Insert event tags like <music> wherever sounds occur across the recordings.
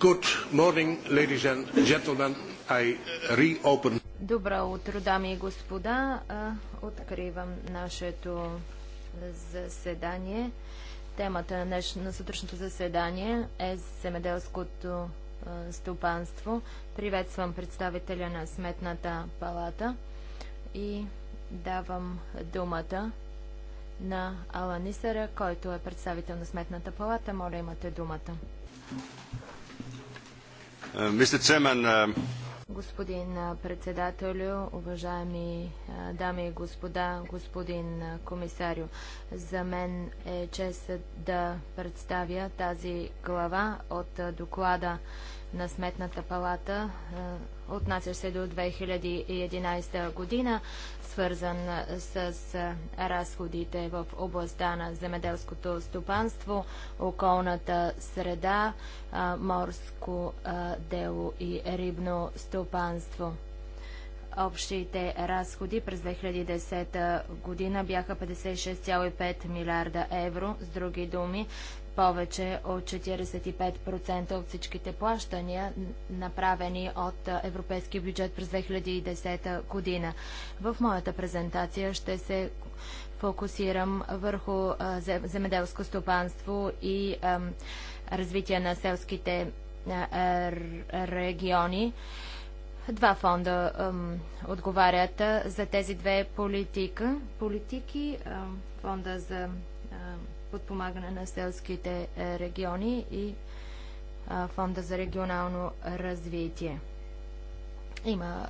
Good morning, ladies and gentlemen. I reopen. Добро утро, дами и господа. Откривам нашето заседание. Темата на, сутрешното заседание е земеделското стопанство. Приветствам представителя на Сметната палата и давам думата на Алан Исера, който е представител на Сметната палата. Моля, имате думата. Uh, um, господин uh, председателю, уважаеми uh, дами и господа, господин комисарю, за мен е чест да представя тази глава от доклада на Сметната палата, е, отнасящ се до 2011 година, свързан е, с е, разходите в областта на земеделското стопанство, околната среда, морско дело и рибно стопанство. Общите разходи през 2010 година бяха 56,5 милиарда евро. С други думи, повече от 45% от всичките плащания, направени от европейския бюджет през 2010 година. В моята презентация ще се фокусирам върху земеделско стопанство и развитие на селските региони. Два фонда отговарят за тези две политика. политики. Фонда за подпомагане на селските е, региони и Фонда за регионално развитие. Има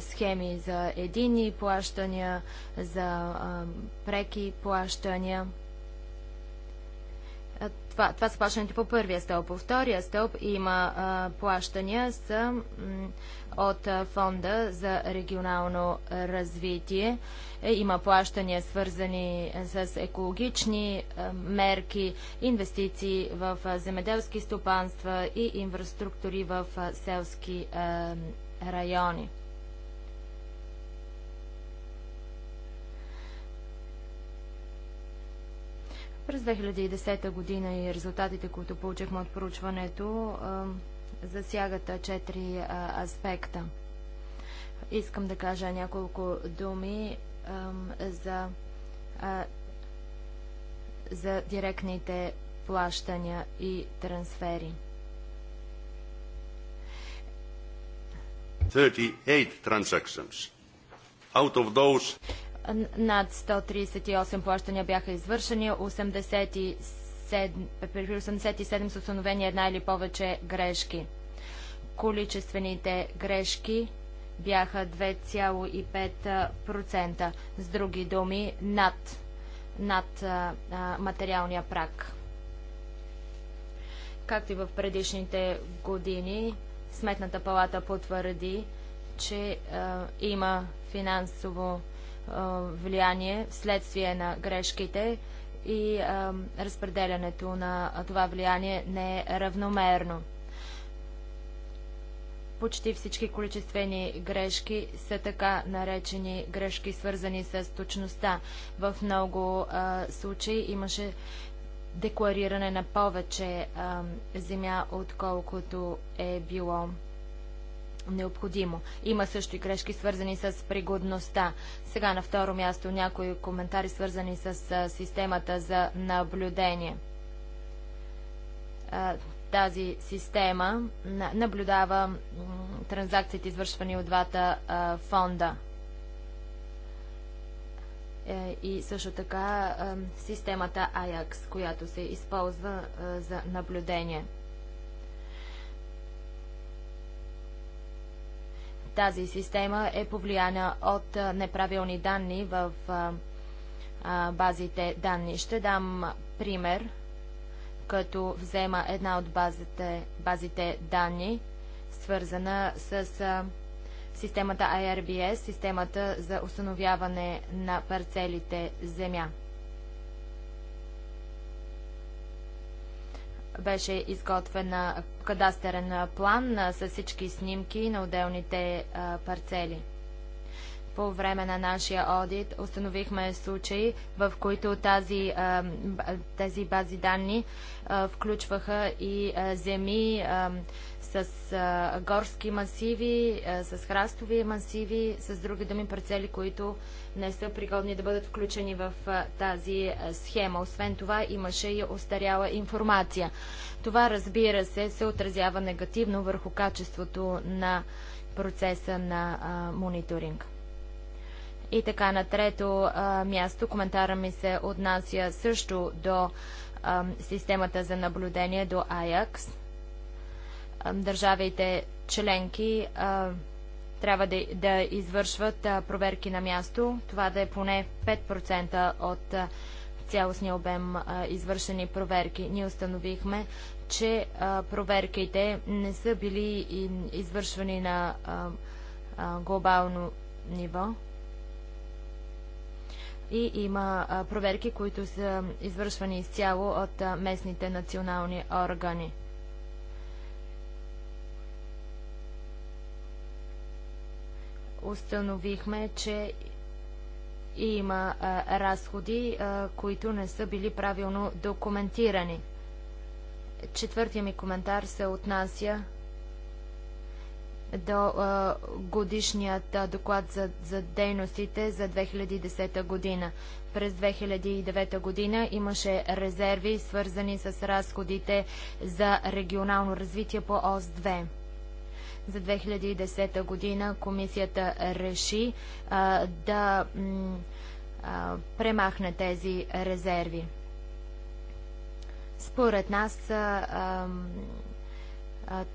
схеми за едини плащания, за преки плащания. Това, това са плащаните по първия стълб. По втория стълб има а, плащания с от Фонда за регионално развитие. Е, има плащания свързани с екологични мерки, инвестиции в земеделски стопанства и инфраструктури в селски райони. През 2010 година и резултатите, които получихме от проучването, засягат четири аспекта. Искам да кажа няколко думи за, за директните плащания и трансфери. 38 transactions. Out of those... Над 138 плащания бяха извършени, 87 при 87 са установени една или повече грешки. Количествените грешки бяха 2,5%. С други думи, над, над а, материалния прак. Както и в предишните години, Сметната палата потвърди, че а, има финансово а, влияние вследствие на грешките и разпределянето на това влияние не е равномерно. Почти всички количествени грешки са така наречени грешки, свързани с точността. В много а, случаи имаше деклариране на повече а, земя, отколкото е било необходимо. Има също и грешки свързани с пригодността. Сега на второ място някои коментари свързани с системата за наблюдение. тази система наблюдава транзакциите, извършвани от двата фонда. Е, и също така системата AJAX, която се използва за наблюдение. тази система е повлияна от неправилни данни в базите данни. Ще дам пример, като взема една от базите, базите данни, свързана с системата IRBS, системата за установяване на парцелите земя. беше изготвен кадастерен план с всички снимки на отделните парцели. По време на нашия одит установихме случаи, в които тази, тези бази данни включваха и земи, с а, горски масиви, а, с храстови масиви, с други думи парцели, които не са пригодни да бъдат включени в а, тази схема. Освен това имаше и остаряла информация. Това, разбира се, се отразява негативно върху качеството на процеса на мониторинг. И така, на трето място коментара ми се отнася също до системата за наблюдение, до АЯКС държавите членки трябва да, да извършват проверки на място. Това да е поне 5% от цялостния обем извършени проверки. Ние установихме, че проверките не са били извършвани на глобално ниво. И има проверки, които са извършвани изцяло от местните национални органи. установихме, че има а, разходи, а, които не са били правилно документирани. Четвъртия ми коментар се отнася до а, годишният доклад за, за дейностите за 2010 година. През 2009 година имаше резерви, свързани с разходите за регионално развитие по ОС 2 за 2010 година комисията реши а, да а, премахне тези резерви. Според нас а,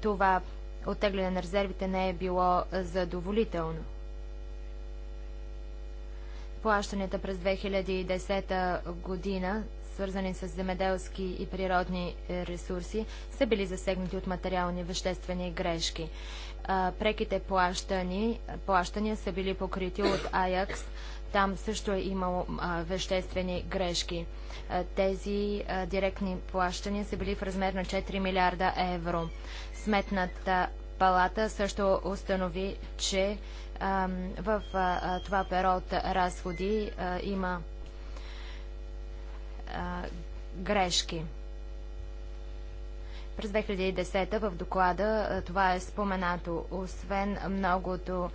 това оттегляне на резервите не е било задоволително. Плащанията през 2010 година свързани с земеделски и природни е, ресурси, са били засегнати от материални веществени грешки. преките плащани, плащания са били покрити от Аякс. Там също е имало веществени грешки. тези директни плащания са били в размер на 4 милиарда евро. Сметната палата също установи, че в това перо от разходи има грешки. През 2010 в доклада това е споменато. Освен многото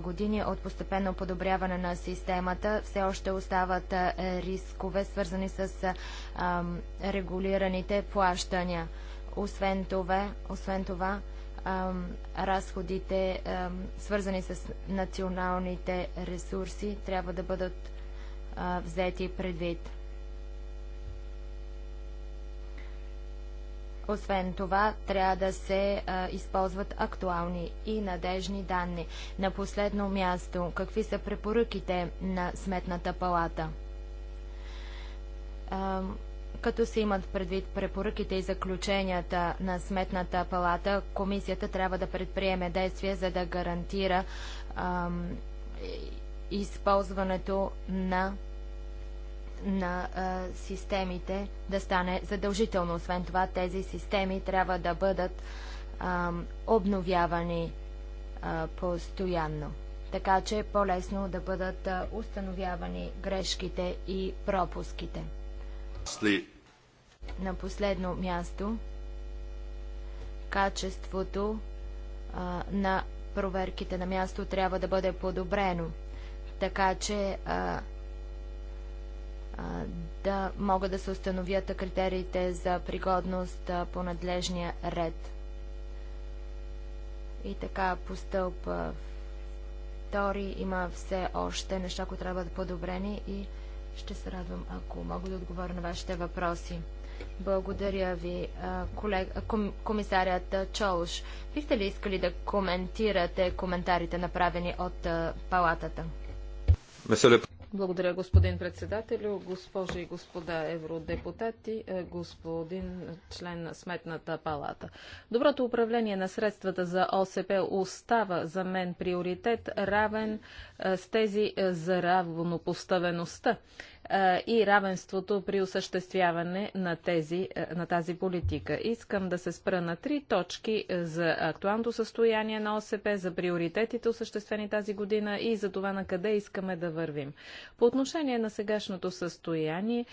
години от постепенно подобряване на системата, все още остават рискове, свързани с регулираните плащания. Освен това, освен това разходите, свързани с националните ресурси, трябва да бъдат взети предвид. Освен това, трябва да се а, използват актуални и надежни данни. На последно място, какви са препоръките на Сметната палата? А, като се имат предвид препоръките и заключенията на Сметната палата, комисията трябва да предприеме действия, за да гарантира а, използването на на а, системите да стане задължително. Освен това, тези системи трябва да бъдат а, обновявани а, постоянно, така че е по-лесно да бъдат а, установявани грешките и пропуските. Сли. На последно място, качеството а, на проверките на място трябва да бъде подобрено, така че а, да могат да се установят критериите за пригодност по надлежния ред. И така по стълб втори има все още неща, които трябва да подобрени и ще се радвам, ако мога да отговоря на вашите въпроси. Благодаря ви, колег... ком... комисарят Чолш. Бихте ли искали да коментирате коментарите, направени от палатата? Меселеп. Благодаря, господин председател, госпожи и господа евродепутати, е, господин член на Сметната палата. Доброто управление на средствата за ОСП остава за мен приоритет, равен е, с тези е, за равнопоставеността и равенството при осъществяване на, тези, на тази политика. Искам да се спра на три точки за актуалното състояние на ОСП, за приоритетите осъществени тази година и за това на къде искаме да вървим. По отношение на сегашното състояние,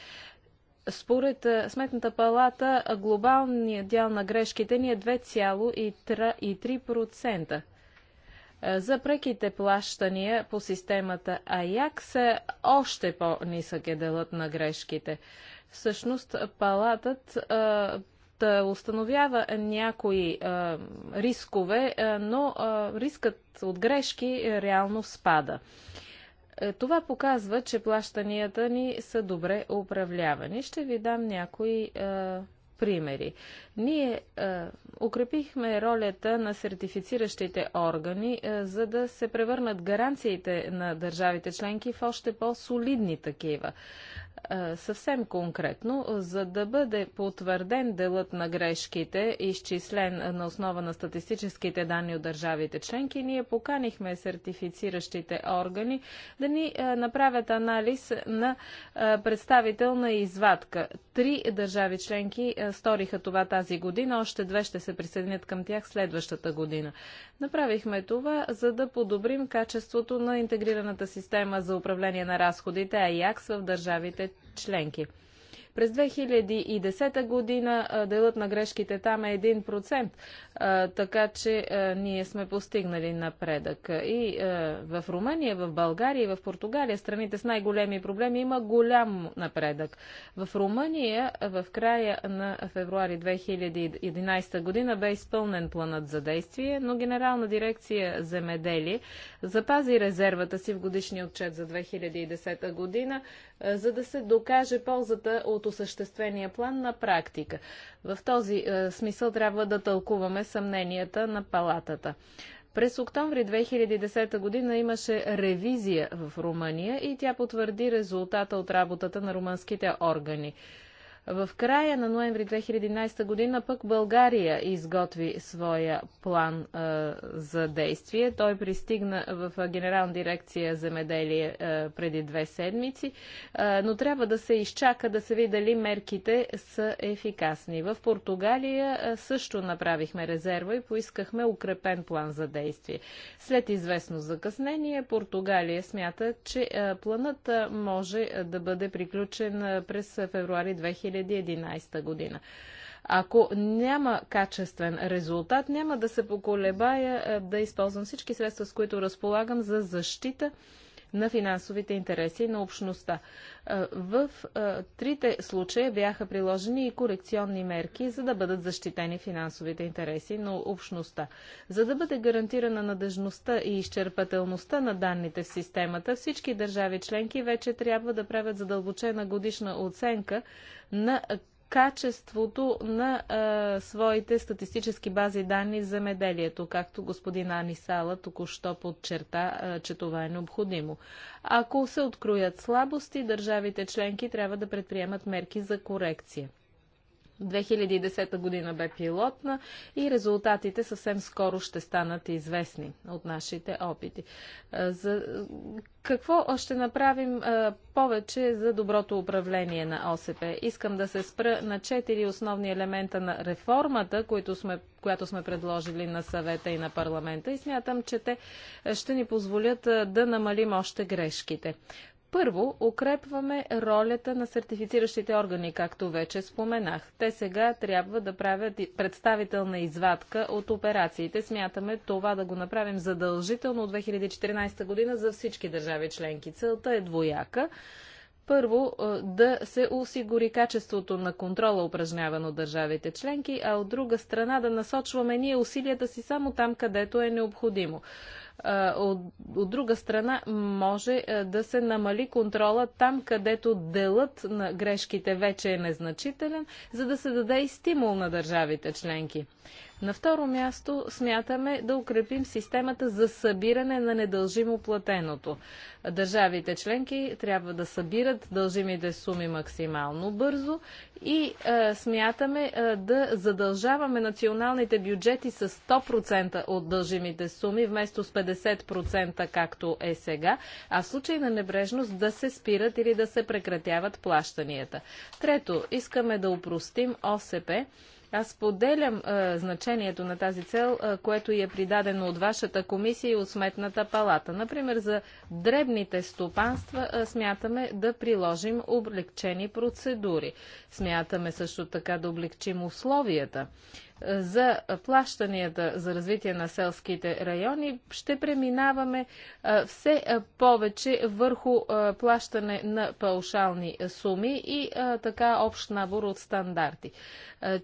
според Сметната палата, глобалният дял на грешките ни е 2,3%. Е, за преките плащания по системата АЯКС е още по-нисък е делът на грешките. Всъщност, палатът е, да установява някои а, рискове, а, но рискът от грешки реално спада. Това показва, че плащанията ни са добре управлявани. Ще ви дам някои примери. Ние а, е, укрепихме ролята на сертифициращите органи, а, е, за да се превърнат гаранциите на държавите членки в още по-солидни такива. Съвсем конкретно, за да бъде потвърден делът на грешките, изчислен на основа на статистическите данни от държавите членки, ние поканихме сертифициращите органи да ни направят анализ на представителна извадка. Три държави членки сториха това тази година, още две ще се присъединят към тях следващата година. Направихме това, за да подобрим качеството на интегрираната система за управление на разходите АИАКС в държавите членки. През 2010 година делът на грешките там е 1%, така че ние сме постигнали напредък. И в Румъния, в България и в Португалия, страните с най-големи проблеми, има голям напредък. В Румъния в края на февруари 2011 година бе изпълнен планът за действие, но Генерална дирекция Земедели запази резервата си в годишния отчет за 2010 година, за да се докаже ползата от от осъществения план на практика. В този е, смисъл трябва да тълкуваме съмненията на палатата. През октомври 2010 година имаше ревизия в Румъния и тя потвърди резултата от работата на румънските органи. В края на ноември 2011 година пък България изготви своя план а, за действие. Той пристигна в Генерална дирекция земеделие а, преди две седмици, а, но трябва да се изчака да се види дали мерките са ефикасни. В Португалия също направихме резерва и поискахме укрепен план за действие. След известно закъснение Португалия смята, че а, планът а, може да бъде приключен а, през февруари 2000 2011 година. Ако няма качествен резултат, няма да се поколебая е, да използвам всички средства, с които разполагам за защита на финансовите интереси на общността. В трите случая бяха приложени и корекционни мерки, за да бъдат защитени финансовите интереси на общността. За да бъде гарантирана надежността и изчерпателността на данните в системата, всички държави членки вече трябва да правят задълбочена годишна оценка на качеството на а, своите статистически бази данни за меделието, както господин Анисала току-що подчерта, а, че това е необходимо. Ако се откроят слабости, държавите членки трябва да предприемат мерки за корекция. 2010 година бе пилотна и резултатите съвсем скоро ще станат известни от нашите опити. Е, за какво ще направим е, повече за доброто управление на ОСП? Искам да се спра на четири основни елемента на реформата, които сме, която сме предложили на съвета и на парламента и смятам, че те ще ни позволят е, да намалим още грешките. Първо, укрепваме ролята на сертифициращите органи, както вече споменах. Те сега трябва да правят представителна извадка от операциите. Смятаме това да го направим задължително от 2014 година за всички държави членки. Целта е двояка. Първо, е, да се осигури качеството на контрола, упражнявано от държавите членки, а от друга страна да насочваме ние усилията си само там, където е необходимо. От, от друга страна, може да се намали контрола там, където делът на грешките вече е незначителен, за да се даде и стимул на държавите членки. На второ място смятаме да укрепим системата за събиране на недължимо платеното. Държавите членки трябва да събират дължимите суми максимално бързо и е, смятаме е, да задължаваме националните бюджети с 100% от дължимите суми, вместо с 50% както е сега, а в случай на небрежност да се спират или да се прекратяват плащанията. Трето, искаме да упростим ОСП аз поделям е, значението на тази цел, е, което е придадено от вашата комисия и от сметната палата. Например, за дребните стопанства е, смятаме да приложим облегчени процедури. Смятаме също така да облегчим условията за плащанията за развитие на селските райони, ще преминаваме все повече върху плащане на паушални суми и така общ набор от стандарти.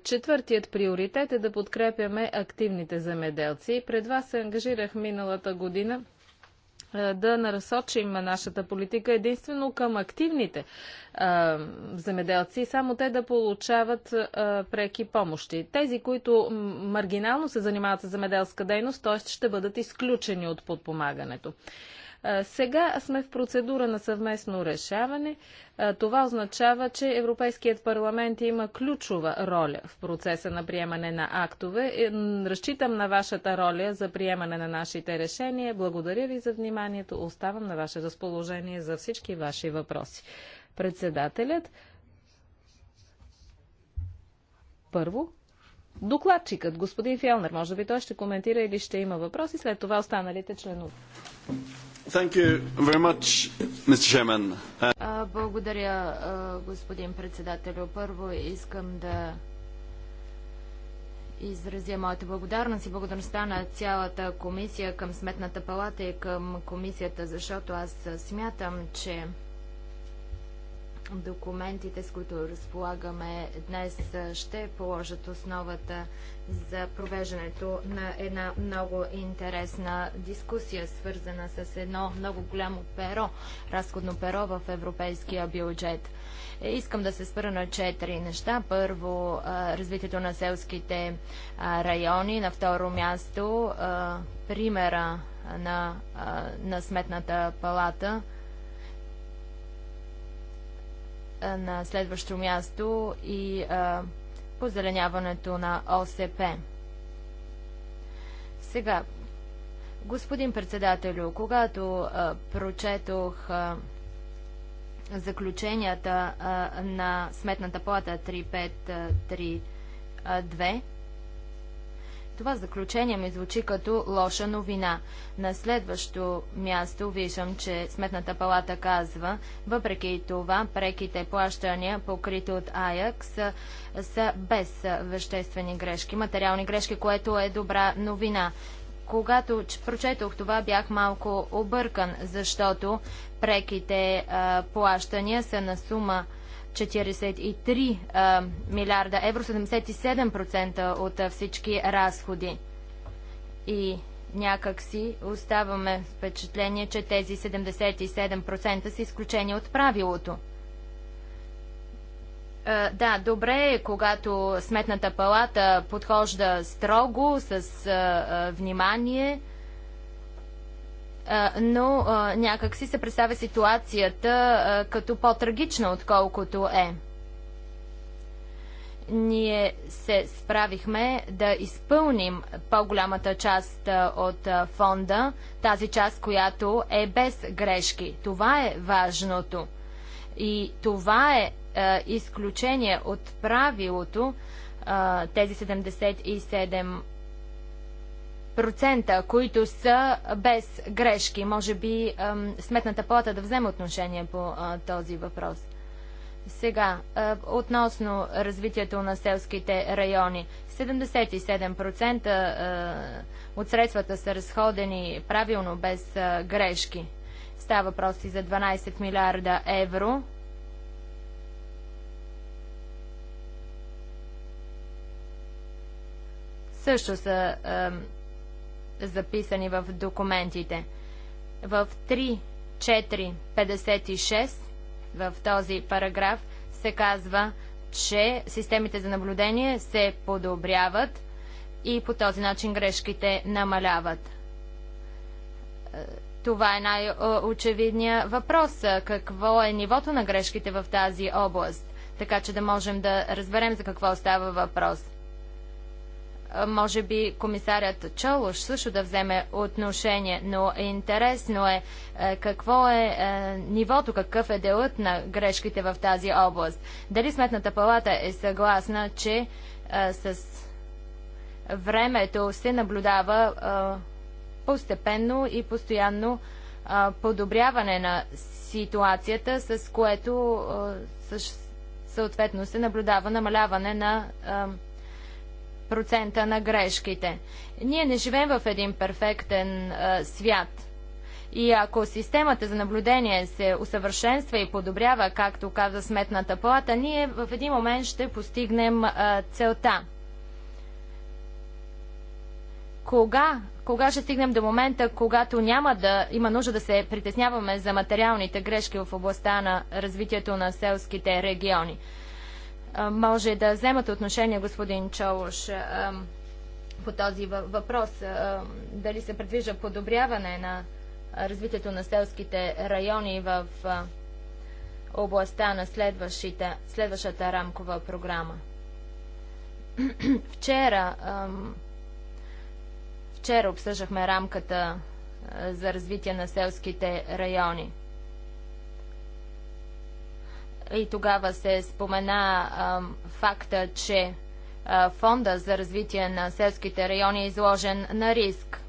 Четвъртият приоритет е да подкрепяме активните земеделци. Пред вас се ангажирах миналата година е, да нарасочим нашата политика единствено към активните земеделци и само те да получават преки помощи. Тези, които маргинално се занимават с земеделска дейност, т.е. ще бъдат изключени от подпомагането. Сега сме в процедура на съвместно решаване. Това означава, че Европейският парламент има ключова роля в процеса на приемане на актове. Е, разчитам на вашата роля за приемане на нашите решения. Благодаря ви за вниманието. Оставам на ваше разположение за всички ваши въпроси. Председателят. Първо, докладчикът, господин Фелнер, може би той ще коментира или ще има въпроси, след това останалите членове. Благодаря, господин председател. Първо искам да изразя моята благодарност и благодарността на цялата комисия към Сметната палата и към комисията, защото аз смятам, че документите, с които разполагаме днес, ще положат основата за провеждането на една много интересна дискусия, свързана с едно много голямо перо, разходно перо в европейския бюджет. Е, искам да се спра на четири неща. Първо, развитието на селските райони. На второ място, примера на, на Сметната палата – на следващо място и а, позеленяването на ОСП. Сега, господин председателю, когато а, прочетох а, заключенията а, на Сметната плата 3532, това заключение ми звучи като лоша новина. На следващо място виждам, че Сметната палата казва, въпреки това, преките плащания, покрити от Аякс, са, са без веществени грешки, материални грешки, което е добра новина когато прочетох това, бях малко объркан, защото преките а, плащания са на сума 43 а, милиарда евро, 77% от всички разходи. И някак си оставаме впечатление, че тези 77% са изключение от правилото. А, да, добре е, когато Сметната палата подхожда строго, с а, внимание, но някак си се представя ситуацията като по-трагична, отколкото е. Ние се справихме да изпълним по-голямата част от фонда, тази част, която е без грешки. Това е важното. И това е изключение от правилото тези 77 процента, които са без грешки. Може би Сметната плата да вземе отношение по този въпрос. Сега, относно развитието на селските райони. 77% от средствата са разходени правилно, без грешки. Става въпрос и за 12 милиарда евро. Също са записани в документите. В 3.4.56 в този параграф се казва, че системите за наблюдение се подобряват и по този начин грешките намаляват. Е, това е най-очевидният въпрос. Е, какво е нивото на грешките в тази област? Така че да можем да разберем за какво става въпрос може би комисарят Чолош също да вземе отношение, но е интересно е, е какво е, е нивото, какъв е делът на грешките в тази област. Дали Сметната палата е съгласна, че с времето се наблюдава постепенно и постоянно подобряване на ситуацията, с което съответно се наблюдава намаляване на процента на грешките. Ние не живеем в един перфектен а, свят. И ако системата за наблюдение се усъвършенства и подобрява, както каза Сметната палата, ние в един момент ще постигнем а, целта. Кога, кога ще стигнем до момента, когато няма да има нужда да се притесняваме за материалните грешки в областта на развитието на селските региони? може да вземат отношение, господин Чолош, по този въпрос. Дали се предвижда подобряване на развитието на селските райони в областта на следващата рамкова програма? Вчера, вчера обсъждахме рамката за развитие на селските райони и тогава се спомена а, факта, че а, фонда за развитие на селските райони е изложен на риск.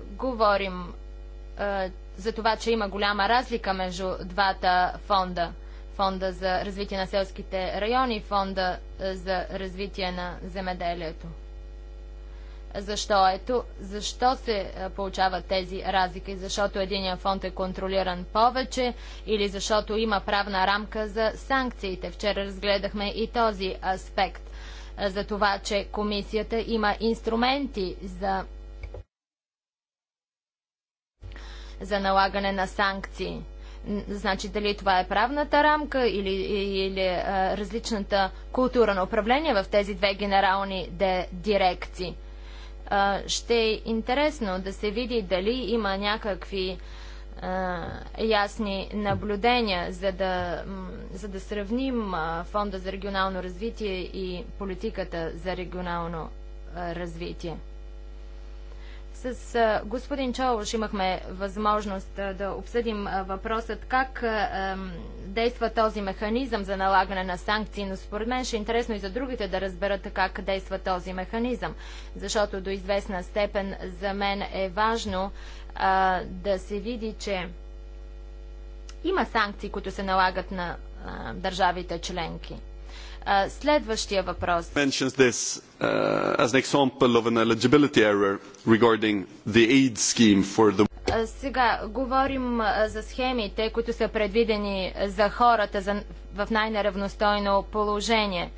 Говорим а, за това, че има голяма разлика между двата фонда. Фонда за развитие на селските райони и фонда за развитие на земеделието защо, ето, защо се е, получават тези разлики. Защото единия фонд е контролиран повече или защото има правна рамка за санкциите. Вчера разгледахме и този аспект е, за това, че комисията има инструменти за за налагане на санкции. Значи дали това е правната рамка или, или а, е, различната култура на управление в тези две генерални де, дирекции. Ще е интересно да се види дали има някакви ясни наблюдения, за да, за да сравним Фонда за регионално развитие и политиката за регионално развитие. С господин Чолош имахме възможност да обсъдим въпросът как действа този механизъм за налагане на санкции, но според мен ще е интересно и за другите да разберат как действа този механизъм, защото до известна степен за мен е важно а, да се види, че има санкции, които се налагат на а, държавите членки. А, следващия въпрос. uh, as an example of an eligibility error regarding the aid scheme for the сега говорим за схемите, които са предвидени за хората за, в най-неравностойно положение.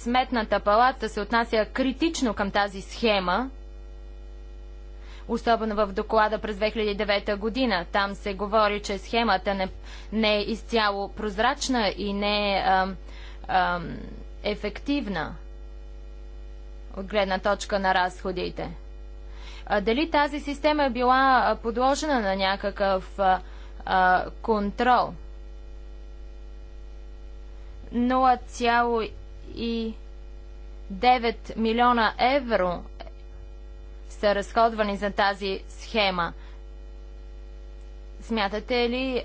Сметната палата се отнася критично към тази схема, особено в доклада през 2009 година. Там се говори, че схемата не, не е изцяло прозрачна и не е а, а, ефективна от гледна точка на разходите. А, дали тази система е била подложена на някакъв а, контрол? 0,9 милиона евро са разходвани за тази схема. Смятате ли,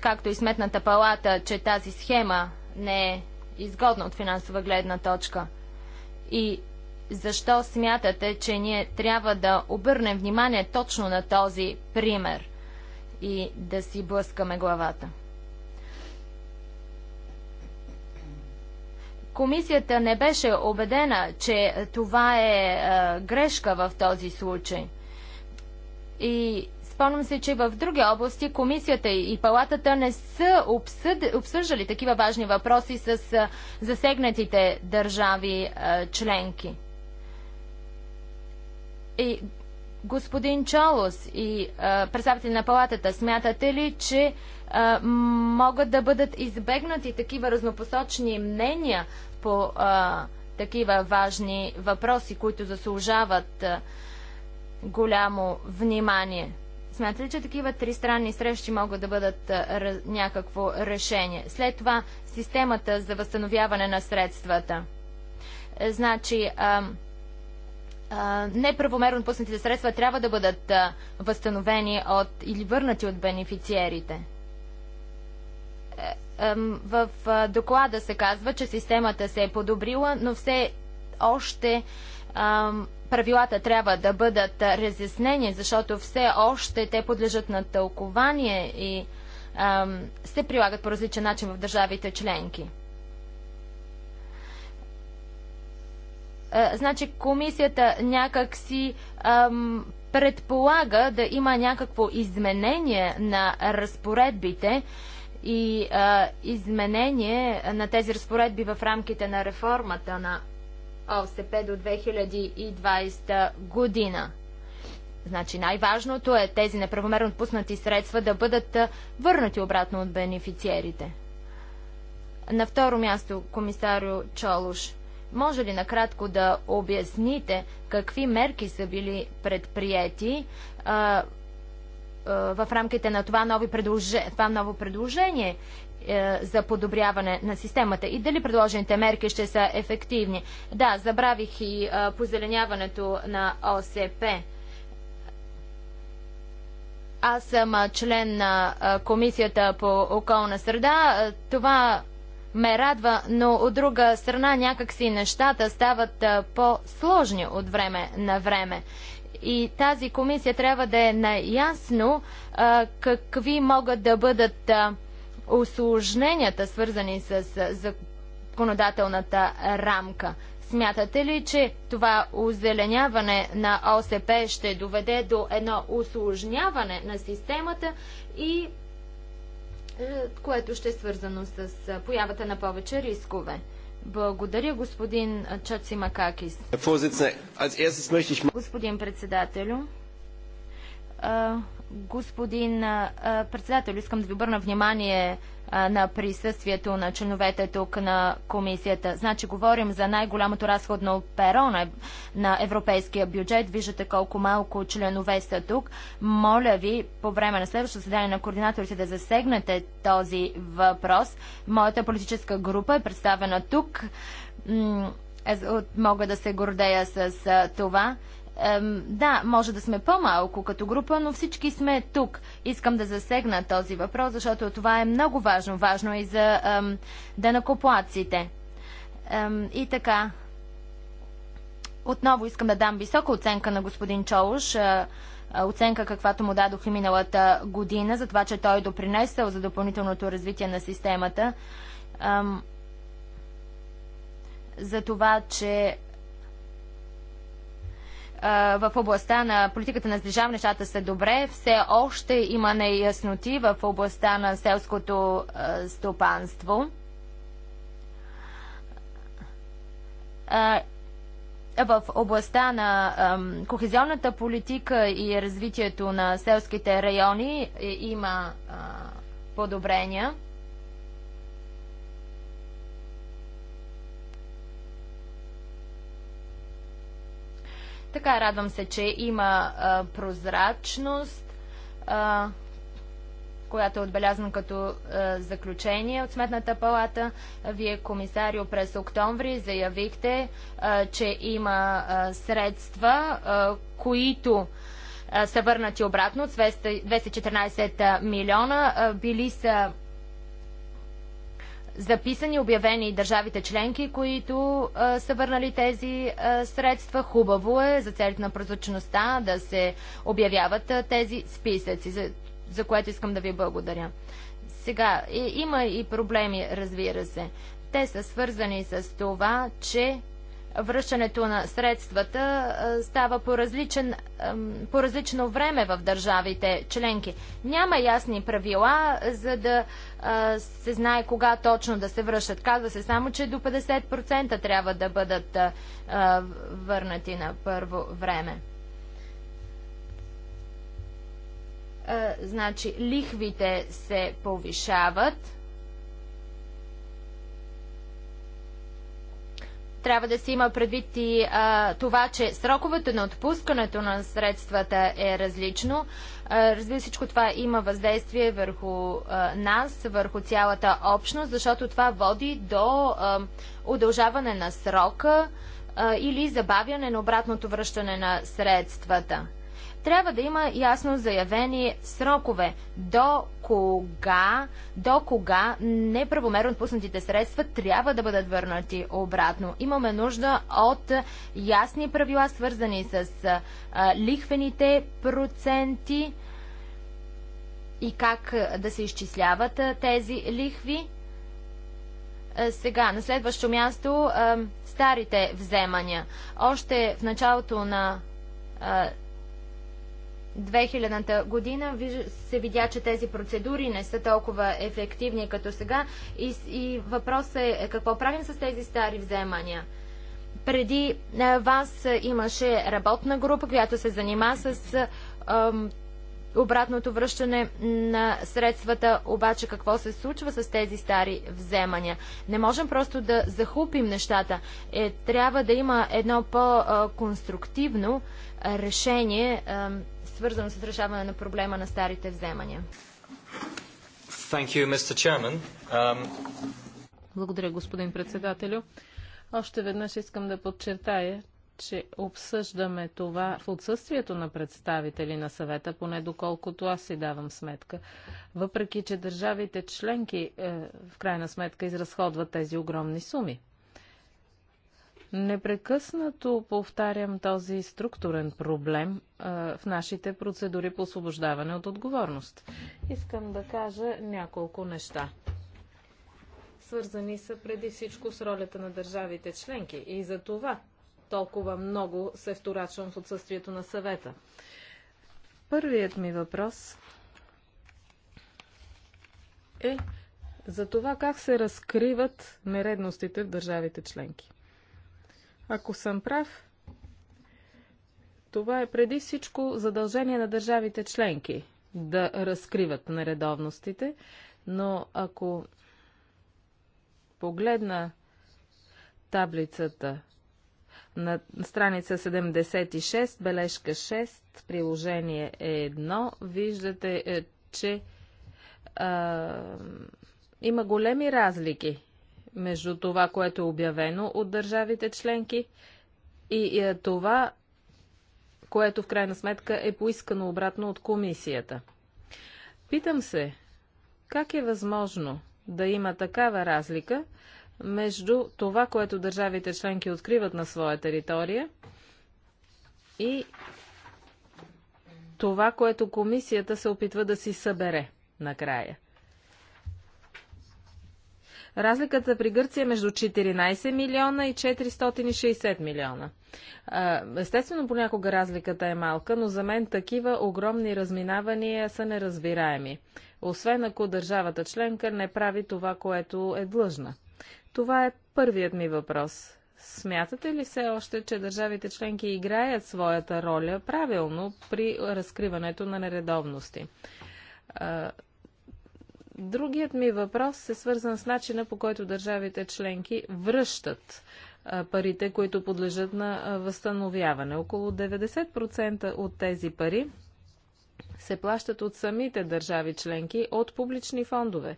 както и сметната палата, че тази схема не е изгодна от финансова гледна точка? И защо смятате, че ние трябва да обърнем внимание точно на този пример и да си блъскаме главата? Комисията не беше убедена, че това е, е грешка в този случай. И Спомням се, че в други области комисията и палатата не са обсъд... обсъждали такива важни въпроси с засегнатите държави членки. И господин Чолос и представители на палатата, смятате ли, че могат да бъдат избегнати такива разнопосочни мнения по а, такива важни въпроси, които заслужават а, голямо внимание? Смятате ли, че такива тристранни срещи могат да бъдат а, някакво решение? След това системата за възстановяване на средствата. Е, значи, а, а, неправомерно отпуснатите средства трябва да бъдат а, възстановени от, или върнати от бенефициерите. Е, в доклада се казва, че системата се е подобрила, но все още правилата трябва да бъдат разяснени, защото все още те подлежат на тълкование и ам, се прилагат по различен начин в държавите членки. А, значи комисията някак си ам, предполага да има някакво изменение на разпоредбите и а, изменение на тези разпоредби в рамките на реформата на ОСП до 2020 година. Значи най-важното е тези неправомерно отпуснати средства да бъдат върнати обратно от бенефициерите. На второ място, комисарио Чолуш, може ли накратко да обясните какви мерки са били предприяти а, а, в рамките на това ново, това ново предложение е, за подобряване на системата и дали предложените мерки ще са ефективни. Да, забравих и е, позеленяването на ОСП. Аз съм е, член на Комисията по околна среда. Това ме радва, но от друга страна някакси нещата стават по-сложни от време на време. И тази комисия трябва да е наясно какви могат да бъдат а, осложненията, свързани с законодателната рамка. Смятате ли, че това озеленяване на ОСП ще доведе до едно осложняване на системата и е, което ще е свързано с появата на повече рискове? Благодаря, господин Макакис. Господин председателю, Господин председател, искам да ви обърна внимание на присъствието на членовете тук на комисията. Значи говорим за най-голямото разходно перо на, на европейския бюджет. Виждате колко малко членове са тук. Моля ви по време на следващото заседание на координаторите да засегнете този въпрос. Моята политическа група е представена тук. Е, мога да се гордея с това. Да, може да сме по-малко като група, но всички сме тук. Искам да засегна този въпрос, защото това е много важно. Важно е и за данакоплаците. И така, отново искам да дам висока оценка на господин Чолуш, е, е, оценка каквато му дадох и миналата година, за това, че той е допринесъл за допълнителното развитие на системата, за това, че в областта на политиката на сближаване нещата са добре. Все още има неясноти в областта на селското стопанство. В областта на кохезионната политика и развитието на селските райони е, има подобрения. Така, радвам се, че има а, прозрачност, а, която е отбелязана като а, заключение от Сметната палата. Вие, комисарио, през октомври заявихте, а, че има а, средства, а, които а, са върнати обратно, 214 милиона, а, били са записани, обявени държавите членки, които а, са върнали тези а, средства. Хубаво е за целите на прозрачността да се обявяват а, тези списъци, за, за което искам да ви благодаря. Сега, и, има и проблеми, разбира се. Те са свързани с това, че връщането на средствата става по, различен, по различно време в държавите членки. Няма ясни правила, за да се знае кога точно да се връщат. Казва се само, че до 50% трябва да бъдат върнати на първо време. Значи, лихвите се повишават трябва да се има предвид и а, това, че сроковете на отпускането на средствата е различно. Разбира всичко това има въздействие върху а, нас, върху цялата общност, защото това води до а, удължаване на срока а, или забавяне на обратното връщане на средствата. Трябва да има ясно заявени срокове до кога, до кога неправомерно отпуснатите средства трябва да бъдат върнати обратно. Имаме нужда от ясни правила, свързани с а, лихвените проценти и как да се изчисляват а, тези лихви. Сега, на следващо място, старите вземания. Още в началото на 2000-та година се видя, че тези процедури не са толкова ефективни като сега и, и въпросът е, е какво правим с тези стари вземания. Преди е, вас имаше работна група, която се занима с ам, обратното връщане на средствата, обаче какво се случва с тези стари вземания. Не можем просто да захупим нещата. Е, трябва да има едно по-конструктивно решение свързано с решаване на проблема на старите вземания. You, um... Благодаря, господин председателю. Още веднъж искам да подчертая, че обсъждаме това в отсъствието на представители на съвета, поне доколкото аз си давам сметка. Въпреки, че държавите членки е, в крайна сметка изразходват тези огромни суми. Непрекъснато повтарям този структурен проблем а, в нашите процедури по освобождаване от отговорност. Искам да кажа няколко неща. Свързани са преди всичко с ролята на държавите членки и за това толкова много се вторачвам в отсъствието на съвета. Първият ми въпрос е за това как се разкриват нередностите в държавите членки. Ако съм прав, това е преди всичко задължение на държавите членки да разкриват нередовностите, но ако погледна таблицата на страница 76, бележка 6, приложение е 1, виждате, че а, има големи разлики между това, което е обявено от държавите членки и е, това, което в крайна сметка е поискано обратно от комисията. Питам се, как е възможно да има такава разлика между това, което държавите членки откриват на своя територия и това, което комисията се опитва да си събере накрая. Разликата при Гърция е между 14 милиона и 460 милиона. Естествено, понякога разликата е малка, но за мен такива огромни разминавания са неразбираеми. Освен ако държавата членка не прави това, което е длъжна. Това е първият ми въпрос. Смятате ли се още, че държавите членки играят своята роля правилно при разкриването на нередовности? Другият ми въпрос е свързан с начина по който държавите членки връщат парите, които подлежат на възстановяване. Около 90% от тези пари се плащат от самите държави членки от публични фондове,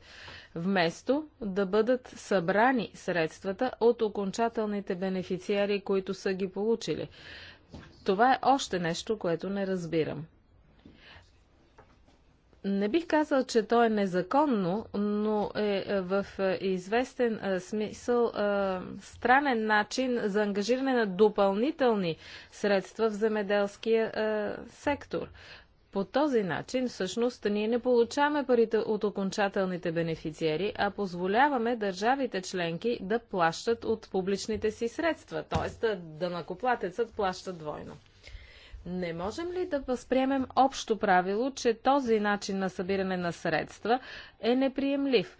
вместо да бъдат събрани средствата от окончателните бенефициари, които са ги получили. Това е още нещо, което не разбирам. Не бих казал, че то е незаконно, но е, е в е, известен е, смисъл странен начин за ангажиране на допълнителни средства в земеделския сектор. По този начин, всъщност, ние не получаваме парите от окончателните бенефициери, а позволяваме държавите членки да плащат от публичните си средства, т.е. да накоплатецът плаща двойно. Не можем ли да възприемем общо правило, че този начин на събиране на средства е неприемлив?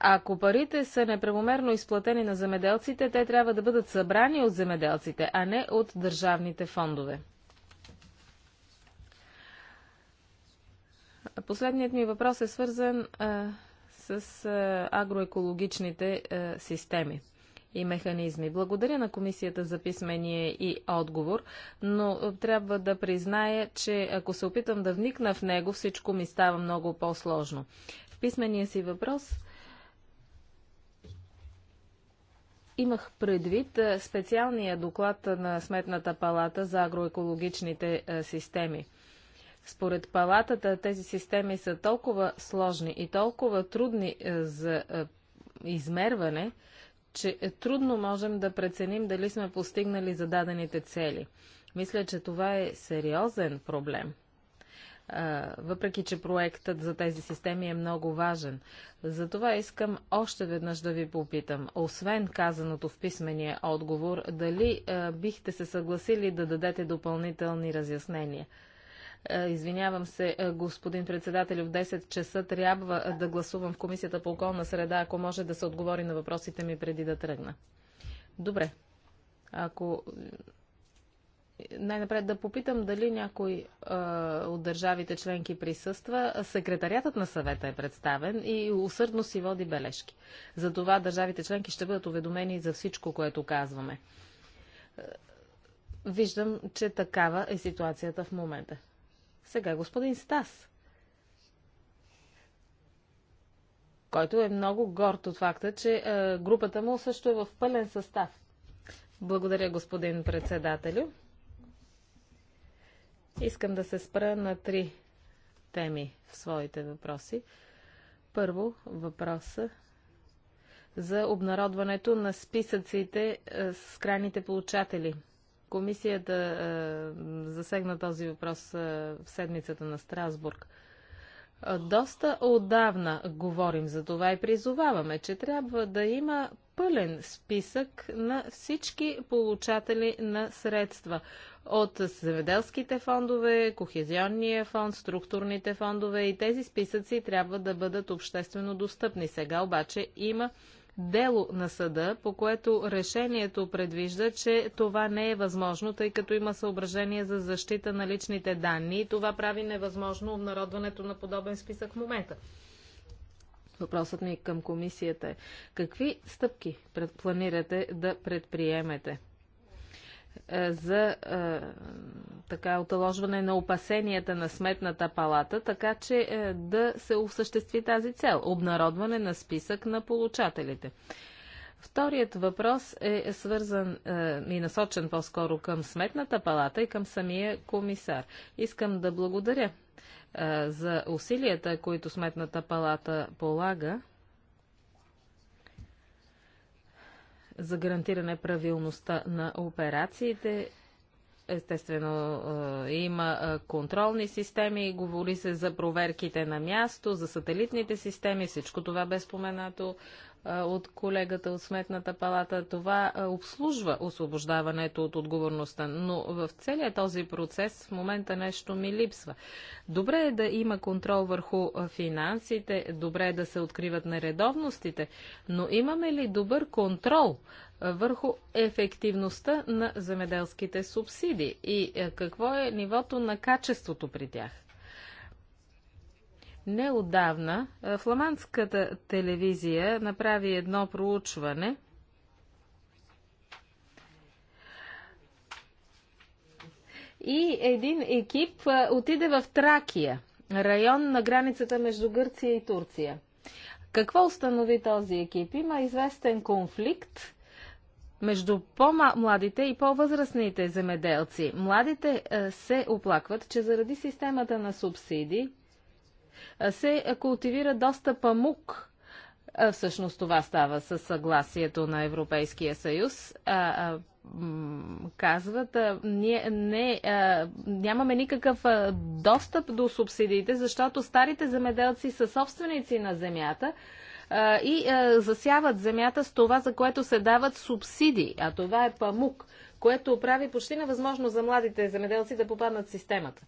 Ако парите са неправомерно изплатени на земеделците, те трябва да бъдат събрани от земеделците, а не от държавните фондове. Последният ми въпрос е свързан а, с а, агроекологичните а, системи и механизми. Благодаря на комисията за писмение и отговор, но е, трябва да призная, че ако се опитам да вникна в него, всичко ми става много по-сложно. В писмения си въпрос имах предвид е, специалния доклад на Сметната палата за агроекологичните е, системи. Според палатата тези системи са толкова сложни и толкова трудни за измерване, че е трудно можем да преценим дали сме постигнали зададените цели. Мисля, че това е сериозен проблем. въпреки, че проектът за тези системи е много важен. Затова искам още веднъж да ви попитам, освен казаното в писмения отговор, дали бихте се съгласили да дадете допълнителни разяснения? Е, извинявам се, е, господин председател, в 10 часа трябва е, да гласувам в Комисията по околна среда, ако може да се отговори на въпросите ми преди да тръгна. Добре. Ако най-напред да попитам дали някой а, от държавите членки присъства. Секретариатът на съвета е представен и усърдно си води бележки. За това държавите членки ще бъдат уведомени за всичко, което казваме. Виждам, че такава е ситуацията в момента. Сега е господин Стас, който е много горд от факта, че е, групата му също е в пълен състав. Благодаря, господин председателю. Искам да се спра на три теми в своите въпроси. Първо, въпроса за обнародването на списъците е, с крайните получатели – Комисията е, засегна този въпрос е, в седмицата на Страсбург. Е, доста отдавна говорим за това и призоваваме, че трябва да има пълен списък на всички получатели на средства от земеделските фондове, кохезионния фонд, структурните фондове и тези списъци трябва да бъдат обществено достъпни. Сега обаче има дело на съда, по което решението предвижда, че това не е възможно, тъй като има съображение за защита на личните данни и това прави невъзможно обнародването на подобен списък в момента. Въпросът ми към комисията е какви стъпки планирате да предприемете? Е, за е, така оталожване на опасенията на сметната палата, така че е, да се осъществи тази цел – обнародване на списък на получателите. Вторият въпрос е свързан и насочен по-скоро към Сметната палата и към самия комисар. Искам да благодаря за усилията, които Сметната палата полага за гарантиране правилността на операциите. Естествено, е, има е, контролни системи, говори се за проверките на място, за сателитните системи, всичко това бе споменато от колегата от Сметната палата. Това обслужва освобождаването от отговорността, но в целият този процес в момента нещо ми липсва. Добре е да има контрол върху финансите, добре е да се откриват нередовностите, но имаме ли добър контрол върху ефективността на земеделските субсидии и какво е нивото на качеството при тях? Неодавна фламандската телевизия направи едно проучване – и един екип отиде в Тракия, район на границата между Гърция и Турция. Какво установи този екип? Има известен конфликт между по-младите и по-възрастните земеделци. Младите се оплакват, че заради системата на субсидии се култивира доста памук. Всъщност това става със съгласието на Европейския съюз. А, а, казват, а, ние не, а, нямаме никакъв а, достъп до субсидиите, защото старите земеделци са собственици на земята а, и а, засяват земята с това, за което се дават субсидии, а това е памук, което прави почти невъзможно за младите земеделци да попаднат в системата.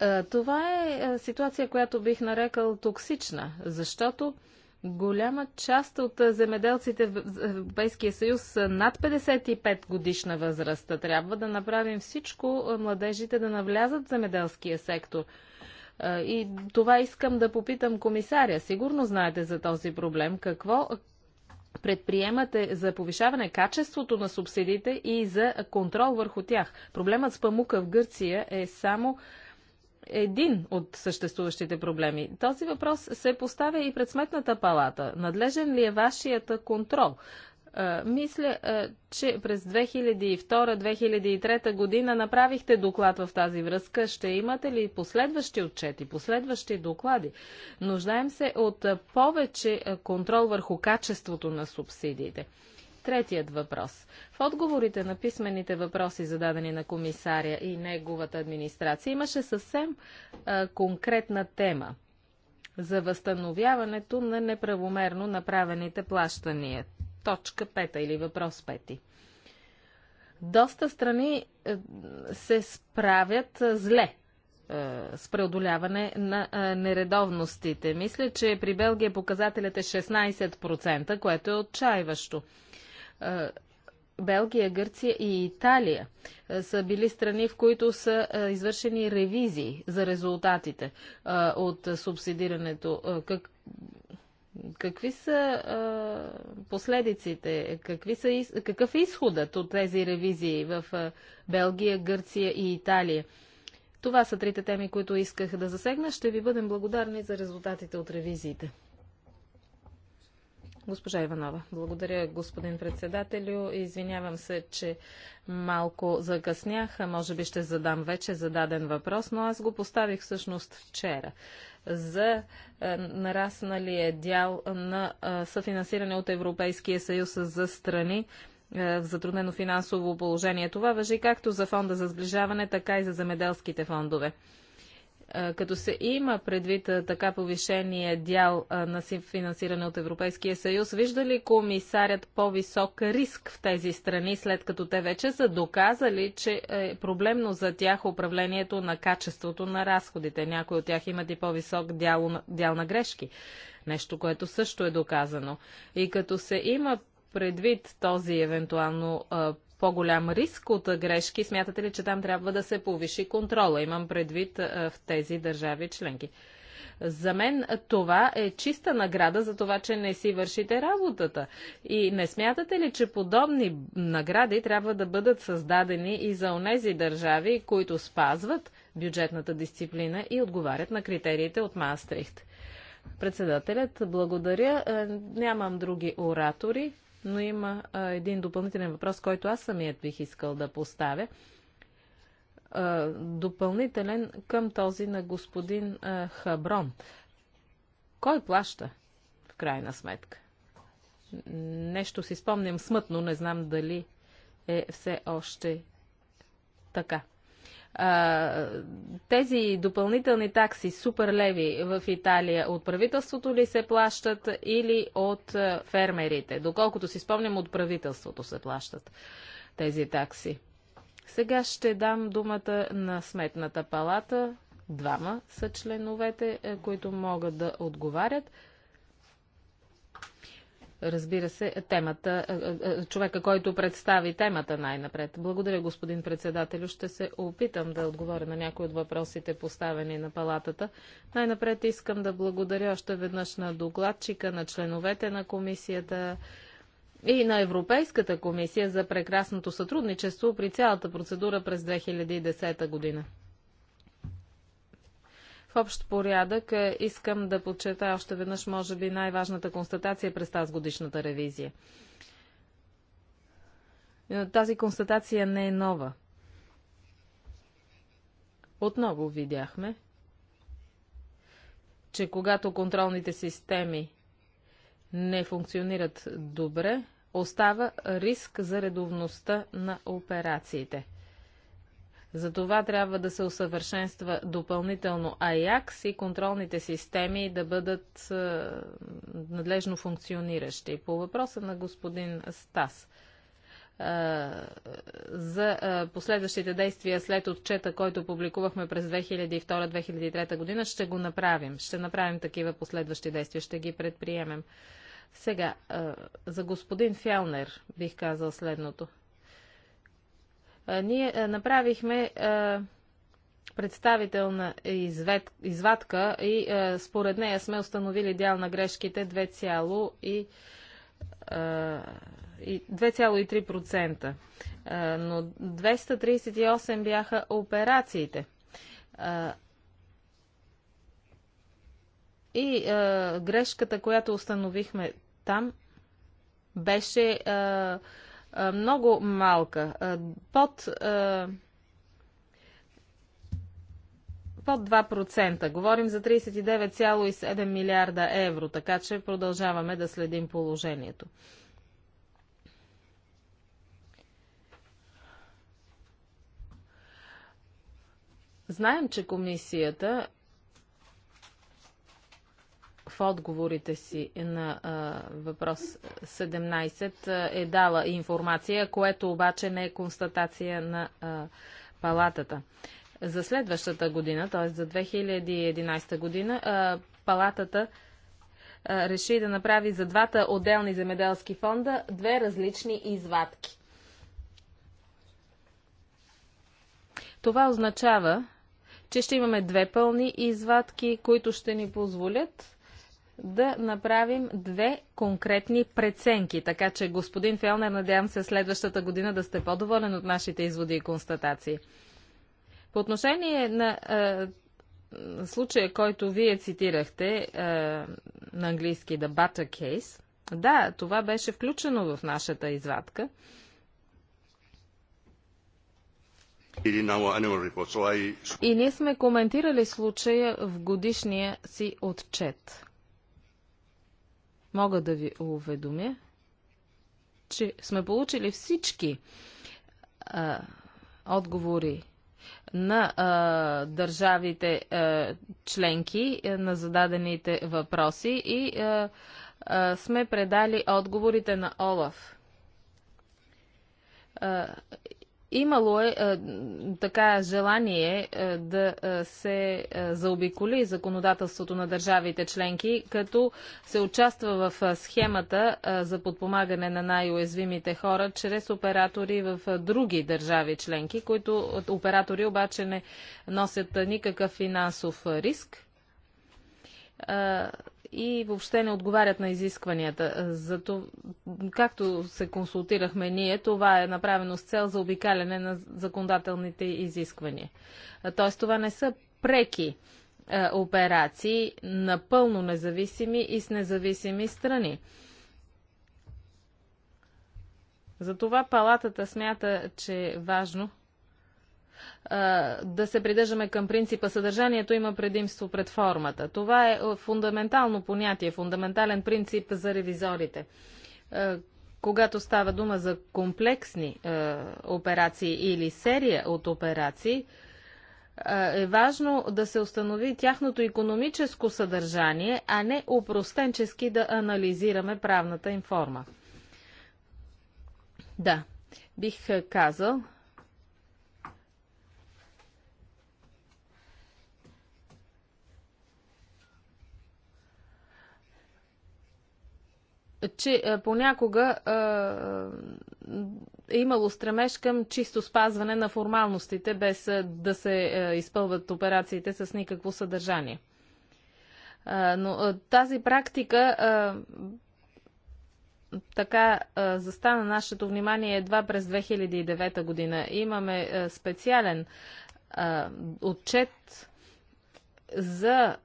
Е, това е, е ситуация, която бих нарекал токсична, защото голяма част от е, земеделците в Европейския съюз са над 55 годишна възраст. Трябва да направим всичко младежите да навлязат в земеделския сектор. И това искам да попитам комисаря. Сигурно знаете за този проблем. Какво предприемате за повишаване качеството на субсидиите и за контрол върху тях? Проблемът с памука в Гърция е само един от съществуващите проблеми. Този въпрос се поставя и пред сметната палата. Надлежен ли е вашият контрол? мисля, че през 2002-2003 година направихте доклад в тази връзка. Ще имате ли последващи отчети, последващи доклади? Нуждаем се от повече контрол върху качеството на субсидиите. Третият въпрос. В отговорите на писмените въпроси, зададени на комисаря и неговата администрация, имаше съвсем а, конкретна тема за възстановяването на неправомерно направените плащания. Точка 5 или въпрос 5. Доста страни е, се справят е, зле е, с преодоляване на нередовностите. Мисля, че при Белгия показателят е 16%, което е отчаиващо. Белгия, Гърция и Италия са били страни, в които са извършени ревизии за резултатите от субсидирането. Как... Какви са последиците? Какви са, какъв е изходът от тези ревизии в Белгия, Гърция и Италия? Това са трите теми, които исках да засегна. Ще ви бъдем благодарни за резултатите от ревизиите. Госпожа Иванова, благодаря господин председателю. Извинявам се, че малко закъснях. Може би ще задам вече зададен въпрос, но аз го поставих всъщност вчера за е, нарасналия дял на е, съфинансиране от Европейския съюз за страни, е, в затруднено финансово положение. Това въжи както за фонда за сближаване, така и за земеделските фондове. Като се има предвид така повишения дял на финансиране от Европейския съюз, вижда ли комисарят по-висок риск в тези страни, след като те вече са доказали, че е проблемно за тях управлението на качеството на разходите? Някои от тях имат и по-висок дял, дял на грешки. Нещо, което също е доказано. И като се има предвид този евентуално по-голям риск от грешки, смятате ли, че там трябва да се повиши контрола? Имам предвид в тези държави членки. За мен това е чиста награда за това, че не си вършите работата. И не смятате ли, че подобни награди трябва да бъдат създадени и за онези държави, които спазват бюджетната дисциплина и отговарят на критериите от Маастрихт? Председателят, благодаря. Е, нямам други оратори но има а, един допълнителен въпрос, който аз самият бих искал да поставя. А, допълнителен към този на господин а, Хаброн. Кой плаща в крайна сметка? Нещо си спомням смътно, не знам дали е все още така. А, тези допълнителни такси, суперлеви в Италия, от правителството ли се плащат или от фермерите? Доколкото си спомням, от правителството се плащат тези такси. Сега ще дам думата на Сметната палата. Двама са членовете, е, които могат да отговарят. Разбира се, темата, е, е, е, човека, който представи темата най-напред. Благодаря, господин председателю. Ще се опитам да отговоря на някои от въпросите, поставени на палатата. Най-напред искам да благодаря още веднъж на докладчика, на членовете на комисията, и на Европейската комисия за прекрасното сътрудничество при цялата процедура през 2010 година. В общ порядък е, искам да подчертая още веднъж, може би, най-важната констатация през тази годишната ревизия. Е, тази констатация не е нова. Отново видяхме, че когато контролните системи не функционират добре, остава риск за редовността на операциите. За това трябва да се усъвършенства допълнително АЯКС и контролните системи да бъдат надлежно функциониращи. По въпроса на господин Стас за последващите действия след отчета, който публикувахме през 2002-2003 година, ще го направим. Ще направим такива последващи действия, ще ги предприемем. Сега, за господин Фялнер бих казал следното. Ние направихме представителна извадка и според нея сме установили дял на грешките 2,3%. но 238 бяха операциите. и грешката, която установихме там, беше много малка. Под под 2%. Говорим за 39,7 милиарда евро, така че продължаваме да следим положението. Знаем, че комисията в отговорите си на а, въпрос 17 е дала информация, което обаче не е констатация на а, палатата. За следващата година, т.е. за 2011 година, а, палатата реши да направи за двата отделни земеделски фонда две различни извадки. Това означава, че ще имаме две пълни извадки, които ще ни позволят да направим две конкретни преценки, така че господин Фелнер, надявам се следващата година да сте по-доволен от нашите изводи и констатации. По отношение на е, случая, който вие цитирахте е, на английски The Butter Case, да, това беше включено в нашата извадка. И ние сме коментирали случая в годишния си отчет мога да ви уведомя, че сме получили всички а, отговори на а, държавите а, членки а, на зададените въпроси и а, а, сме предали отговорите на Олаф. Имало е, е така желание е, да е, се е, заобиколи законодателството на държавите членки, като се участва в е, схемата е, за подпомагане на най-уязвимите хора чрез оператори в други държави членки, които оператори обаче не носят никакъв финансов риск и въобще не отговарят на изискванията. Е, Зато, както се консултирахме ние, това е направено с цел за обикаляне на законодателните изисквания. Е, тоест, това не са преки е, операции, напълно независими и с независими страни. Затова палатата смята, че е важно да се придържаме към принципа съдържанието има предимство пред формата. Това е фундаментално понятие, фундаментален принцип за ревизорите. Когато става дума за комплексни операции или серия от операции, е важно да се установи тяхното економическо съдържание, а не упростенчески да анализираме правната им форма. Да, бих казал, че е, понякога е, е имало стремеж към чисто спазване на формалностите, без е, да се изпълват операциите с никакво съдържание. Но тази практика така застана нашето внимание едва през 2009 година. Имаме специален отчет за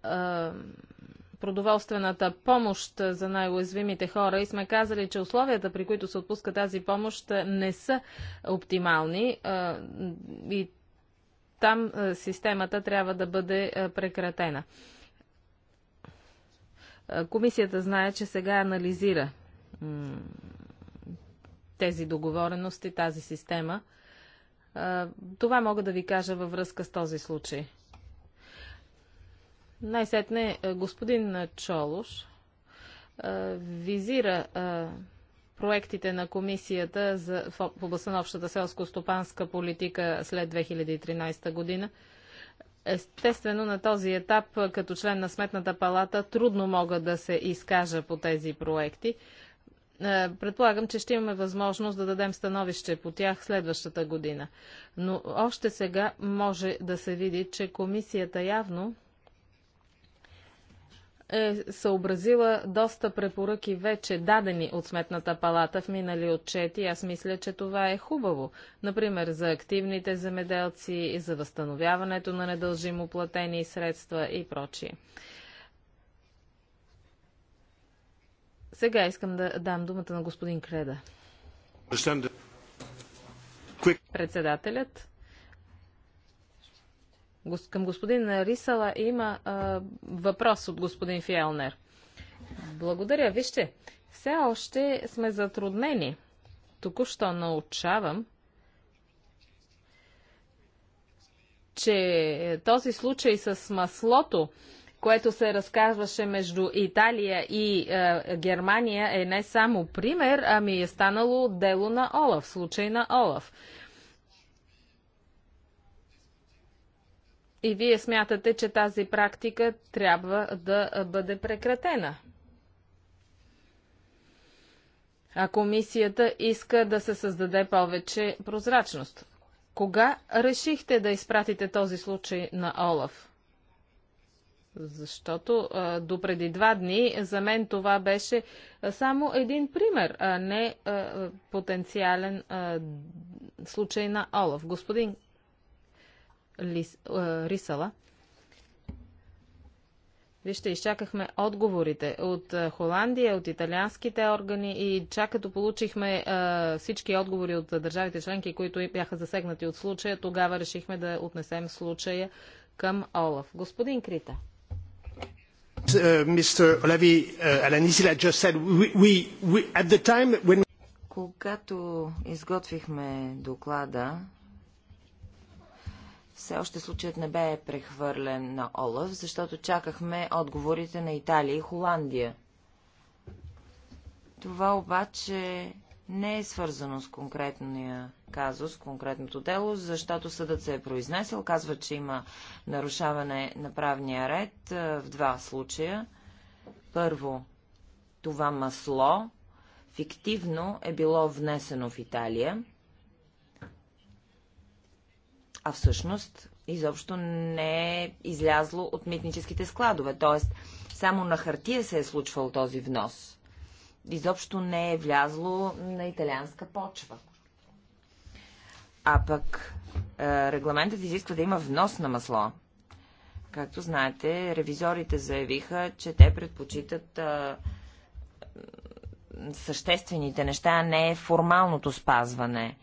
продоволствената помощ за най-уязвимите хора и сме казали, че условията, при които се отпуска тази помощ, не са оптимални и там системата трябва да бъде прекратена. Комисията знае, че сега анализира тези договорености, тази система. Това мога да ви кажа във връзка с този случай. Най-сетне е, господин Чолош е, визира е, проектите на комисията за, в областта на общата селско-стопанска политика след 2013 година. Естествено, на този етап, като член на Сметната палата, трудно мога да се изкажа по тези проекти. Предполагам, че ще имаме възможност да дадем становище по тях следващата година. Но още сега може да се види, че комисията явно е съобразила доста препоръки вече дадени от Сметната палата в минали отчети. Аз мисля, че това е хубаво. Например, за активните земеделци, за възстановяването на недължимо платени средства и прочие. Сега искам да дам думата на господин Креда. Председателят. Към господин Рисала има а, въпрос от господин Фиелнер. Благодаря. Вижте, все още сме затруднени. Току-що научавам, че този случай с маслото, което се разказваше между Италия и е, Германия, е не само пример, ами е станало дело на Олаф, случай на Олаф. И вие смятате, че тази практика трябва да бъде прекратена. А комисията иска да се създаде повече прозрачност. Кога решихте да изпратите този случай на Олаф? Защото а, допреди два дни за мен това беше само един пример, а не а, потенциален а, случай на Олаф. Господин Лис, а, Рисала. Вижте, изчакахме отговорите от Холандия, от италианските органи и чак като получихме а, всички отговори от държавите членки, които бяха засегнати от случая, тогава решихме да отнесем случая към Олаф. Господин Крита. Е, е, Когато изготвихме доклада все още случаят не бе прехвърлен на Олаф, защото чакахме отговорите на Италия и Холандия. Това обаче не е свързано с конкретния казус, конкретното дело, защото съдът се е произнесъл, казва, че има нарушаване на правния ред в два случая. Първо, това масло фиктивно е било внесено в Италия а всъщност изобщо не е излязло от митническите складове, т.е. само на хартия се е случвал този внос. Изобщо не е влязло на италианска почва. А пък е, регламентът изисква да има внос на масло. Както знаете, ревизорите заявиха, че те предпочитат а, е, съществените неща, а не формалното спазване.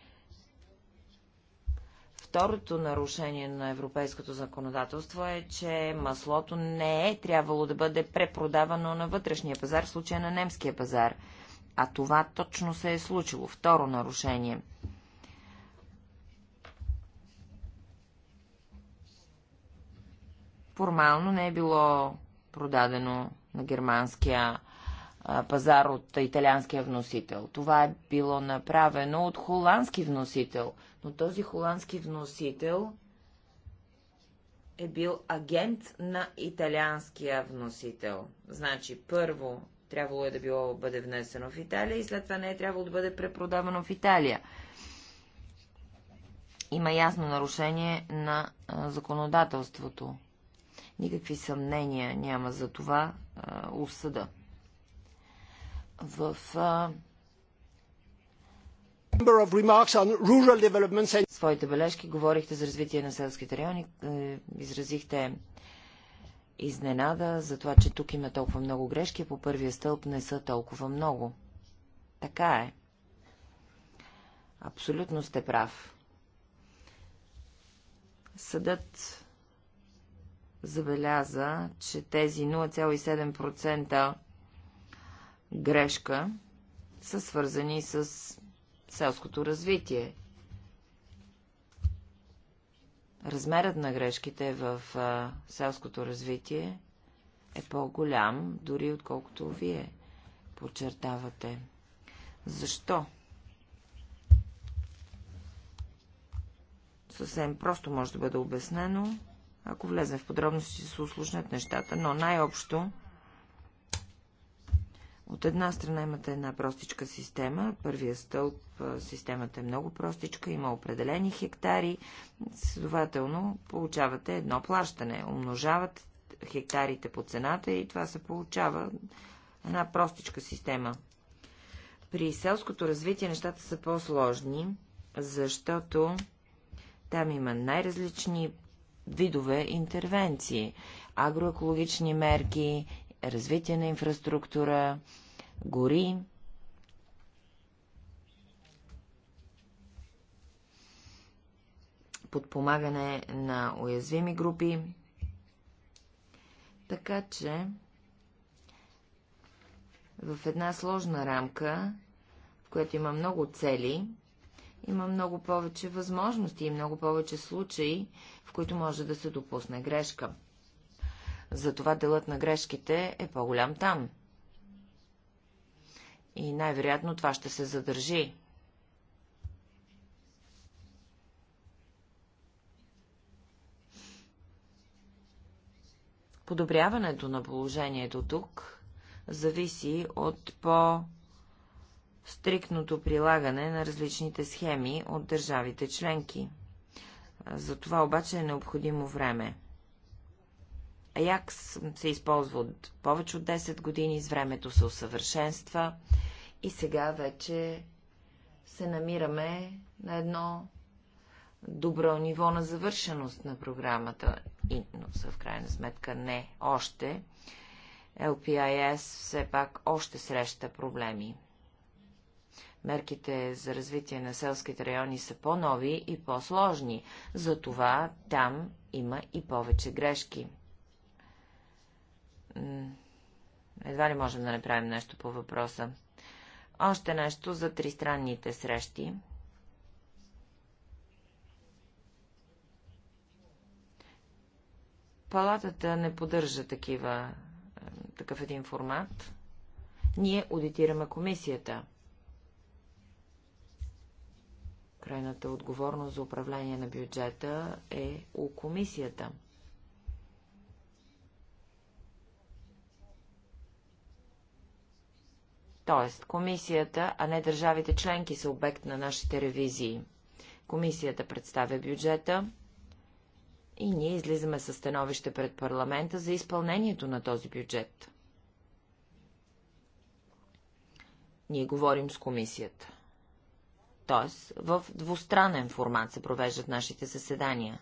Второто нарушение на европейското законодателство е, че маслото не е трябвало да бъде препродавано на вътрешния пазар, в случая на немския пазар. А това точно се е случило. Второ нарушение. Формално не е било продадено на германския пазар от италианския вносител. Това е било направено от холандски вносител – но този холандски вносител е бил агент на италианския вносител. Значи, първо трябвало е да било, бъде внесено в Италия и след това не е трябвало да бъде препродавано в Италия. Има ясно нарушение на а, законодателството. Никакви съмнения няма за това а, осъда. В а, Своите бележки говорихте за развитие на селските райони, е, изразихте изненада за това, че тук има толкова много грешки, по първия стълб не са толкова много. Така е. Абсолютно сте прав. Съдът забеляза, че тези 0,7% грешка са свързани с селското развитие. Размерът на грешките в а, селското развитие е по-голям, дори отколкото вие подчертавате. Защо? Съвсем просто може да бъде обяснено. Ако влезем в подробности, се услушнат нещата, но най-общо от една страна имате една простичка система. Първия стълб, системата е много простичка, има определени хектари. Следователно, получавате едно плащане. Умножават хектарите по цената и това се получава една простичка система. При селското развитие нещата са по-сложни, защото там има най-различни видове интервенции, агроекологични мерки, развитие на инфраструктура, гори. подпомагане на уязвими групи. Така че в една сложна рамка, в която има много цели, има много повече възможности и много повече случаи, в които може да се допусне грешка. Затова делът на грешките е по-голям там. И най-вероятно това ще се задържи. Подобряването на положението тук зависи от по- стрикното прилагане на различните схеми от държавите членки. За това обаче е необходимо време. Аякс се използва от повече от 10 години, с времето се усъвършенства и сега вече се намираме на едно добро ниво на завършеност на програмата, и, но са в крайна сметка не още. LPIS все пак още среща проблеми. Мерките за развитие на селските райони са по-нови и по-сложни, затова там има и повече грешки едва ли можем да направим нещо по въпроса. Още нещо за тристранните срещи. Палатата не поддържа такива, такъв един формат. Ние аудитираме комисията. Крайната отговорност за управление на бюджета е у комисията – Т.е. комисията, а не държавите членки са обект на нашите ревизии. Комисията представя бюджета и ние излизаме със становище пред парламента за изпълнението на този бюджет. Ние говорим с комисията. Т.е. в двустранен формат се провеждат нашите заседания.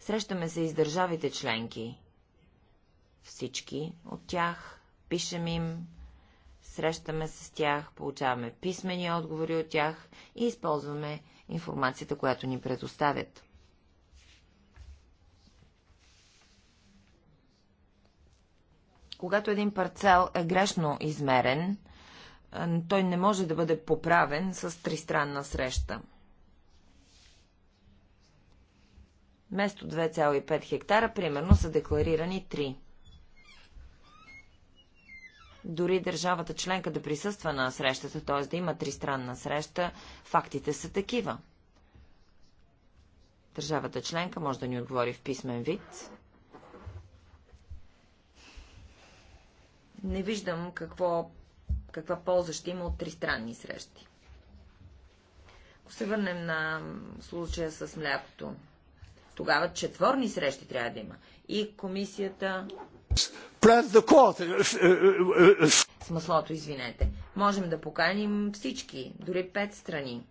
Срещаме се и с държавите членки, всички от тях, пишем им, срещаме с тях, получаваме писмени отговори от тях и използваме информацията, която ни предоставят. Когато един парцел е грешно измерен, той не може да бъде поправен с тристранна среща. Место 2,5 хектара, примерно, са декларирани 3 дори държавата членка да присъства на срещата, т.е. да има тристранна среща, фактите са такива. Държавата членка може да ни отговори в писмен вид. Не виждам какво, каква полза ще има от тристранни срещи. Ако се върнем на случая с млякото, тогава четворни срещи трябва да има. И комисията, с маслото, извинете. Можем да поканим всички, дори пет страни.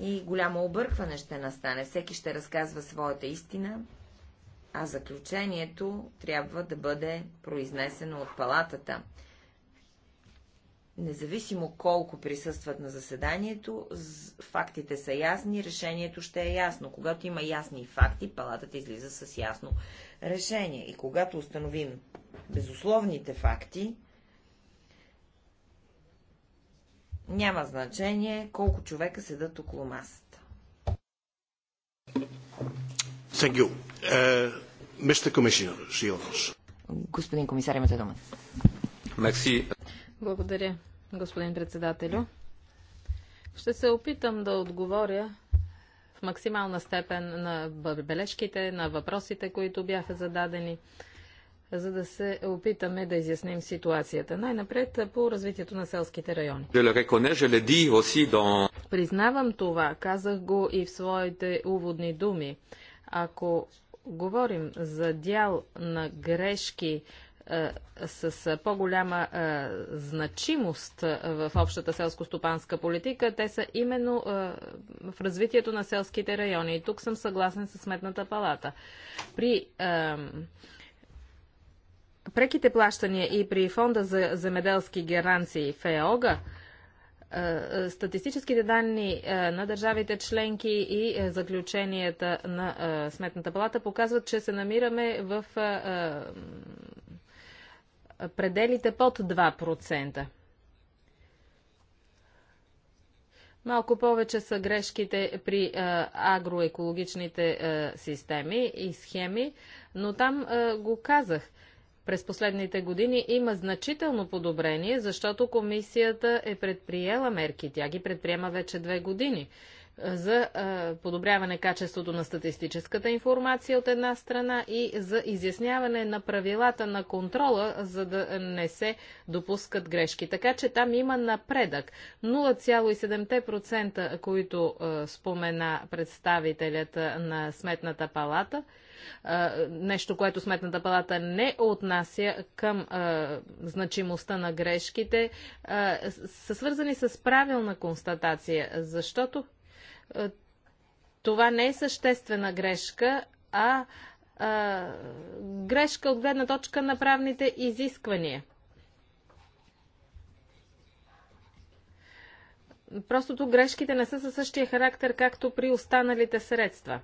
И голямо объркване ще настане. Всеки ще разказва своята истина, а заключението трябва да бъде произнесено от палатата. Независимо колко присъстват на заседанието, фактите са ясни, решението ще е ясно. Когато има ясни факти, палатата излиза с ясно решение. И когато установим безусловните факти, няма значение колко човека седат около масата. Uh, Господин комисар, имате дума. Merci. Благодаря, господин председателю. Ще се опитам да отговоря максимална степен на бележките, на въпросите, които бяха зададени, за да се опитаме да изясним ситуацията. Най-напред по развитието на селските райони. Признавам това, казах го и в своите уводни думи. Ако говорим за дял на грешки е, с е, по-голяма е, значимост в общата селско-стопанска политика, те са именно в развитието на селските райони. И тук съм съгласен с Сметната палата. При преките плащания и при фонда за земеделски гаранции ФЕОГА, статистическите данни на държавите членки и заключенията на Сметната палата показват, че се намираме в пределите под 2%. Малко повече са грешките при а, агроекологичните а, системи и схеми, но там а, го казах. През последните години има значително подобрение, защото комисията е предприела мерки. Тя ги предприема вече две години за подобряване качеството на статистическата информация от една страна и за изясняване на правилата на контрола, за да не се допускат грешки. Така че там има напредък. 0,7%, които спомена представителят на Сметната палата, нещо, което Сметната палата не отнася към значимостта на грешките, са свързани с правилна констатация, защото е, това не е съществена грешка, а, а грешка от гледна точка на правните изисквания. Просто тук грешките не са със същия характер, както при останалите средства.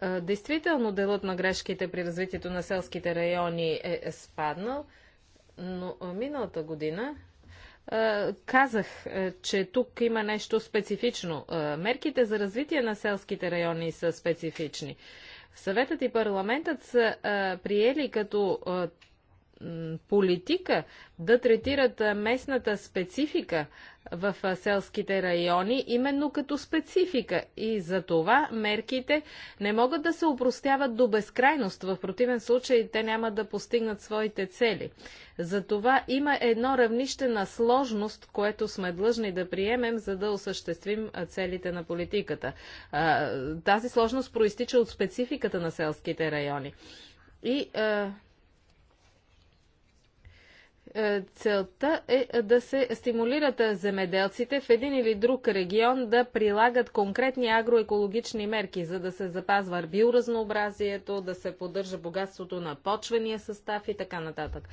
Е, действително делът на грешките при развитието на селските райони е, е спаднал, но е, миналата година е, казах, е, че тук има нещо специфично. Е, мерките за развитие на селските райони са специфични. Съветът и парламентът са приели като политика да третират местната специфика в селските райони, именно като специфика. И за това мерките не могат да се упростяват до безкрайност. В противен случай те няма да постигнат своите цели. За това има едно равнище на сложност, което сме длъжни да приемем, за да осъществим целите на политиката. Тази сложност проистича от спецификата на селските райони. И е, целта е да се стимулират земеделците в един или друг регион да прилагат конкретни агроекологични мерки, за да се запазва биоразнообразието, да се поддържа богатството на почвения състав и така нататък.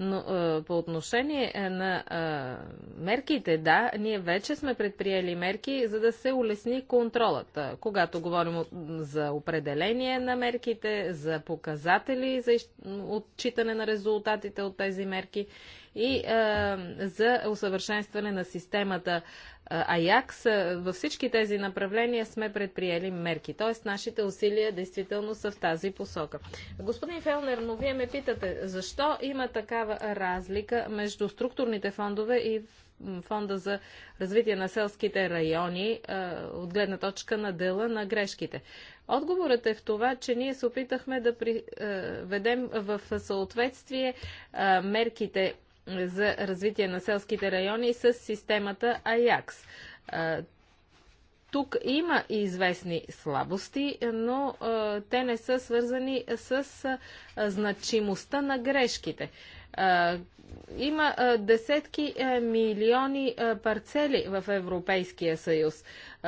Но е, по отношение е, на е, мерките, да, ние вече сме предприели мерки, за да се улесни контролът. Когато говорим за определение на мерките, за показатели, за отчитане на резултатите от тези мерки и за усъвършенстване на системата Аякс, във всички тези направления сме предприели мерки. Т.е. нашите усилия действително са в тази посока. Господин Фелнер, но вие ме питате, защо има такава разлика между структурните фондове и фонда за развитие на селските райони от гледна точка на дела на грешките. Отговорът е в това, че ние се опитахме да приведем в съответствие мерките за развитие на селските райони с системата АЯКС. Тук има и известни слабости, но те не са свързани с значимостта на грешките. има десетки е, милиони парцели в Европейския съюз.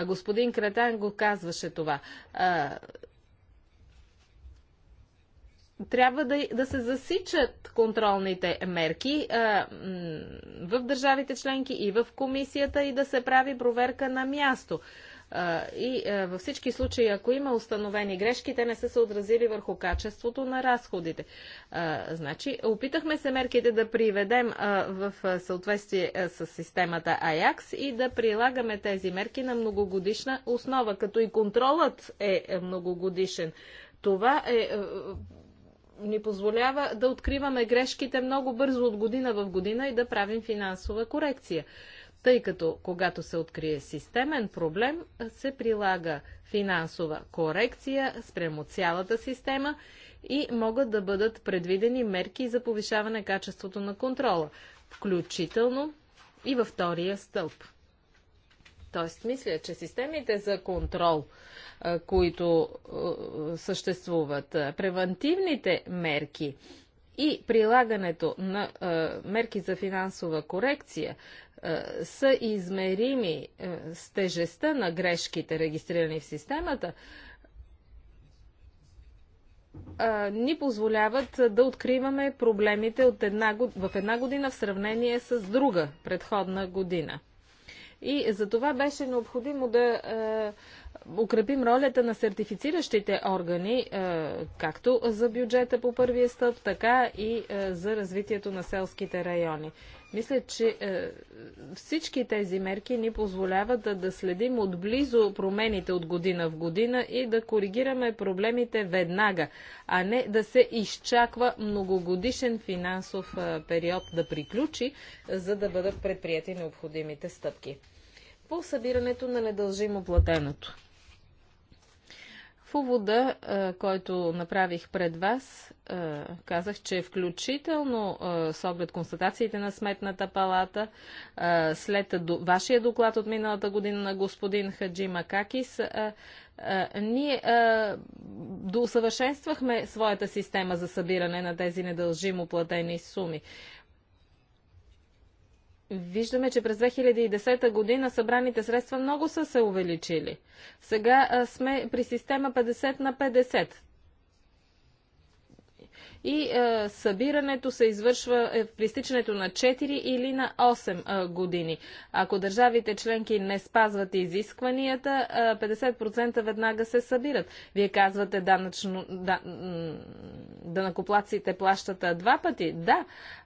господин Кретан го казваше това трябва да, да се засичат контролните мерки а, в държавите членки и в комисията и да се прави проверка на място. А, и а, във всички случаи, ако има установени грешки, те не са се отразили върху качеството на разходите. А, значи, опитахме се мерките да приведем а, в съответствие с системата АЯКС и да прилагаме тези мерки на многогодишна основа, като и контролът е, е многогодишен. Това е, е ни позволява да откриваме грешките много бързо от година в година и да правим финансова корекция. Тъй като когато се открие системен проблем, се прилага финансова корекция спрямо цялата система и могат да бъдат предвидени мерки за повишаване качеството на контрола, включително и във втория стълб. Тоест, мисля, че системите за контрол – които съществуват. Превентивните мерки и прилагането на мерки за финансова корекция са измерими с тежестта на грешките, регистрирани в системата, ни позволяват да откриваме проблемите от една, в една година в сравнение с друга предходна година. И за това беше необходимо да укрепим ролята на сертифициращите органи, е, както за бюджета по първия стъп, така и е, за развитието на селските райони. Мисля, че е, всички тези мерки ни позволяват да, следим отблизо промените от година в година и да коригираме проблемите веднага, а не да се изчаква многогодишен финансов период да приключи, за да бъдат предприяти необходимите стъпки по събирането на недължимо платеното. В увода, който направих пред вас, казах, че включително с оглед констатациите на Сметната палата, след вашия доклад от миналата година на господин Хаджи Макакис, ние доусъвършенствахме своята система за събиране на тези недължимо платени суми виждаме, че през 2010 година събраните средства много са се увеличили. Сега сме при система 50 на 50. И събирането се извършва е, в пристичането на 4 или на 8 години. Ако държавите членки не спазват изискванията, 50% веднага се събират. Вие казвате, данъчно, да, данъкоплаците плащат два пъти. Да,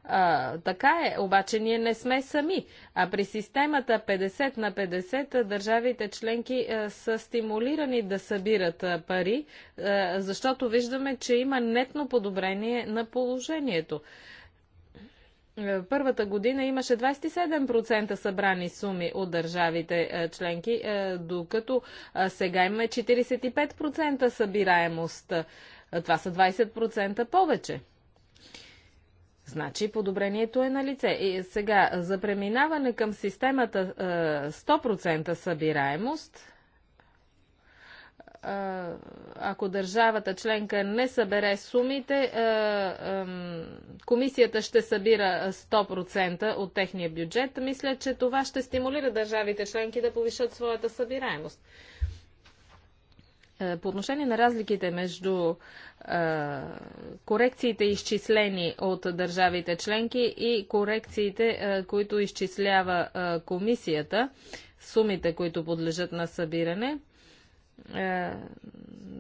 а, така е, обаче ние не сме сами. А при системата 50 на 50 държавите членки а, са стимулирани да събират а, пари, а, защото виждаме, че има нетно подобрение на положението. Първата година имаше 27% събрани суми от държавите членки, докато сега имаме 45% събираемост. Това са 20% повече. Значи подобрението е на лице. И сега, за преминаване към системата 100% е, събираемост, е, ако държавата членка не събере сумите, е, комисията ще събира 100% от техния бюджет. Мисля, че това ще стимулира държавите членки да повишат своята събираемост. Е, по отношение на разликите между е, корекциите, изчислени от държавите членки и корекциите, е, които изчислява комисията, сумите, които подлежат на събиране,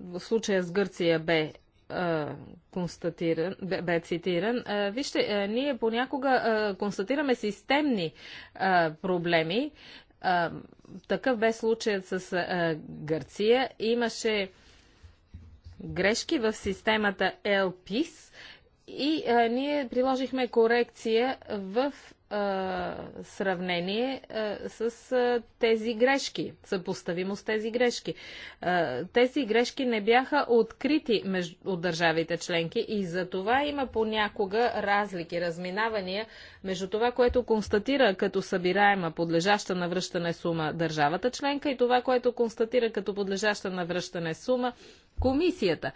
в случая с Гърция бе констатиран, бе, бе цитиран. Вижте, ние понякога констатираме системни проблеми такъв бе случаят с а, Гърция. Имаше грешки в системата LPIS и а, ние приложихме корекция в сравнение с тези грешки, съпоставимо с тези грешки. тези грешки не бяха открити от държавите членки и за това има понякога разлики, разминавания между това, което констатира като събираема подлежаща на връщане сума държавата членка и това, което констатира като подлежаща на връщане сума комисията.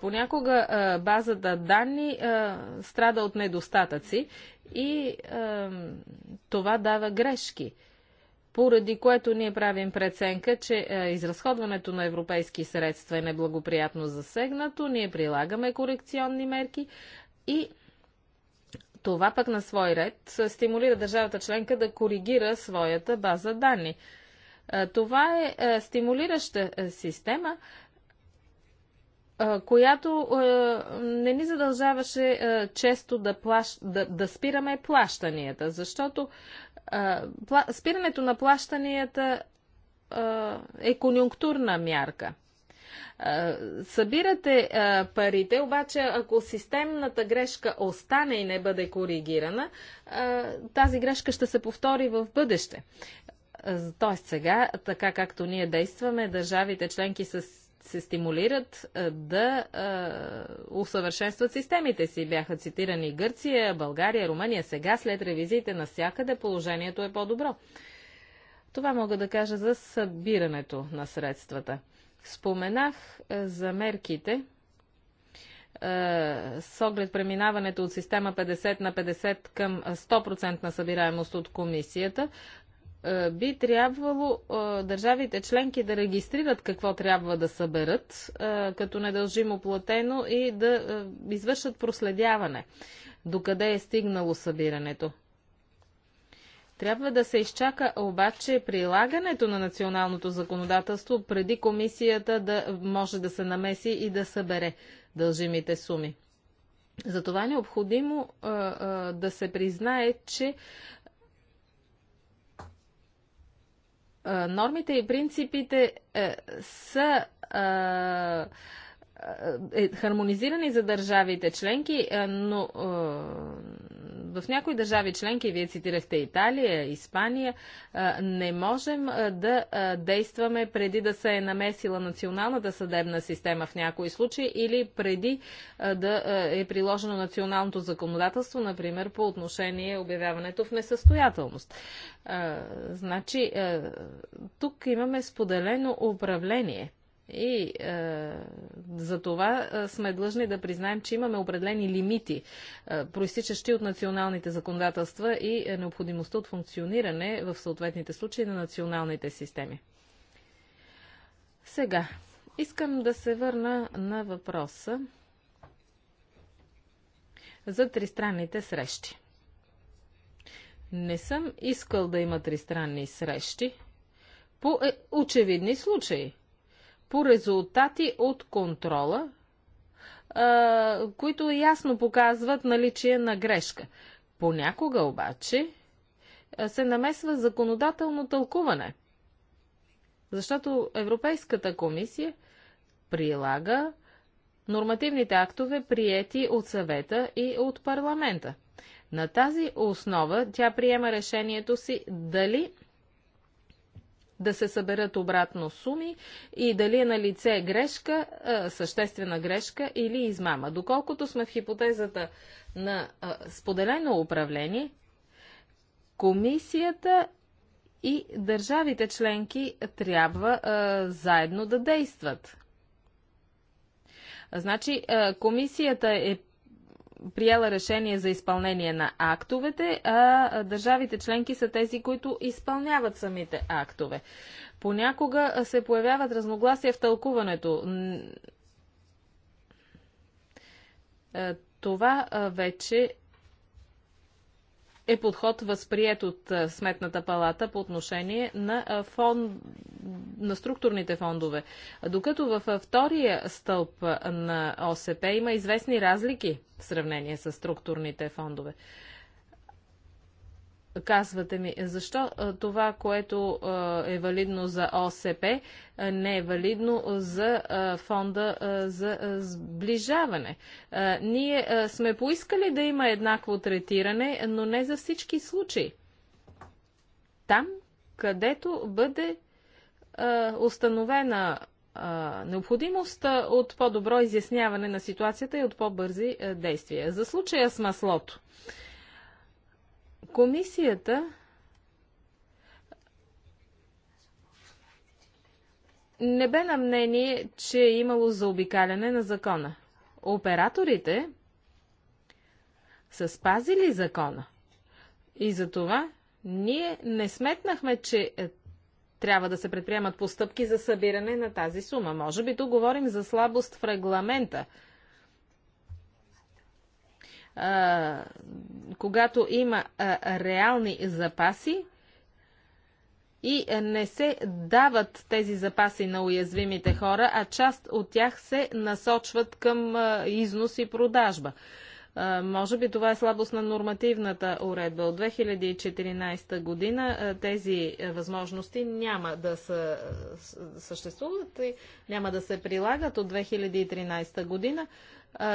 Понякога базата данни страда от недостатъци и това дава грешки поради което ние правим преценка, че е, изразходването на европейски средства е неблагоприятно засегнато, ние прилагаме корекционни мерки и това пък на свой ред стимулира държавата членка да коригира своята база данни. Е, това е, е стимулираща система, която не ни задължаваше често да, плащ, да, да спираме плащанията, защото спирането на плащанията е конюнктурна мярка. Събирате парите, обаче ако системната грешка остане и не бъде коригирана, тази грешка ще се повтори в бъдеще. Тоест сега, така както ние действаме, държавите членки с се стимулират да усъвършенстват системите си. Бяха цитирани Гърция, България, Румъния. Сега, след ревизиите навсякъде, положението е по-добро. Това мога да кажа за събирането на средствата. Споменах за мерките, с оглед преминаването от система 50 на 50 към 100% на събираемост от комисията, е, би трябвало е, държавите членки да регистрират какво трябва да съберат е, като недължимо платено и да извършат проследяване къде е стигнало събирането. Трябва да се изчака обаче прилагането на националното законодателство преди комисията да може да се намеси и да събере дължимите суми. Затова е необходимо а, а, да се признае, че нормите и принципите е, са е, хармонизирани за държавите членки, е, но в някои държави членки, вие цитирахте Италия, Испания, не можем да действаме преди да се е намесила националната съдебна система в някои случаи или преди да е приложено националното законодателство, например по отношение обявяването в несъстоятелност. Значи, тук имаме споделено управление. И е, за това е, сме длъжни да признаем, че имаме определени лимити, е, проистичащи от националните законодателства и е, необходимостта от функциониране в съответните случаи на националните системи. Сега, искам да се върна на въпроса за тристранните срещи. Не съм искал да има тристранни срещи по е, очевидни случаи – по резултати от контрола, които ясно показват наличие на грешка. Понякога обаче се намесва законодателно тълкуване, защото Европейската комисия прилага нормативните актове, приети от съвета и от парламента. На тази основа тя приема решението си дали да се съберат обратно суми и дали е на лице грешка, съществена грешка или измама. Доколкото сме в хипотезата на споделено управление, комисията и държавите членки трябва заедно да действат. Значи, комисията е приела решение за изпълнение на актовете, а държавите членки са тези, които изпълняват самите актове. Понякога се появяват разногласия в тълкуването. Това вече е подход възприят от Сметната палата по отношение на, фон, на структурните фондове. Докато във втория стълб на ОСП има известни разлики в сравнение с структурните фондове. Казвате ми, защо това, което е валидно за ОСП, не е валидно за фонда за сближаване? Ние сме поискали да има еднакво третиране, но не за всички случаи. Там, където бъде установена необходимост от по-добро изясняване на ситуацията и от по-бързи действия. За случая с маслото. Комисията не бе на мнение, че е имало заобикаляне на закона. Операторите са спазили закона. И за това ние не сметнахме, че е, трябва да се предприемат постъпки за събиране на тази сума. Може би тук говорим за слабост в регламента когато има реални запаси и не се дават тези запаси на уязвимите хора, а част от тях се насочват към износ и продажба. Може би това е слабост на нормативната уредба. От 2014 година тези е, възможности няма да са, е, съществуват и няма да се прилагат от 2013 година.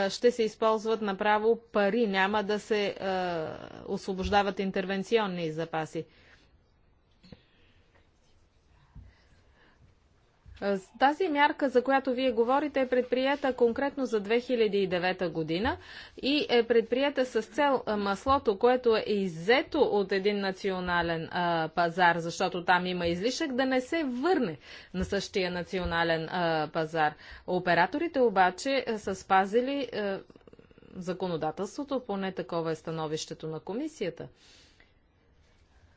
Ще се използват направо пари, няма да се е, освобождават интервенционни запаси. Е, тази мярка, за която вие говорите, е предприета конкретно за 2009 година и е предприета с цел е, маслото, което е иззето от един национален а, е, пазар, защото там има излишък, да не се върне на същия национален а, пазар. Операторите обаче са спазили а, законодателството, поне такова е становището на комисията.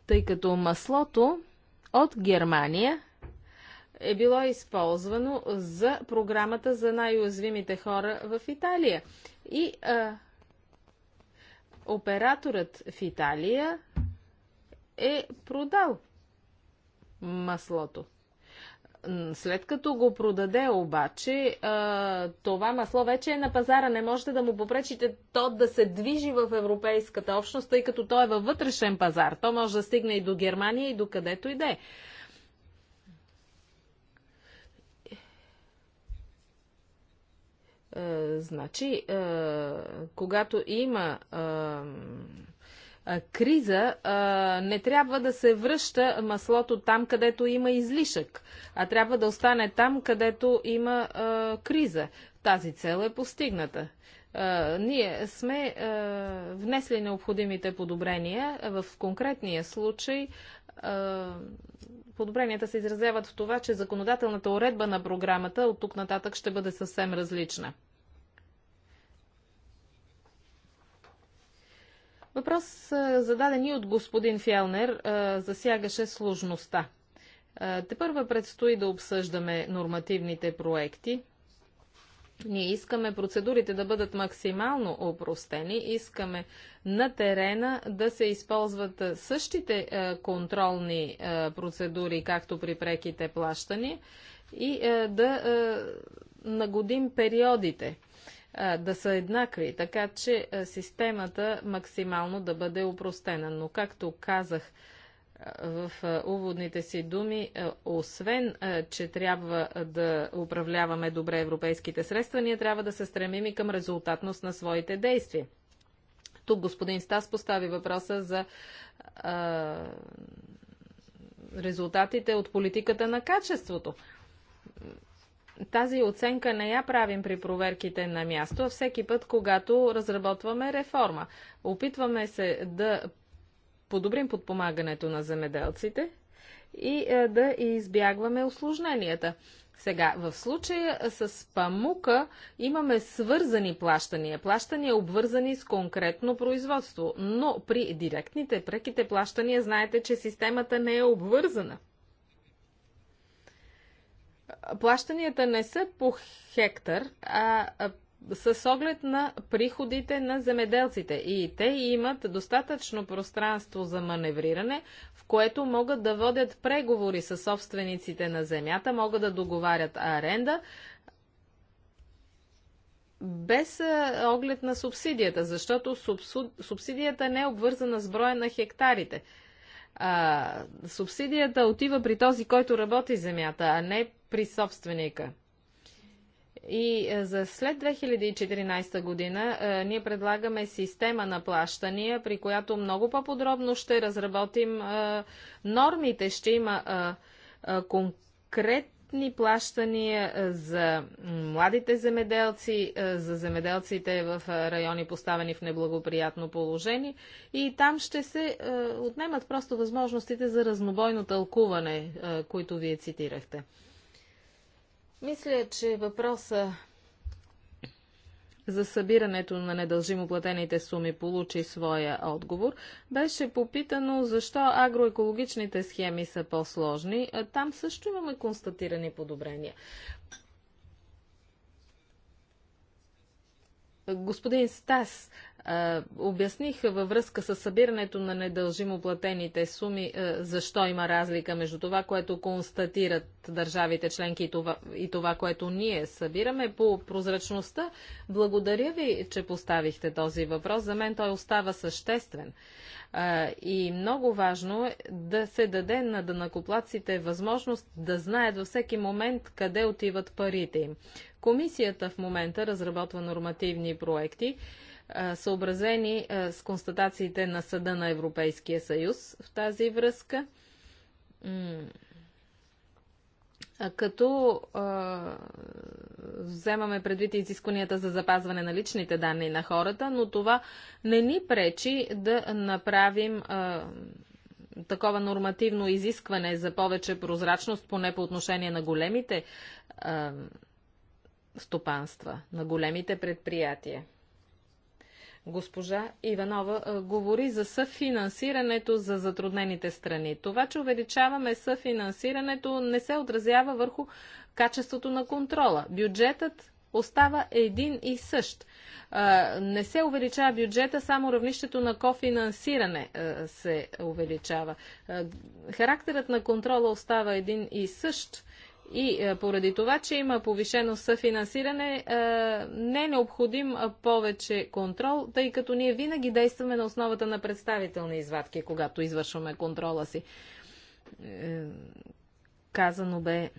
Тъй като маслото от Германия е било използвано за програмата за най-уязвимите хора в Италия. И а, операторът в Италия е продал маслото. След като го продаде обаче, това масло вече е на пазара. Не можете да му попречите то да се движи в Европейската общност, тъй като то е във вътрешен пазар. То може да стигне и до Германия, и до където и да е. Е, значи, е, когато има е, криза, не трябва да се връща маслото там, където има излишък, а трябва да остане там, където има криза. Тази цел е постигната. Ние сме внесли необходимите подобрения. В конкретния случай подобренията се изразяват в това, че законодателната уредба на програмата от тук нататък ще бъде съвсем различна. Въпрос, зададен и от господин Фялнер, засягаше сложността. Те първа предстои да обсъждаме нормативните проекти. Ние искаме процедурите да бъдат максимално опростени, искаме на терена да се използват същите е, контролни е, процедури, както при преките плащани и е, да е, нагодим периодите е, да са еднакви, така че е, системата максимално да бъде опростена. Но, както казах, в уводните си думи, освен, че трябва да управляваме добре европейските средства, ние трябва да се стремим и към резултатност на своите действия. Тук господин Стас постави въпроса за а, резултатите от политиката на качеството. Тази оценка не я правим при проверките на място, а всеки път, когато разработваме реформа. Опитваме се да подобрим подпомагането на земеделците и е, да избягваме осложненията. Сега, в случая с памука имаме свързани плащания, плащания обвързани с конкретно производство, но при директните, преките плащания знаете, че системата не е обвързана. Плащанията не са по хектар, а с оглед на приходите на земеделците. И те имат достатъчно пространство за маневриране, в което могат да водят преговори с собствениците на земята, могат да договарят аренда, без оглед на субсидията, защото субсидията не е обвързана с броя на хектарите. А, субсидията отива при този, който работи земята, а не при собственика. И е, за след 2014 година е, ние предлагаме система на плащания, при която много по-подробно ще разработим е, нормите. Ще има конкретни плащания за младите земеделци, за земеделците в райони поставени в неблагоприятно положение и там ще се отнемат просто възможностите за разнобойно тълкуване, които вие цитирахте. Мисля, че въпроса за събирането на недължимо платените суми получи своя отговор. Беше попитано защо агроекологичните схеми са по-сложни. Там също имаме констатирани подобрения. Господин Стас Обясних във връзка с събирането на недължимо платените суми, защо има разлика между това, което констатират държавите членки и това, и това, което ние събираме по прозрачността. Благодаря ви, че поставихте този въпрос. За мен той остава съществен. И много важно е да се даде на дънакоплаците възможност да знаят във всеки момент къде отиват парите им. Комисията в момента разработва нормативни проекти съобразени с констатациите на Съда на Европейския съюз в тази връзка. Като вземаме предвид изискванията за запазване на личните данни на хората, но това не ни пречи да направим такова нормативно изискване за повече прозрачност, поне по отношение на големите а, стопанства, на големите предприятия. Госпожа Иванова говори за съфинансирането за затруднените страни. Това, че увеличаваме съфинансирането, не се отразява върху качеството на контрола. Бюджетът остава един и същ. не се увеличава бюджета, само равнището на кофинансиране се увеличава. характерът на контрола остава един и същ. И е, поради това, че има повишено съфинансиране, е, не е необходим е, повече контрол, тъй като ние винаги действаме на основата на представителни извадки, когато извършваме контрола си. Казано бе.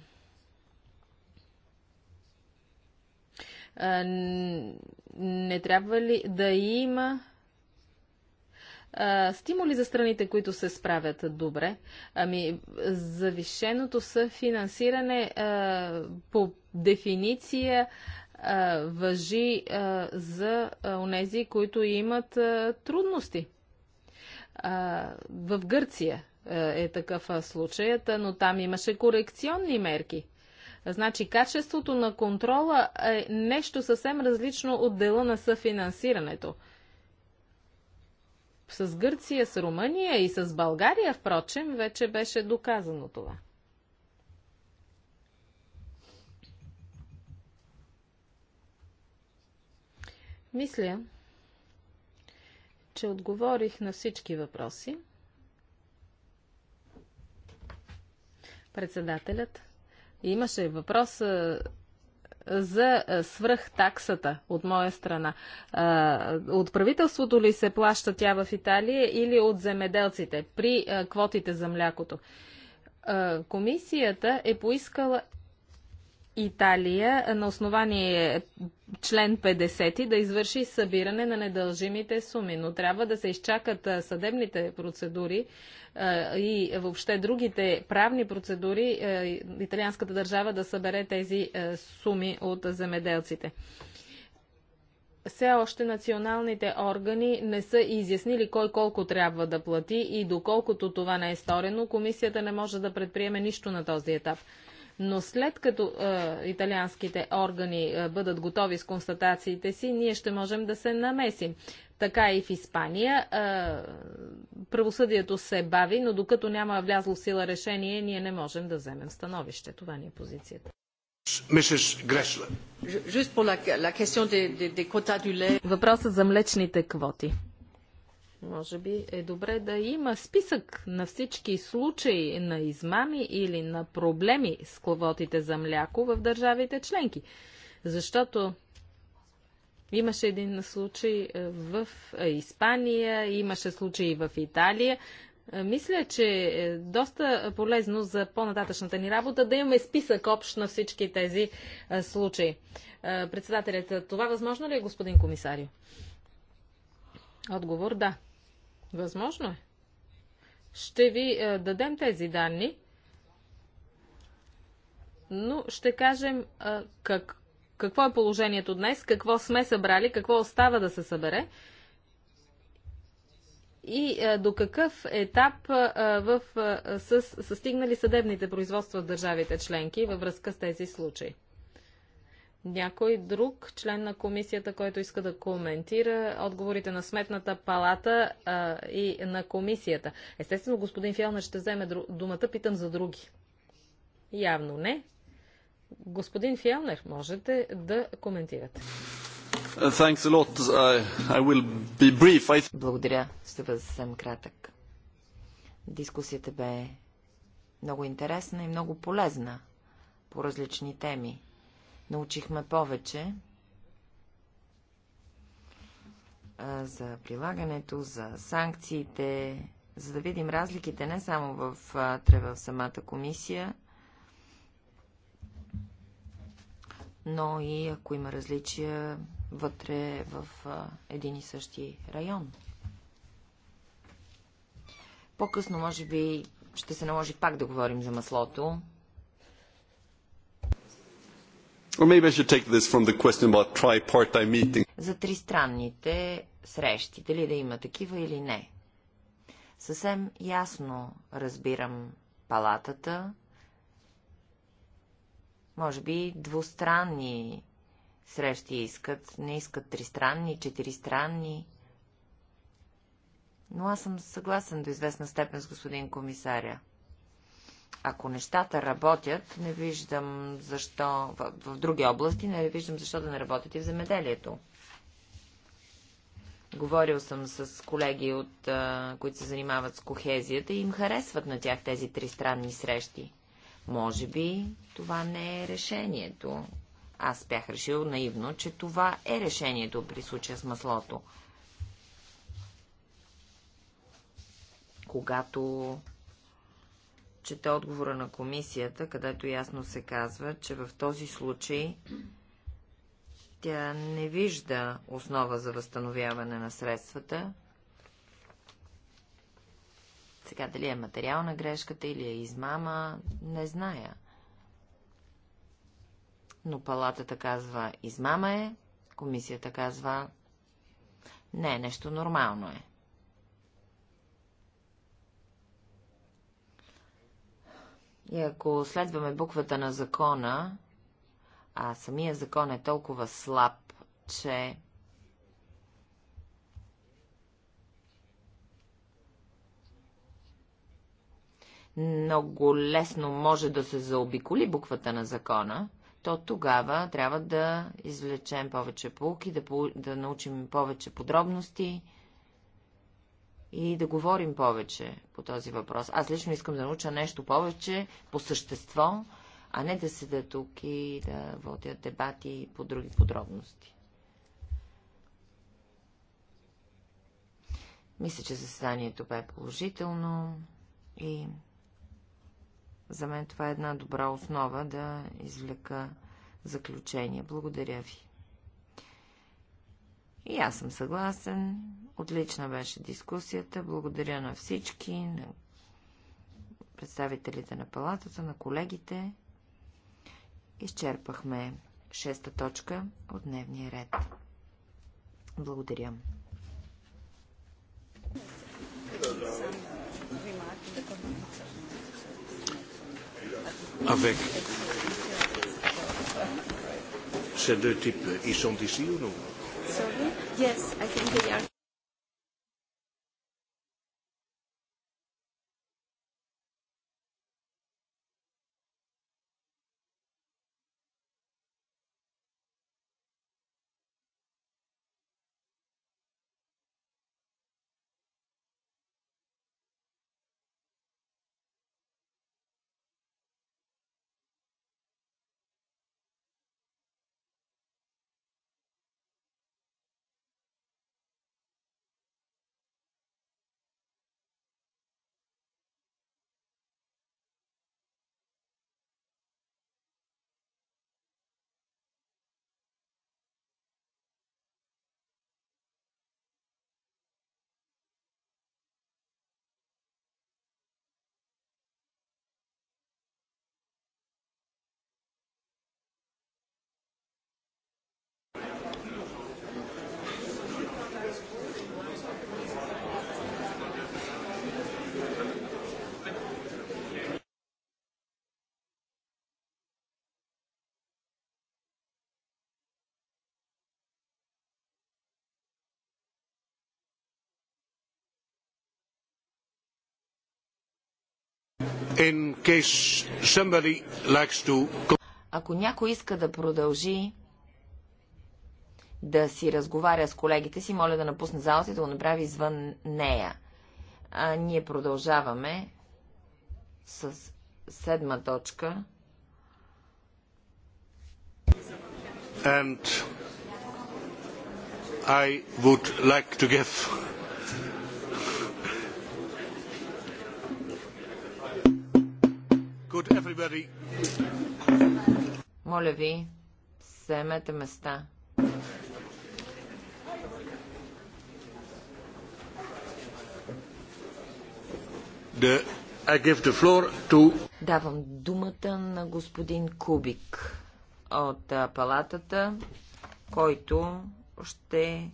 Не трябва ли да има стимули за страните, които се справят добре. Ами, завишеното съфинансиране а, по дефиниция а, въжи а, за онези, които имат а, трудности. А, в Гърция е такъв случаят, но там имаше корекционни мерки. Значи качеството на контрола е нещо съвсем различно от дела на съфинансирането с Гърция, с Румъния и с България, впрочем, вече беше доказано това. Мисля, че отговорих на всички въпроси. Председателят. Имаше въпрос за свръхтаксата от моя страна. От правителството ли се плаща тя в Италия или от земеделците при квотите за млякото? Комисията е поискала Италия на основание член 50 да извърши събиране на недължимите суми, но трябва да се изчакат съдебните процедури и въобще другите правни процедури италианската държава да събере тези суми от земеделците. Все още националните органи не са изяснили кой колко трябва да плати и доколкото това не е сторено, комисията не може да предприеме нищо на този етап. Но след като е, италианските органи е, бъдат готови с констатациите си, ние ще можем да се намесим. Така и в Испания. Е, правосъдието се бави, но докато няма влязло в сила решение, ние не можем да вземем становище. Това ни е позицията. Въпросът за млечните квоти. Може би е добре да има списък на всички случаи на измами или на проблеми с клавотите за мляко в държавите членки. Защото Имаше един случай е, в е, Испания, имаше случаи в Италия. Е, мисля, че е доста полезно за по-нататъчната ни работа да имаме списък общ на всички тези случаи. Председателят, това възможно ли е, господин комисарио? Отговор да. Възможно е. Ще ви е, дадем тези данни, но ще кажем е, как, какво е положението днес, какво сме събрали, какво остава да се събере и е, до какъв етап е, е, в, е, с, са стигнали съдебните производства в държавите членки във връзка с тези случаи. Някой друг член на комисията, който иска да коментира отговорите на Сметната палата а, и на комисията. Естествено, господин Фиална ще вземе думата, питам за други. Явно не. Господин Фиалнер, можете да коментирате. Благодаря. Ще бъда съвсем кратък. Дискусията бе много интересна и много полезна по различни теми научихме повече за прилагането, за санкциите, за да видим разликите не само в, в самата комисия, но и ако има различия вътре в един и същи район. По-късно, може би, ще се наложи пак да говорим за маслото, за тристранните срещи, дали да има такива или не. Съвсем ясно разбирам палатата. Може би двустранни срещи искат, не искат тристранни, четиристранни. Но аз съм съгласен до известна степен с господин комисаря. Ако нещата работят, не виждам защо в, в други области, не виждам защо да не работят и в земеделието. Говорил съм с колеги, от, които се занимават с кохезията и им харесват на тях тези тристранни срещи. Може би това не е решението. Аз бях решил наивно, че това е решението при случая с маслото. Когато чета отговора на комисията, където ясно се казва, че в този случай тя не вижда основа за възстановяване на средствата. Сега дали е материална грешката или е измама, не зная. Но палатата казва измама е, комисията казва не, нещо нормално е. И ако следваме буквата на закона, а самия закон е толкова слаб, че много лесно може да се заобиколи буквата на закона, то тогава трябва да извлечем повече полки, да, да научим повече подробности и да говорим повече по този въпрос. Аз лично искам да науча нещо повече по същество, а не да седа тук и да водя дебати по други подробности. Мисля, че заседанието бе положително и за мен това е една добра основа да извлека заключение. Благодаря ви. И аз съм съгласен. Отлична беше дискусията. Благодаря на всички, на представителите на палатата, на колегите. Изчерпахме шеста точка от дневния ред. Благодаря. Avec ces deux types, ils sont ici ou non? Sorry? Yes, I think they are. In case somebody likes to... Ако някой иска да продължи да си разговаря с колегите си, моля да напусне залата и да го направи извън нея. А ние продължаваме с седма точка. And I would like to give Everybody... Моля ви, вземете места. The... To... Давам думата на господин Кубик от палатата, който ще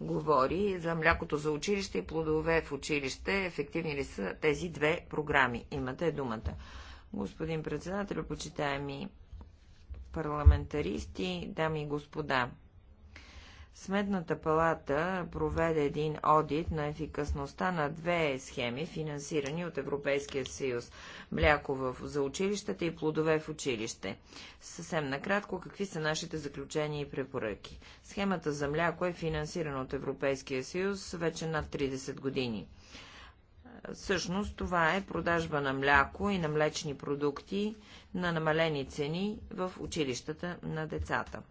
говори за млякото за училище и плодове в училище. Ефективни ли са тези две програми? Имате думата господин председател, почитаеми парламентаристи, дами и господа. Сметната палата проведе един одит на ефикасността на две схеми, финансирани от Европейския съюз – мляко в, за училищата и плодове в училище. Съвсем накратко, какви са нашите заключения и препоръки? Схемата за мляко е финансирана от Европейския съюз вече над 30 години. Всъщност това е продажба на мляко и на млечни продукти на намалени цени в училищата на децата.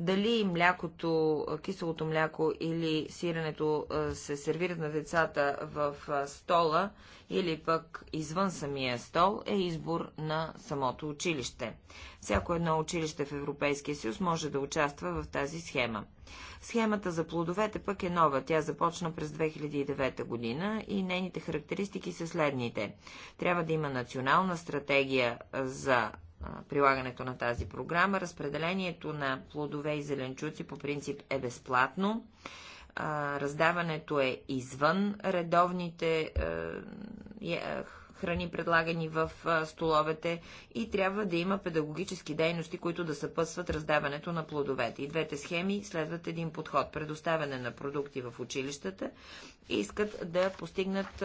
Дали млякото, киселото мляко или сиренето се сервират на децата в стола или пък извън самия стол е избор на самото училище. Всяко едно училище в Европейския съюз може да участва в тази схема. Схемата за плодовете пък е нова. Тя започна през 2009 година и нейните характеристики са следните. Трябва да има национална стратегия за прилагането на тази програма. Разпределението на плодове и зеленчуци по принцип е безплатно. Раздаването е извън редовните е, храни, предлагани в столовете и трябва да има педагогически дейности, които да съпътстват раздаването на плодовете. И двете схеми следват един подход – предоставяне на продукти в училищата и искат да постигнат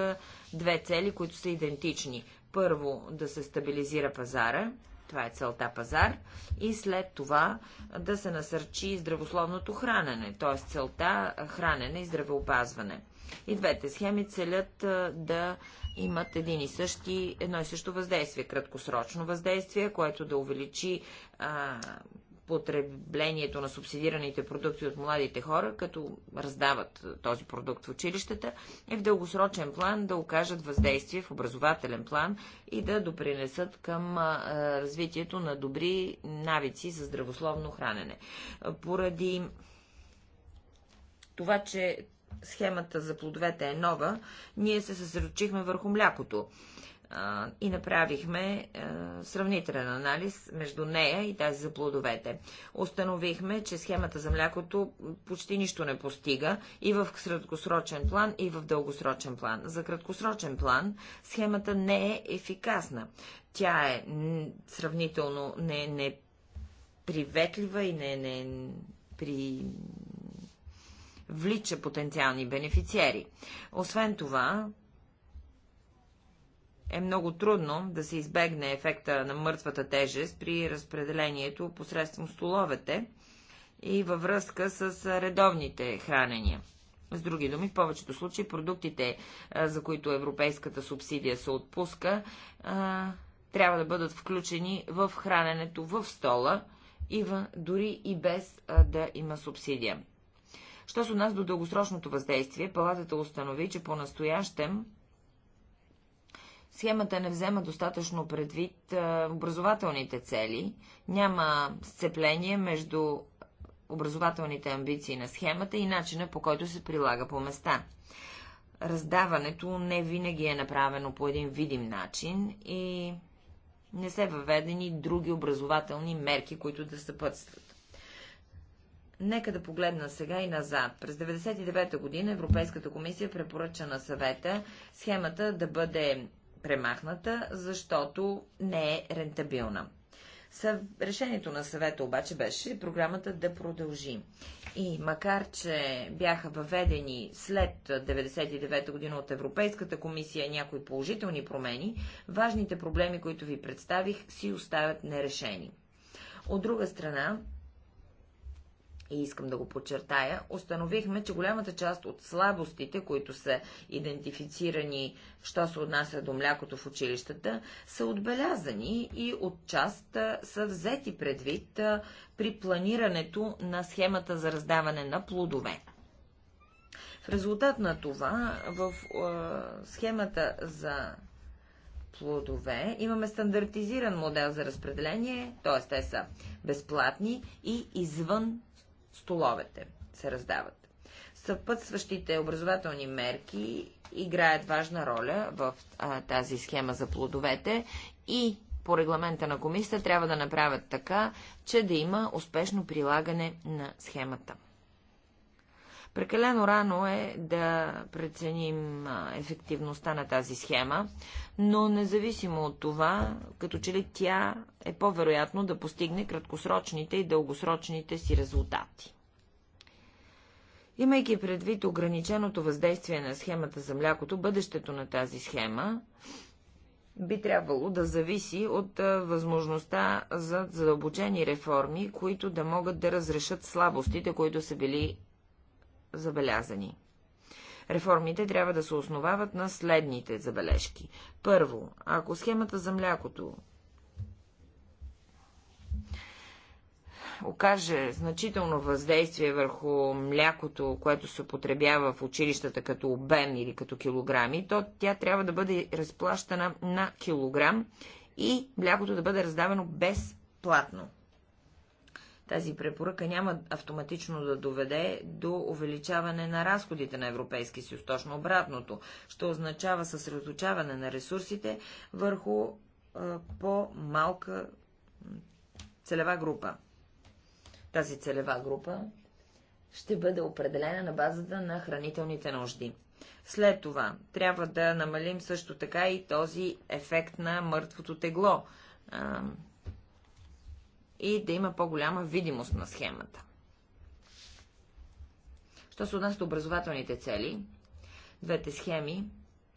две цели, които са идентични. Първо, да се стабилизира пазара, това е целта пазар. И след това да се насърчи здравословното хранене, т.е. целта хранене и здравеопазване. И двете схеми целят да имат един и същи, едно и също въздействие. Краткосрочно въздействие, което да увеличи а, потреблението на субсидираните продукти от младите хора, като раздават този продукт в училищата, е в дългосрочен план да окажат въздействие в образователен план и да допринесат към развитието на добри навици за здравословно хранене. Поради това, че схемата за плодовете е нова, ние се съсредочихме върху млякото и направихме а, е, сравнителен анализ между нея и тази за плодовете. Установихме, че схемата за млякото почти нищо не постига и в краткосрочен план, и в дългосрочен план. За краткосрочен план схемата не е ефикасна. Тя е сравнително не, не приветлива и не, не при влича потенциални бенефициери. Освен това, е много трудно да се избегне ефекта на мъртвата тежест при разпределението посредством столовете и във връзка с редовните хранения. С други думи, в повечето случаи продуктите, за които европейската субсидия се отпуска, трябва да бъдат включени в храненето в стола, и в, дори и без да има субсидия. Що се нас до дългосрочното въздействие, палатата установи, че по-настоящем Схемата не взема достатъчно предвид образователните цели. Няма сцепление между образователните амбиции на схемата и начина по който се прилага по места. Раздаването не винаги е направено по един видим начин и не се въведени други образователни мерки, които да съпътстват. Нека да погледна сега и назад. През 1999 година Европейската комисия препоръча на съвета схемата да бъде премахната, защото не е рентабилна. Решението на съвета обаче беше програмата да продължи. И макар, че бяха въведени след 1999 година от Европейската комисия някои положителни промени, важните проблеми, които ви представих, си оставят нерешени. От друга страна, и искам да го подчертая, установихме, че голямата част от слабостите, които са идентифицирани, що се отнася до млякото в училищата, са отбелязани и от част са взети предвид при планирането на схемата за раздаване на плодове. В резултат на това, в е, схемата за плодове имаме стандартизиран модел за разпределение, т.е. те са безплатни и извън столовете се раздават. Съпътстващите образователни мерки играят важна роля в а, тази схема за плодовете и по регламента на комисията трябва да направят така, че да има успешно прилагане на схемата. Прекалено рано е да преценим ефективността на тази схема, но независимо от това, като че ли тя е по-вероятно да постигне краткосрочните и дългосрочните си резултати. Имайки предвид ограниченото въздействие на схемата за млякото, бъдещето на тази схема би трябвало да зависи от възможността за задълбочени реформи, които да могат да разрешат слабостите, които са били забелязани. Реформите трябва да се основават на следните забележки. Първо, ако схемата за млякото окаже значително въздействие върху млякото, което се потребява в училищата като обем или като килограми, то тя трябва да бъде разплащана на килограм и млякото да бъде раздавано безплатно. Тази препоръка няма автоматично да доведе до увеличаване на разходите на Европейски съюз, точно обратното, ще означава съсредоточаване на ресурсите върху по-малка целева група. Тази целева група ще бъде определена на базата на хранителните нужди. След това трябва да намалим също така и този ефект на мъртвото тегло и да има по-голяма видимост на схемата. Що се отнася до образователните цели, двете схеми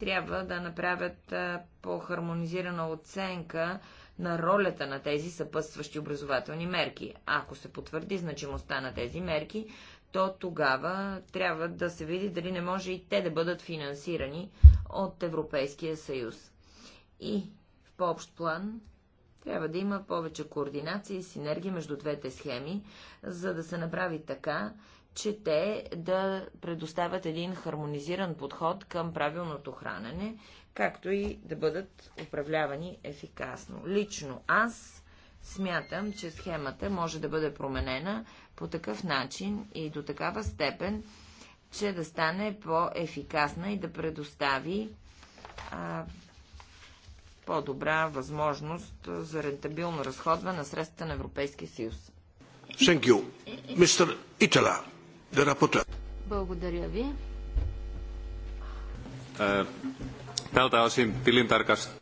трябва да направят по-хармонизирана оценка на ролята на тези съпътстващи образователни мерки. Ако се потвърди значимостта на тези мерки, то тогава трябва да се види дали не може и те да бъдат финансирани от Европейския съюз. И в по-общ план трябва да има повече координация и синергия между двете схеми, за да се направи така, че те да предоставят един хармонизиран подход към правилното хранене, както и да бъдат управлявани ефикасно. Лично аз смятам, че схемата може да бъде променена по такъв начин и до такава степен, че да стане по-ефикасна и да предостави а, по-добра възможност за рентабилно разходване на средствата на Европейския съюз. Благодаря ви. Е, Tältä osin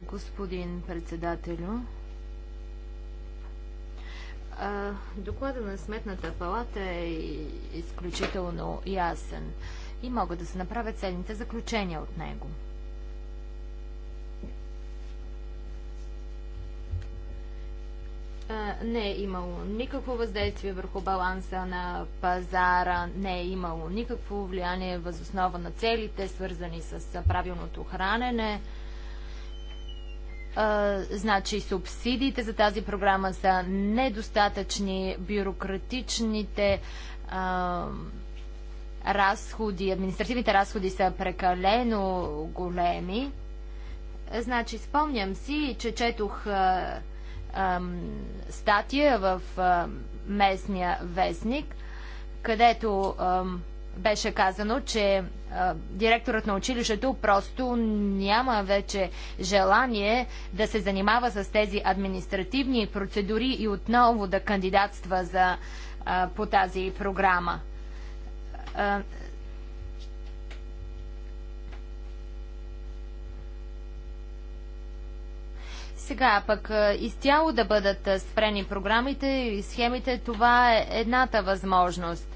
Господин председателю, доклада на Сметната палата е изключително ясен и могат да се направят следните заключения от него – не е имало никакво въздействие върху баланса на пазара, не е имало никакво влияние възоснова на целите, свързани с правилното хранене. Значи субсидиите за тази програма са недостатъчни, бюрократичните разходи, административните разходи са прекалено големи. Значи спомням си, че четох статия в местния вестник, където беше казано, че а, директорът на училището просто няма вече желание да се занимава с тези административни процедури и отново да кандидатства за, а, по тази програма. А, Сега пък изцяло да бъдат спрени програмите и схемите, това е едната възможност.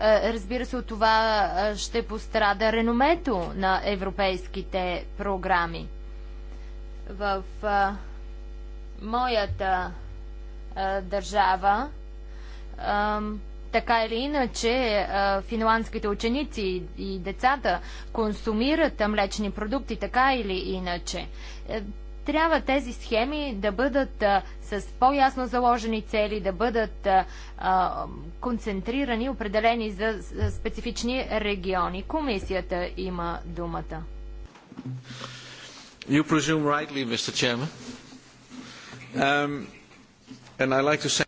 Разбира се, от това ще пострада реномето на европейските програми. В а, моята а, държава а, така или иначе, е, финландските ученици и децата консумират млечни продукти, така или иначе. Е, трябва тези схеми да бъдат е, с по-ясно заложени цели, да бъдат концентрирани, определени за специфични региони. Комисията има думата. You presume rightly, Mr. Chairman. Um, and I like to say...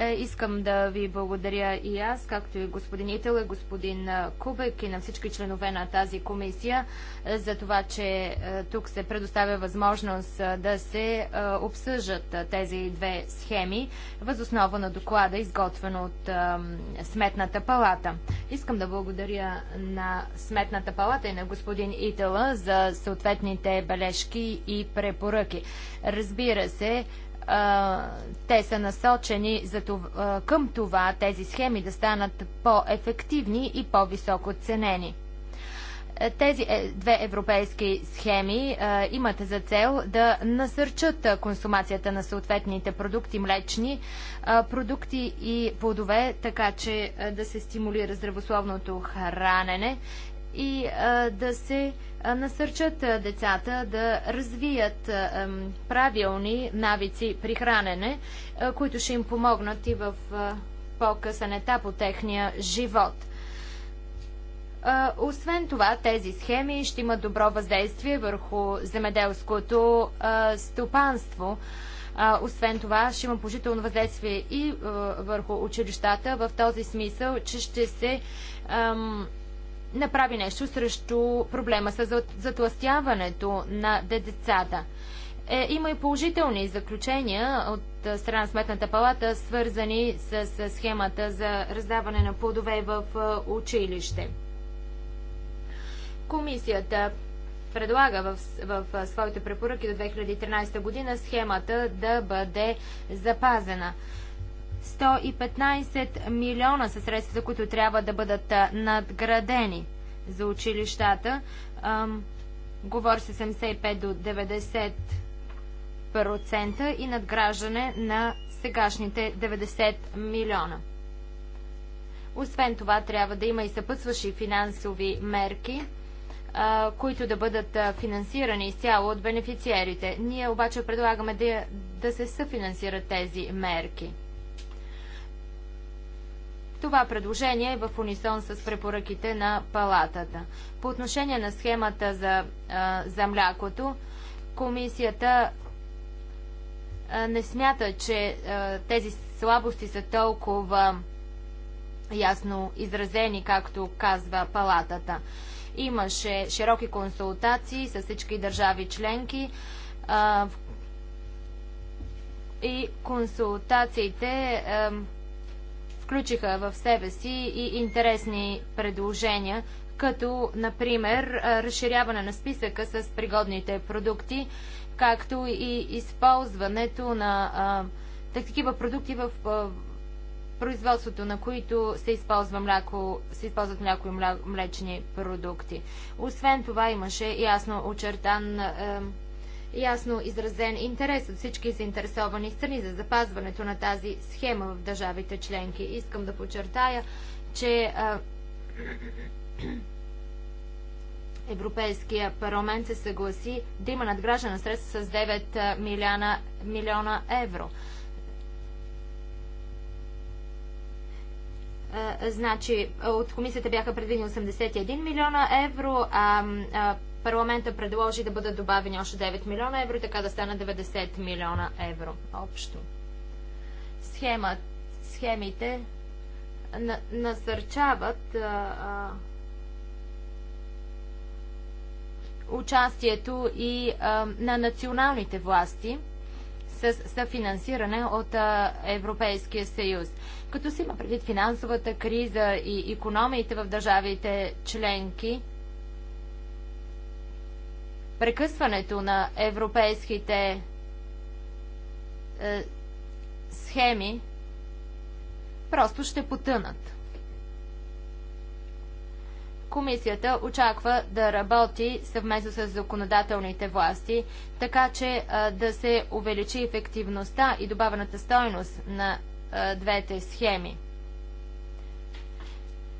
Е, искам да ви благодаря и аз, както и господин Ител и господин е, Кубек и на всички членове на тази комисия е, за това, че е, тук се предоставя възможност да се обсъжат тези две схеми възоснова на доклада, изготвен от Сметната палата. Искам да благодаря на Сметната палата и на господин Ител за съответните бележки и препоръки. Разбира се, те са насочени за това, към това тези схеми да станат по-ефективни и по-високо ценени. Е, тези е, две европейски схеми а, имат за цел да насърчат консумацията на съответните продукти, млечни а, продукти и плодове, така че а, да се стимулира здравословното хранене и да се а, насърчат децата да развият правилни навици при хранене, които ще им помогнат и в по-късен етап от техния живот. Освен това, тези схеми ще имат добро въздействие върху земеделското стопанство. Освен това, ще има положително въздействие и върху училищата в този смисъл, че ще се направи нещо срещу проблема с затластяването на децата. Е, има и положителни заключения от страна Сметната палата, свързани с, схемата за раздаване на плодове в училище. Комисията предлага в, в своите препоръки до 2013 година схемата да бъде запазена. 115 милиона са средствата, които трябва да бъдат надградени за училищата. Говори се 75 до 90% и надграждане на сегашните 90 милиона. Освен това, трябва да има и съпътстващи финансови мерки, които да бъдат финансирани изцяло от бенефициерите. Ние обаче предлагаме да, да се съфинансират тези мерки. Това предложение е в унисон с препоръките на палатата. По отношение на схемата за, а, за млякото, комисията а, не смята, че а, тези слабости са толкова ясно изразени, както казва палатата. Имаше широки консултации с всички държави членки и консултациите включиха в себе си и интересни предложения, като, например, разширяване на списъка с пригодните продукти, както и използването на а, такива продукти в а, производството на които се, използва мляко, се използват мляко и млечни продукти. Освен това имаше ясно очертан А, ясно изразен интерес от всички заинтересовани страни за запазването на тази схема в държавите членки. Искам да подчертая, че а, <clears throat> Европейския парламент се съгласи да има на средства с 9 милиона, милиона евро. значи от комисията бяха предвидени 81 милиона евро, а, а Парламента предложи да бъдат добавени още 9 милиона евро, и така да стана 90 милиона евро общо. Схема, схемите на, насърчават а, а, участието и а, на националните власти с съфинансиране от а, Европейския съюз. Като си има предвид финансовата криза и економиите в държавите членки, прекъсването на европейските е, схеми просто ще потънат. Комисията очаква да работи съвместно с законодателните власти, така че е, да се увеличи ефективността и добавената стойност на е, двете схеми.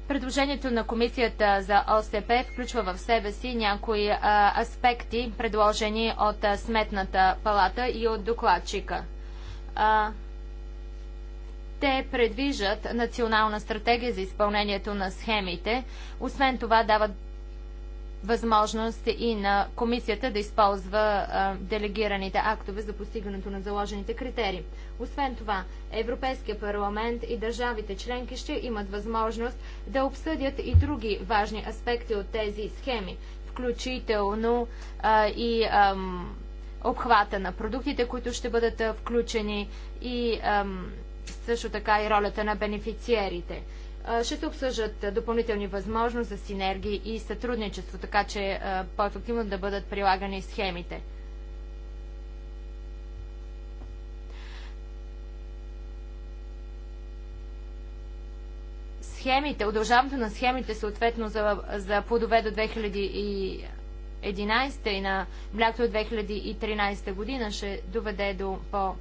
Предложението на комисията за ОСП включва в себе си някои а, аспекти, предложени от а, Сметната палата и от докладчика. А, те предвижат национална стратегия за изпълнението на схемите. Освен това дават възможност и на комисията да използва делегираните актове за постигането на заложените критерии. Освен това, Европейския парламент и държавите членки ще имат възможност да обсъдят и други важни аспекти от тези схеми, включително и обхвата на продуктите, които ще бъдат включени и също така и ролята на бенефициерите. Ще се обсъждат допълнителни възможности за синергии и сътрудничество, така че по-ефективно да бъдат прилагани схемите. Схемите, удължаването на схемите съответно за, за плодове до 2011 и на млякото от 2013 година ще доведе до по-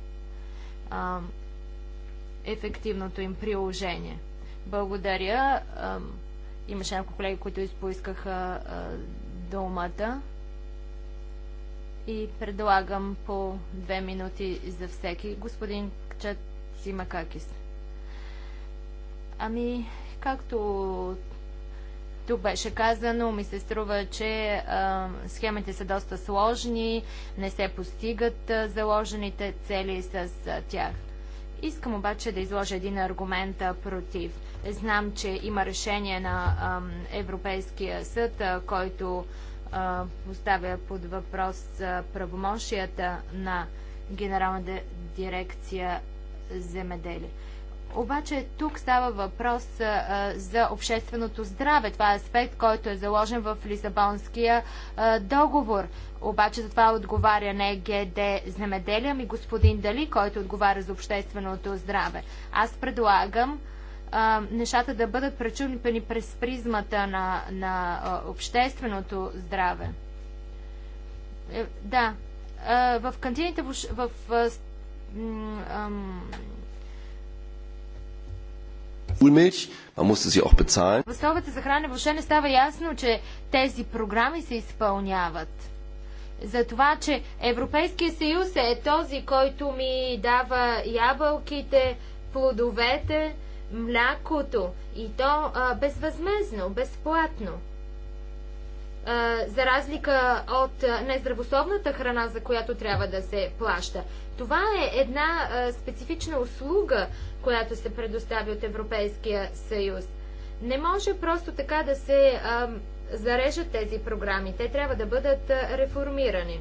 ефективното им приложение. Благодаря. Имаше няколко колеги, които изпоискаха думата. И предлагам по две минути за всеки. Господин Кчат Симакакис. Ами, както тук беше казано, ми се струва, че а, схемите са доста сложни, не се постигат а, заложените цели с а, тях. Искам обаче да изложа един аргумент а, против. Знам, че има решение на Европейския съд, който поставя под въпрос правомощията на Генерална дирекция земеделие. Обаче тук става въпрос а, за общественото здраве. Това е аспект, който е заложен в Лисабонския а, договор. Обаче за това отговаря не ГД Земеделие, ами господин Дали, който отговаря за общественото здраве. Аз предлагам а, нещата да бъдат пречупени през призмата на, на а, общественото здраве. Е, да, а, в кантините в, в а, В столовете за храна въобще не става ясно, че тези програми се изпълняват. За това, че Европейския съюз е този, който ми дава ябълките, плодовете, млякото и то а, безвъзмезно, безплатно. А, за разлика от нездравословната храна, за която трябва да се плаща. Това е една а, специфична услуга, която се предостави от Европейския съюз. Не може просто така да се а, зарежат тези програми. Те трябва да бъдат а, реформирани.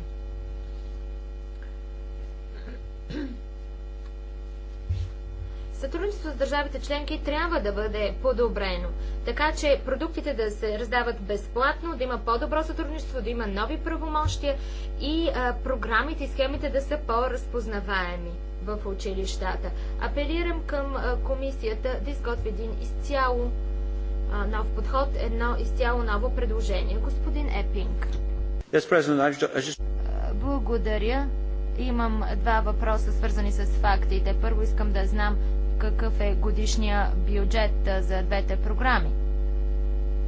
Сътрудничеството с държавите членки трябва да бъде подобрено, така че продуктите да се раздават безплатно, да има по-добро сътрудничество, да има нови правомощия и а, програмите и схемите да са по-разпознаваеми в училищата. Апелирам към а, комисията да изготви един изцяло а, нов подход, едно изцяло ново предложение. Господин Епинг. Благодаря. Имам два въпроса, свързани с фактите. Първо искам да знам какъв е годишния бюджет за двете програми.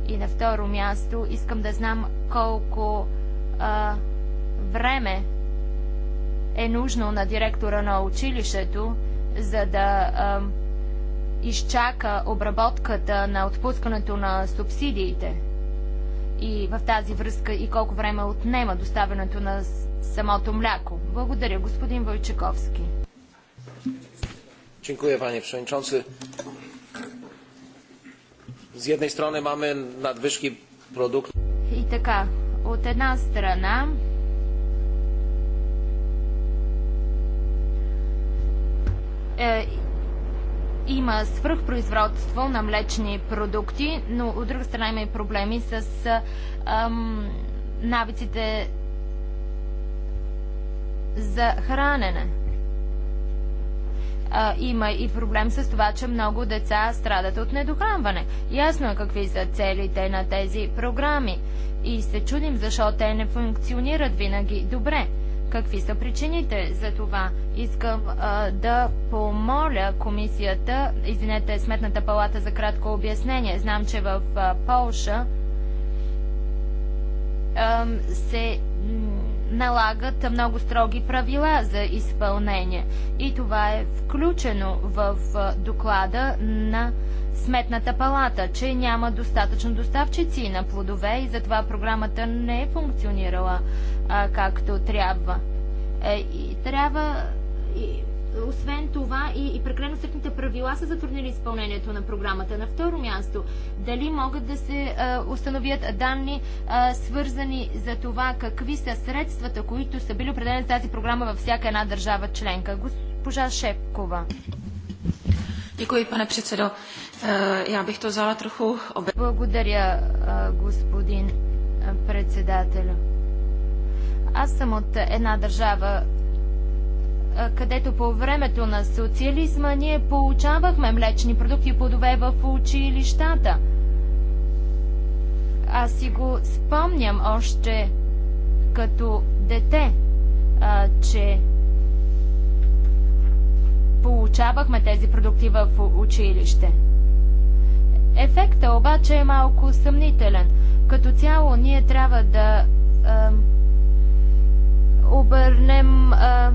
И на второ място искам да знам колко а, време е нужно на директора на училището, за да а, изчака обработката на отпускането на субсидиите. И в тази връзка и колко време отнема доставянето на самото мляко. Благодаря, господин Войчаковски. Dziękuję panie przewodniczący. С jednej strony mamy надвишки produktów. I taka от една страна има свръхпроизводство на млечни продукти, но от друга страна има и проблеми с ам, навиците за хранене а, има и проблем с това, че много деца страдат от недохранване. Ясно е какви са целите на тези програми и се чудим защо те не функционират винаги добре. Какви са причините за това? Искам а, да помоля комисията, извинете, Сметната палата за кратко обяснение. Знам, че в а, Полша а, се налагат много строги правила за изпълнение. И това е включено в доклада на Сметната палата, че няма достатъчно доставчици на плодове и затова програмата не е функционирала а, както трябва. Е, и трябва и освен това и, и прекалено стрикните правила са затруднили изпълнението на програмата. На второ място, дали могат да се а, установят данни, а, свързани за това какви са средствата, които са били определени за тази програма във всяка една държава членка. Госпожа Шепкова. Děkuji, pane předsedo. Е, já bych to vzala trochu obe... Благодаря, господин председател. Аз съм от една държава където по времето на социализма ние получавахме млечни продукти и плодове в училищата. Аз си го спомням още като дете, а, че получавахме тези продукти в училище. Ефектът обаче е малко съмнителен. Като цяло ние трябва да а, обърнем а,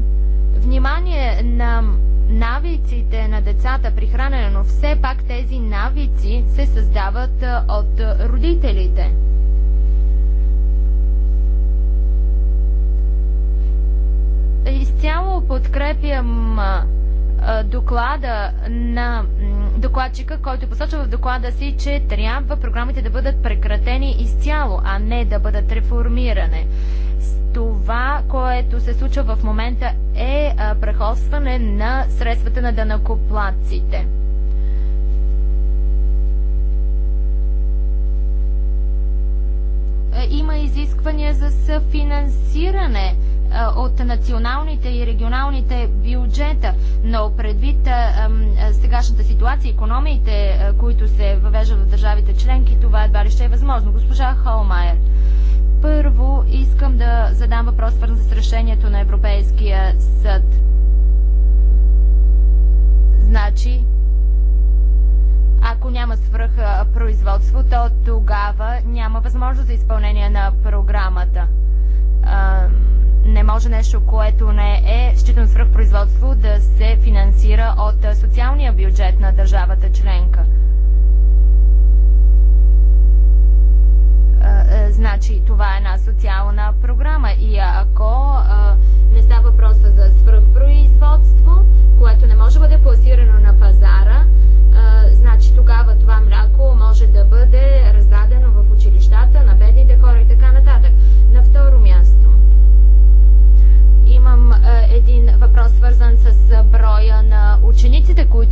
внимание на навиците на децата при хранене, но все пак тези навици се създават от родителите. Изцяло подкрепям доклада на докладчика, който посочва в доклада си, че трябва програмите да бъдат прекратени изцяло, а не да бъдат реформиране. Това, което се случва в момента е прахосване на средствата на данакоплаците. Е, има изисквания за съфинансиране от националните и регионалните бюджета, но предвид сегашната ситуация, економиите, които се въвежат в държавите членки, това едва ли ще е възможно. Госпожа Холмайер първо искам да задам въпрос, свързан с решението на Европейския съд. Значи, ако няма свръх производство, то тогава няма възможност за изпълнение на програмата. А, не може нещо, което не е считано свръхпроизводство, да се финансира от социалния бюджет на държавата членка. Значи, това е една социална програма и ако а,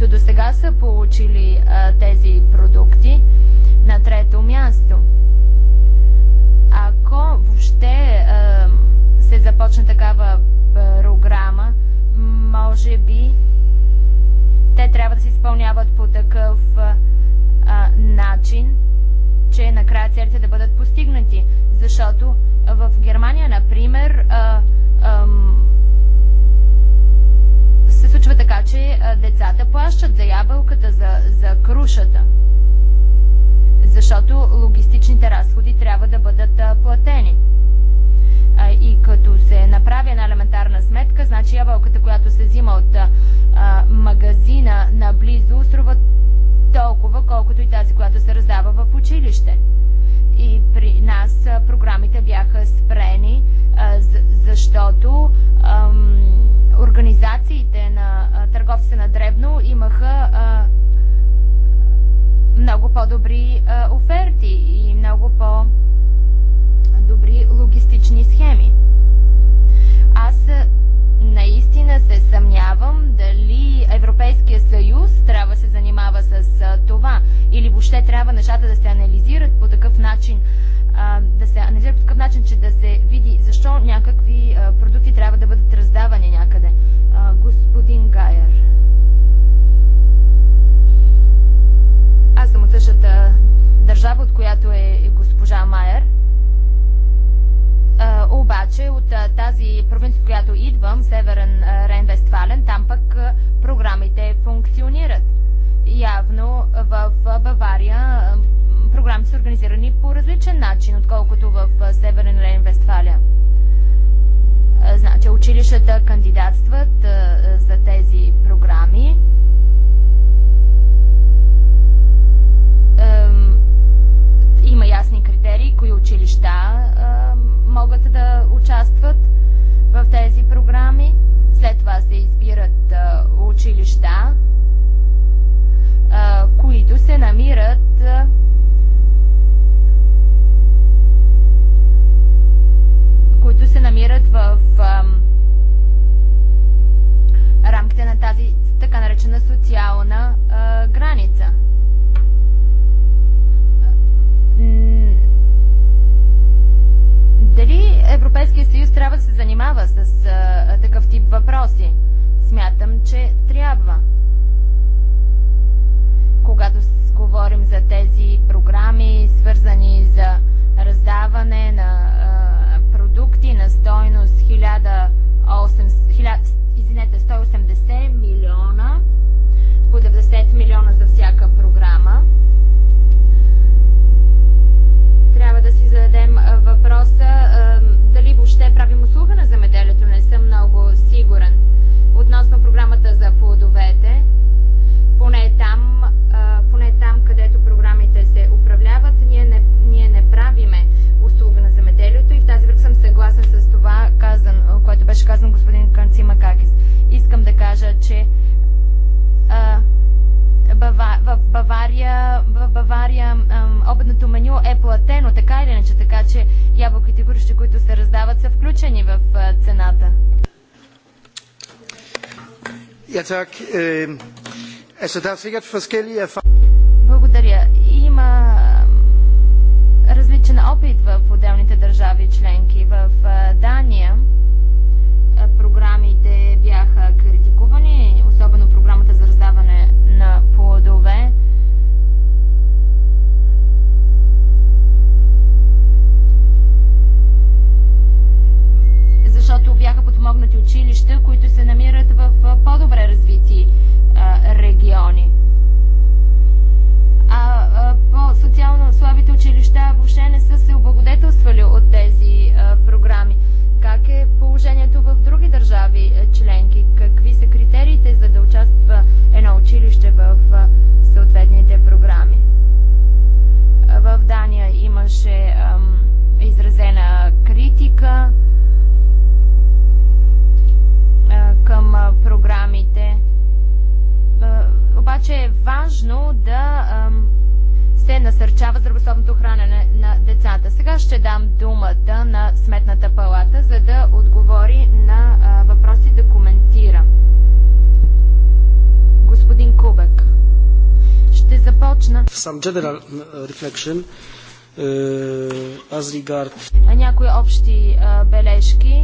които до сега са получили а, тези продукти. На трето място, ако въобще а, се започне такава програма, може би те трябва да се изпълняват по такъв а, начин, че накрая целите да бъдат постигнати. Защото в Германия, например, а, се случва така, че децата плащат за ябълката, за, за крушата. Защото логистичните разходи трябва да бъдат платени. И като се направи една елементарна сметка, значи ябълката, която се взима от магазина наблизо, струва толкова, колкото и тази, която се раздава в училище. И при нас програмите бяха спрени, защото организациите на търговците на Дребно имаха много по-добри оферти и много по-добри логистични схеми. Аз наистина се съмнявам дали Европейския съюз трябва да се занимава с това или въобще трябва нещата да се анализират по такъв начин, да се анализира по такъв начин, че да се види защо някакви продукти трябва да бъдат раздавани някъде. господин Гайер. Аз съм от същата държава, от която е госпожа Майер. обаче от тази провинция, в която идвам, Северен Рейн-Вестфален, там пък програмите функционират. Явно в Бавария програми са организирани по различен начин, отколкото в Северен Рейн-Вестфалия. Значи, училищата кандидатстват за тези програми. Има ясни критерии, кои училища могат да участват в тези програми. След това се избират училища, които се намират които се намират в рамките на тази така наречена социална а, граница. Дали Европейския съюз трябва да се занимава с а, такъв тип въпроси? Смятам, че трябва. Когато говорим за тези програми, свързани за раздаване на а, продукти на стойност 180 милиона, по 90 милиона за всяка програма. Трябва да си зададем въпроса дали въобще правим услуга на замеделието, не съм много сигурен. Относно програмата за плодовете, поне там, поне там където програмите се управляват, ние не, ние не правиме съм съгласен с това, казан, което беше казан господин Канци Макакис. Искам да кажа, че а, Бава, в Бавария, в Бавария ам, обедното меню е платено, така или иначе, така че ябълките и които се раздават, са включени в а, цената. Ja, tak. Øh, altså, der er sikkert forskellige Благодаря. Има различен опит в отделни държави членки. В Дания some general reflection uh, as regard... Някои общи uh, бележки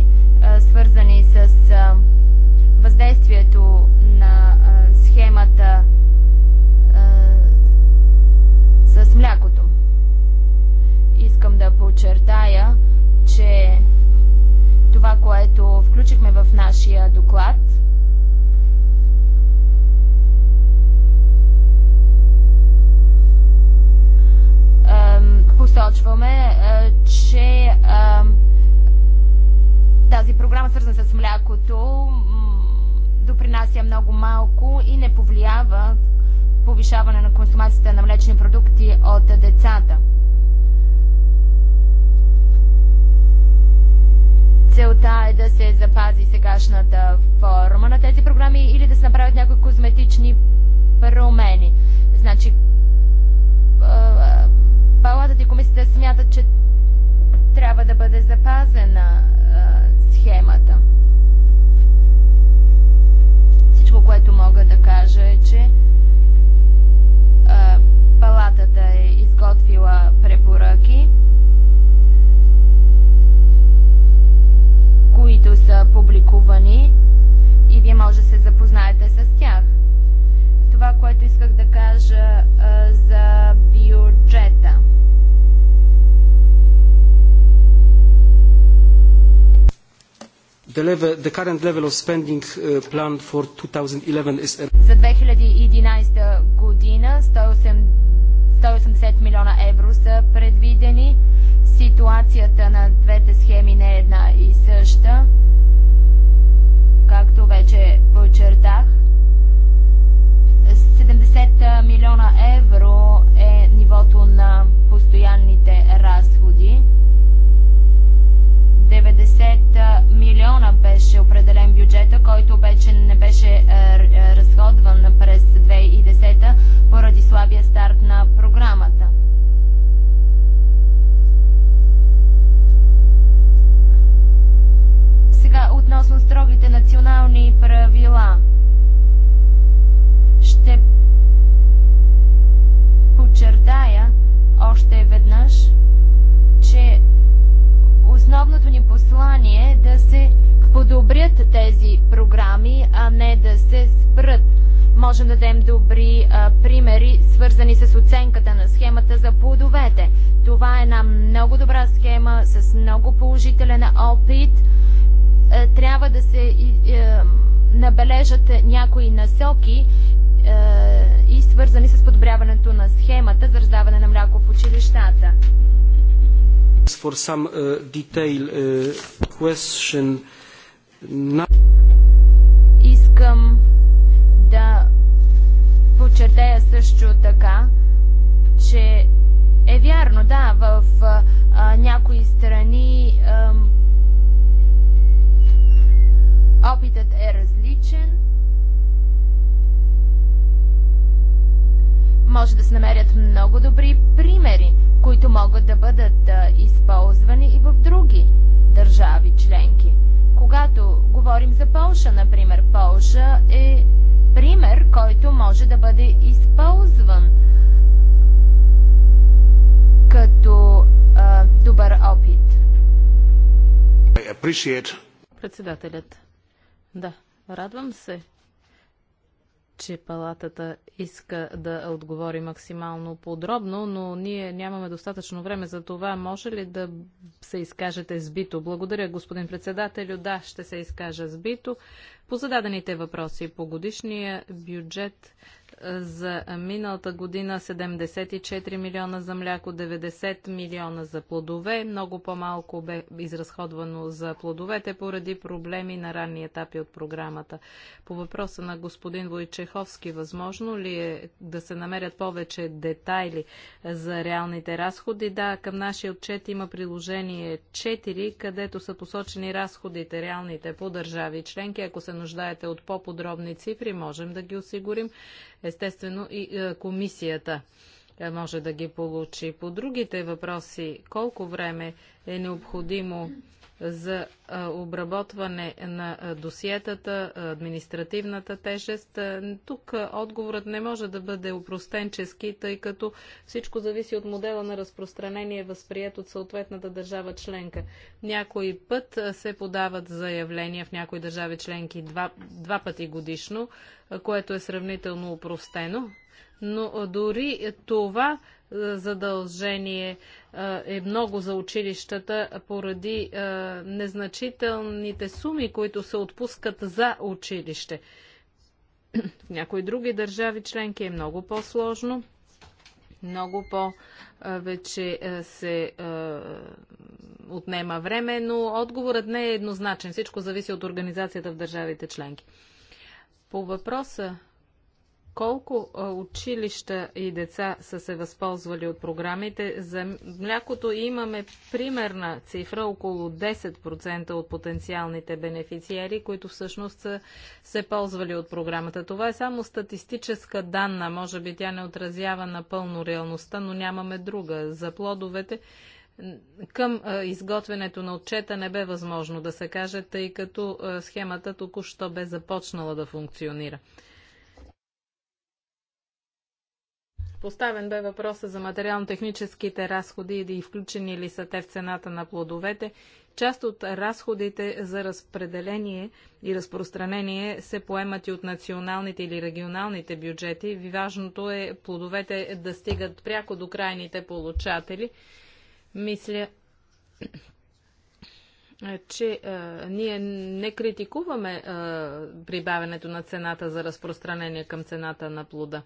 млечни продукти от децата. Целта е да се запази сегашната форма на тези програми или да се направят някои козметични промени. Значи, палатата и комисията смятат, че трябва да бъде запазена схема. the, current level of spending uh, plan for 2011 is... За 2011 година 108, 180 милиона евро са предвидени. Ситуацията на двете схеми не е една и съща. Както вече подчертах, 70 милиона евро е нивото на постоянните разходи. 90 милиона беше определен бюджета, който обаче не беше разходван през 2010 поради слабия старт на програмата. Сега относно строгите национални правила. Ще подчертая още веднъж, Основното ни послание е да се подобрят тези програми, а не да се спрат. Можем да дадем добри а, примери, свързани с оценката на схемата за плодовете. Това е една много добра схема с много положителен опит. А, е, трябва да се а, е, набележат някои насоки а, е, и свързани с подобряването на схемата за раздаване на мляко в училищата thanks For some uh, detail uh, question. Not... Искам да подчертая също така, че е вярно, да, в а, някои страни а, опитът е различен, Може да се намерят много добри примери, които могат да бъдат използвани и в други държави членки. Когато говорим за Полша, например, Полша е пример, който може да бъде използван като а, добър опит. Председателят. Да, радвам се, че палатата иска да отговори максимално подробно, но ние нямаме достатъчно време за това. Може ли да се изкажете сбито? Благодаря, господин председателю. Да, ще се изкажа сбито. По зададените въпроси по годишния бюджет за миналата година 74 милиона за мляко, 90 милиона за плодове. Много по-малко бе изразходвано за плодовете поради проблеми на ранни етапи от програмата. По въпроса на господин Войчеховски, възможно ли е да се намерят повече детайли за реалните разходи? Да, към нашия отчет има приложение 4, където са посочени разходите, реалните по държави членки. Ако се нуждаете от по-подробни цифри, можем да ги осигурим. Естествено и е, комисията е, може да ги получи. По другите въпроси, колко време е необходимо за обработване на досиетата, административната тежест. Тук отговорът не може да бъде упростенчески, тъй като всичко зависи от модела на разпространение, възприят от съответната държава членка. Някой път се подават заявления в някои държави членки два, два пъти годишно, което е сравнително упростено но дори е, това е, задължение е много за училищата поради незначителните суми, които се отпускат за училище. В някои други държави членки е много по-сложно, много по-вече се отнема време, но отговорът не е еднозначен. Всичко зависи от организацията в държавите членки. По въпроса колко училища и деца са се възползвали от програмите? За млякото имаме примерна цифра, около 10% от потенциалните бенефициери, които всъщност са се ползвали от програмата. Това е само статистическа данна. Може би тя не отразява напълно реалността, но нямаме друга. За плодовете към а, изготвянето на отчета не бе възможно да се каже, тъй като а, схемата току-що бе започнала да функционира. Поставен бе въпроса за материално-техническите разходи и да включени ли са те в цената на плодовете. Част от разходите за разпределение и разпространение се поемат и от националните или регионалните бюджети. Важното е плодовете да стигат пряко до крайните получатели. Мисля, че а, ние не критикуваме а, прибавянето на цената за разпространение към цената на плода.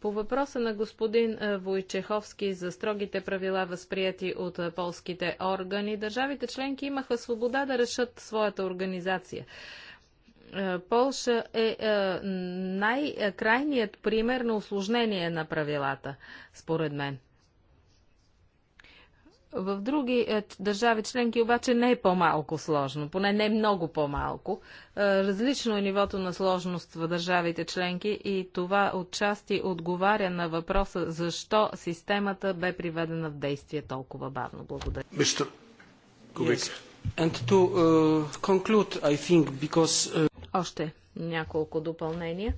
По въпроса на господин е, Войчеховски за строгите правила, възприяти от е, полските органи, държавите членки имаха свобода да решат своята организация. Е, Полша е, най-крайният пример на осложнение на правилата, според мен. В други е, държави членки обаче не е по-малко сложно, поне не е много по-малко. Е, различно е нивото на сложност в държавите членки и това отчасти отговаря на въпроса защо системата бе приведена в действие толкова бавно. Благодаря. Мистер yes. to, uh, conclude, think, because, uh... Още няколко допълнения.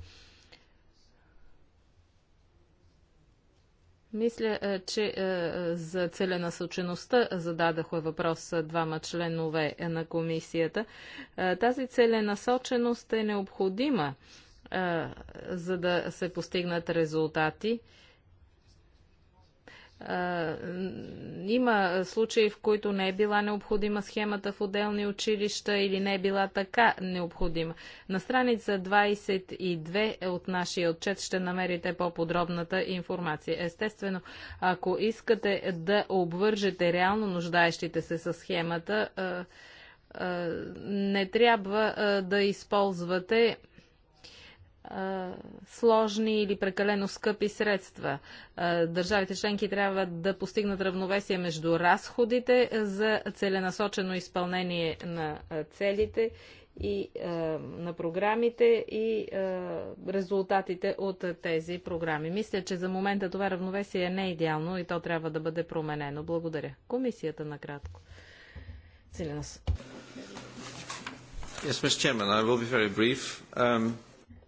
Мисля, е, че е, за целенасочеността зададохме въпрос е, двама членове на комисията. Тази целенасоченост е необходима, за да се постигнат резултати. Има случаи, в които не е била необходима схемата в отделни училища или не е била така необходима. На страница 22 от нашия отчет ще намерите по-подробната информация. Естествено, ако искате да обвържете реално нуждаещите се с схемата, не трябва да използвате сложни или прекалено скъпи средства. Държавите членки трябва да постигнат равновесие между разходите за целенасочено изпълнение на целите и на програмите и резултатите от тези програми. Мисля, че за момента това равновесие не е идеално и то трябва да бъде променено. Благодаря. Комисията накратко. Целенасочено. Yes, Mr. Chairman, I will be very brief. Um...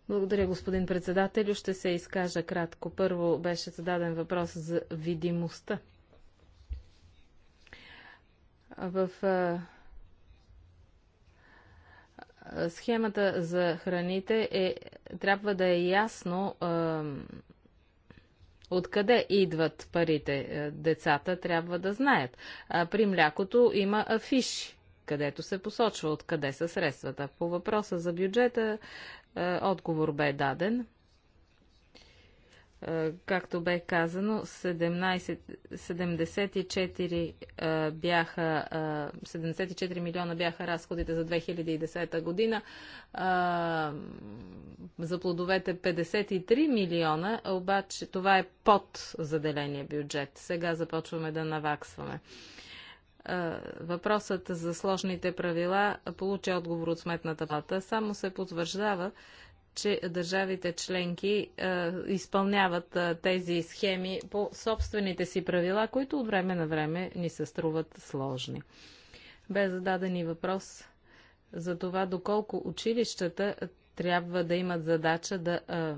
Благодаря, господин председател, Ще се изкажа кратко. Първо беше зададен въпрос за видимостта. В схемата за храните е, трябва да е ясно е, откъде идват парите. Децата трябва да знаят. при млякото има афиши където се посочва откъде са средствата. По въпроса за бюджета е, отговор бе даден е, както бе казано, 17, 74, е, бяха, 74 милиона бяха разходите за 2010 година, за плодовете 53 милиона, обаче това е под заделения бюджет. Сега започваме да наваксваме въпросът за сложните правила получи отговор от Сметната палата. Само се потвърждава, че държавите членки е, изпълняват е, тези схеми по собствените си правила, които от време на време ни се струват сложни. Бе зададен въпрос за това доколко училищата трябва да имат задача да е,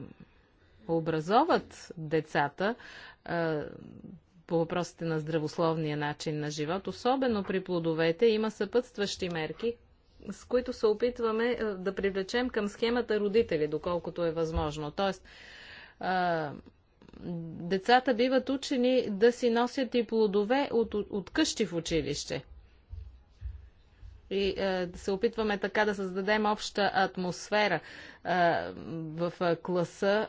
образоват децата по въпросите на здравословния начин на живот. Особено при плодовете има съпътстващи мерки, с които се опитваме е, да привлечем към схемата родители, доколкото е възможно. Тоест, децата биват учени да си носят и плодове от, от къщи в училище и е, да се опитваме така да създадем обща атмосфера е, в е, класа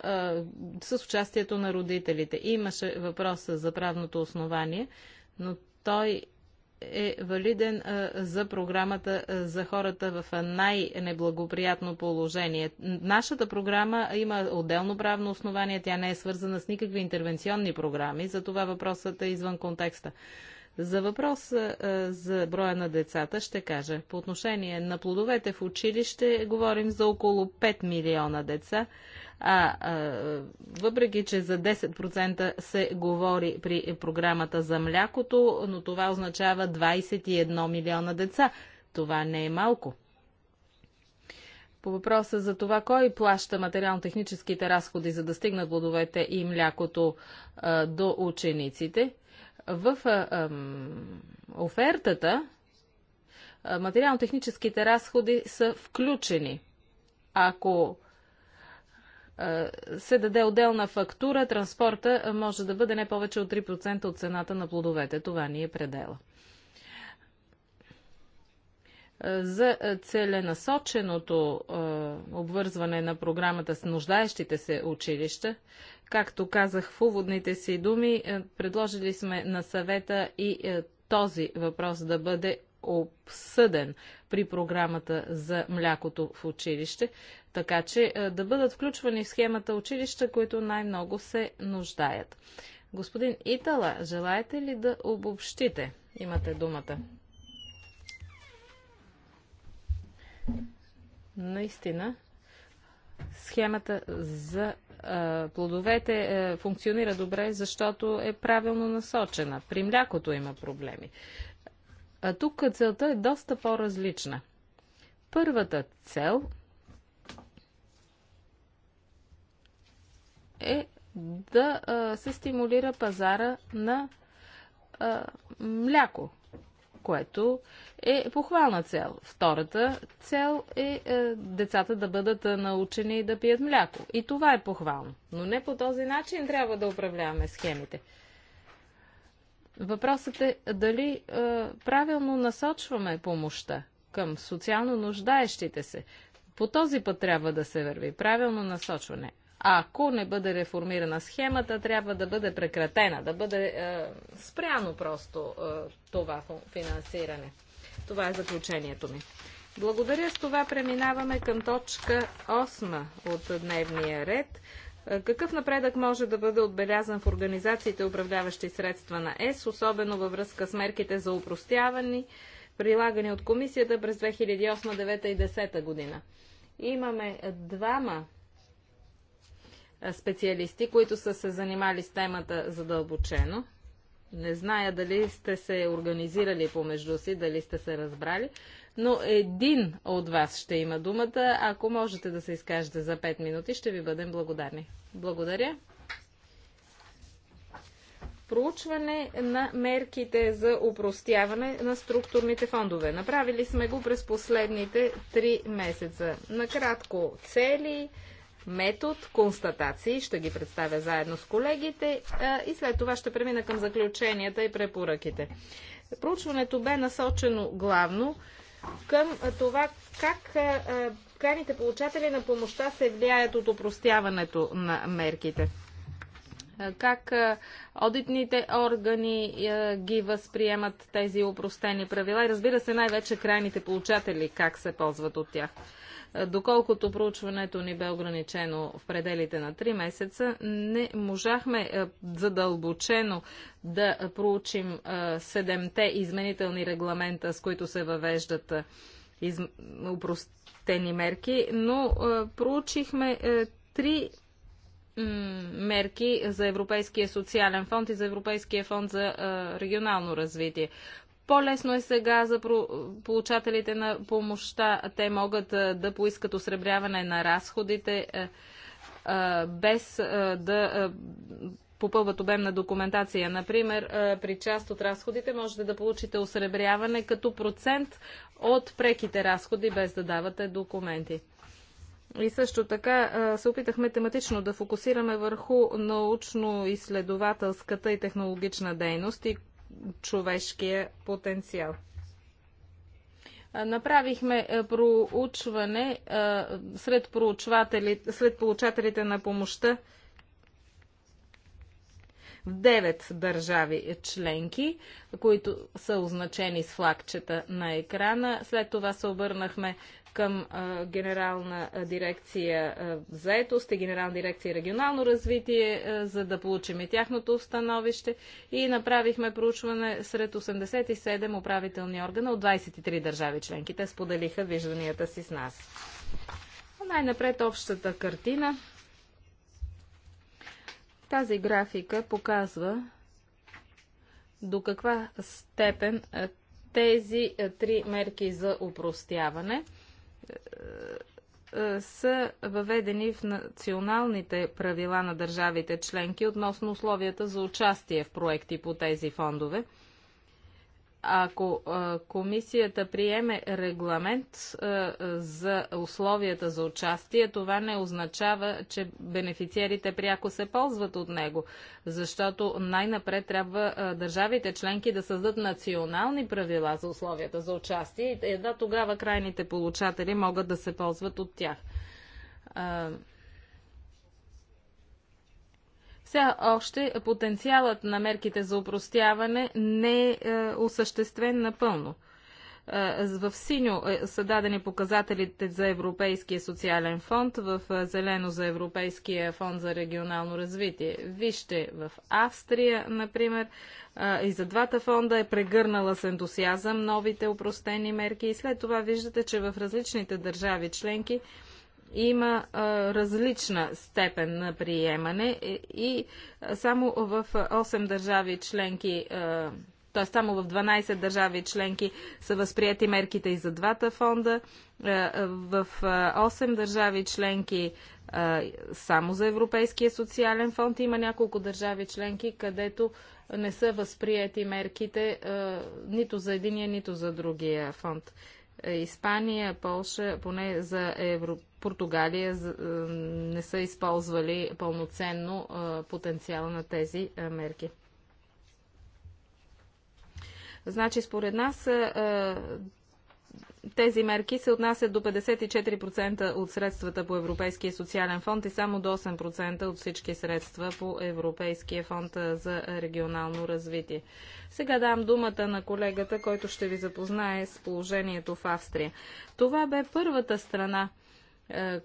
с участието на родителите. Имаше въпрос за правното основание, но той е валиден за програмата за хората в най-неблагоприятно положение. Нашата програма има отделно правно основание, тя не е свързана с никакви интервенционни програми, затова въпросът е извън контекста. За въпроса за броя на децата ще кажа. По отношение на плодовете в училище говорим за около 5 милиона деца, а, а въпреки, че за 10% се говори при програмата за млякото, но това означава 21 милиона деца. Това не е малко. По въпроса за това, кой плаща материално-техническите разходи, за да стигнат плодовете и млякото а, до учениците, в офертата материално-техническите разходи са включени. Ако се даде отделна фактура, транспорта може да бъде не повече от 3% от цената на плодовете. Това ни е предела за целенасоченото обвързване на програмата с нуждаещите се училища. Както казах в уводните си думи, предложили сме на съвета и този въпрос да бъде обсъден при програмата за млякото в училище, така че да бъдат включвани в схемата училища, които най-много се нуждаят. Господин Итала, желаете ли да обобщите? Имате думата. Наистина, схемата за а, плодовете а, функционира добре, защото е правилно насочена. При млякото има проблеми. А тук целта е доста по-различна. Първата цел е да а, се стимулира пазара на а, мляко което е похвална цел. Втората цел е, е децата да бъдат е, научени да пият мляко. И това е похвално. Но не по този начин трябва да управляваме схемите. Въпросът е дали е, правилно насочваме помощта към социално нуждаещите се. По този път трябва да се върви. Правилно насочване ако не бъде реформирана схемата, трябва да бъде прекратена, да бъде е, спряно просто е, това финансиране. Това е заключението ми. Благодаря. С това преминаваме към точка 8 от дневния ред. Е, какъв напредък може да бъде отбелязан в организациите, управляващи средства на ЕС, особено във връзка с мерките за упростяване, прилагани от комисията през 2008, 2009 и 2010 година? Имаме двама специалисти, които са се занимали с темата задълбочено. Не зная дали сте се организирали помежду си, дали сте се разбрали, но един от вас ще има думата. Ако можете да се изкажете за 5 минути, ще ви бъдем благодарни. Благодаря. Проучване на мерките за упростяване на структурните фондове. Направили сме го през последните 3 месеца. Накратко, цели, метод, констатации, ще ги представя заедно с колегите и след това ще премина към заключенията и препоръките. Проучването бе насочено главно към това как крайните получатели на помощта се влияят от опростяването на мерките как одитните органи ги възприемат тези упростени правила и разбира се най-вече крайните получатели как се ползват от тях. Е, доколкото проучването ни бе ограничено в пределите на 3 месеца, не можахме е, задълбочено да проучим е, седемте изменителни регламента, с които се въвеждат из... упростени мерки, но проучихме три мерки за Европейския социален фонд и за Европейския фонд за регионално развитие. По-лесно е сега за получателите на помощта. Те могат да поискат осребряване на разходите е, е, без е, да попълват обем на документация. Например, при част от разходите можете да получите осребряване като процент от преките разходи, без да давате документи. И също така се опитахме тематично да фокусираме върху научно-изследователската и технологична дейност и човешкия потенциал. Направихме е, проучване сред, сред получателите на помощта 9 държави членки, които са означени с флагчета на екрана. След това се обърнахме към генерална дирекция заетост и генерална дирекция регионално развитие, за да получим и тяхното становище и направихме проучване сред 87 управителни органа от 23 държави членки. Те споделиха вижданията си с нас. Най-напред общата картина тази графика показва до каква степен тези три мерки за упростяване са въведени в националните правила на държавите членки относно условията за участие в проекти по тези фондове – ако комисията приеме регламент за условията за участие, това не означава, че бенефициерите пряко се ползват от него, защото най-напред трябва държавите членки да създадат национални правила за условията за участие и едва тогава крайните получатели могат да се ползват от тях. Все още потенциалът на мерките за упростяване не е, е осъществен напълно. Е, в синьо е, са дадени показателите за Европейския социален фонд, в зелено за Европейския фонд за регионално развитие. Вижте, в Австрия, например, и за двата фонда е прегърнала с ентусиазъм новите упростени мерки и след това виждате, че в различните държави членки има а, различна степен на приемане и само в 8 държави членки, т.е. само в 12 държави членки са възприяти мерките и за двата фонда, а, в 8 държави членки а, само за Европейския социален фонд има няколко държави членки, където не са възприяти мерките нито за единия, нито за другия фонд. Е, Испания, Полша, поне за Европейския Португалия е, не са използвали пълноценно е, потенциала на тези е, мерки. Значи, според нас тези мерки се отнасят до 54% от средствата по Европейския социален фонд и само до 8% от всички средства по Европейския фонд за регионално развитие. Сега дам думата на колегата, който ще ви запознае с положението в Австрия. Това бе първата страна, е,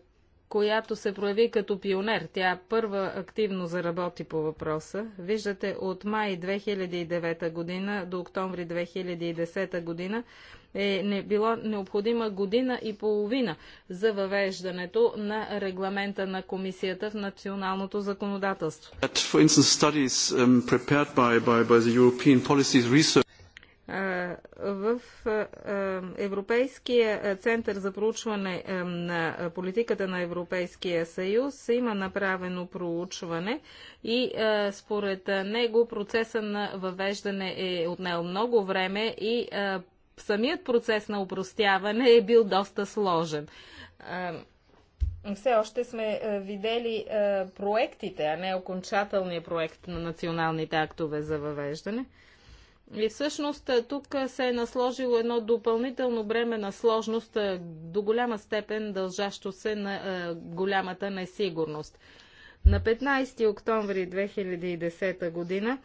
която се прояви като пионер. Тя първа активно заработи по въпроса. Виждате, от май 2009 година до октомври 2010 година е не било необходима година и половина за въвеждането на регламента на комисията в националното законодателство в Европейския център за проучване на политиката на Европейския съюз има направено проучване и е, според него процеса на въвеждане е отнел много време и е, самият процес на упростяване е бил доста сложен. Все още сме е, видели проектите, а не окончателния проект на националните актове за въвеждане. И всъщност е, тук е, се е насложило едно допълнително бреме на сложност, е, до голяма степен дължащо се на е, голямата несигурност. На 15 октомври 2010 година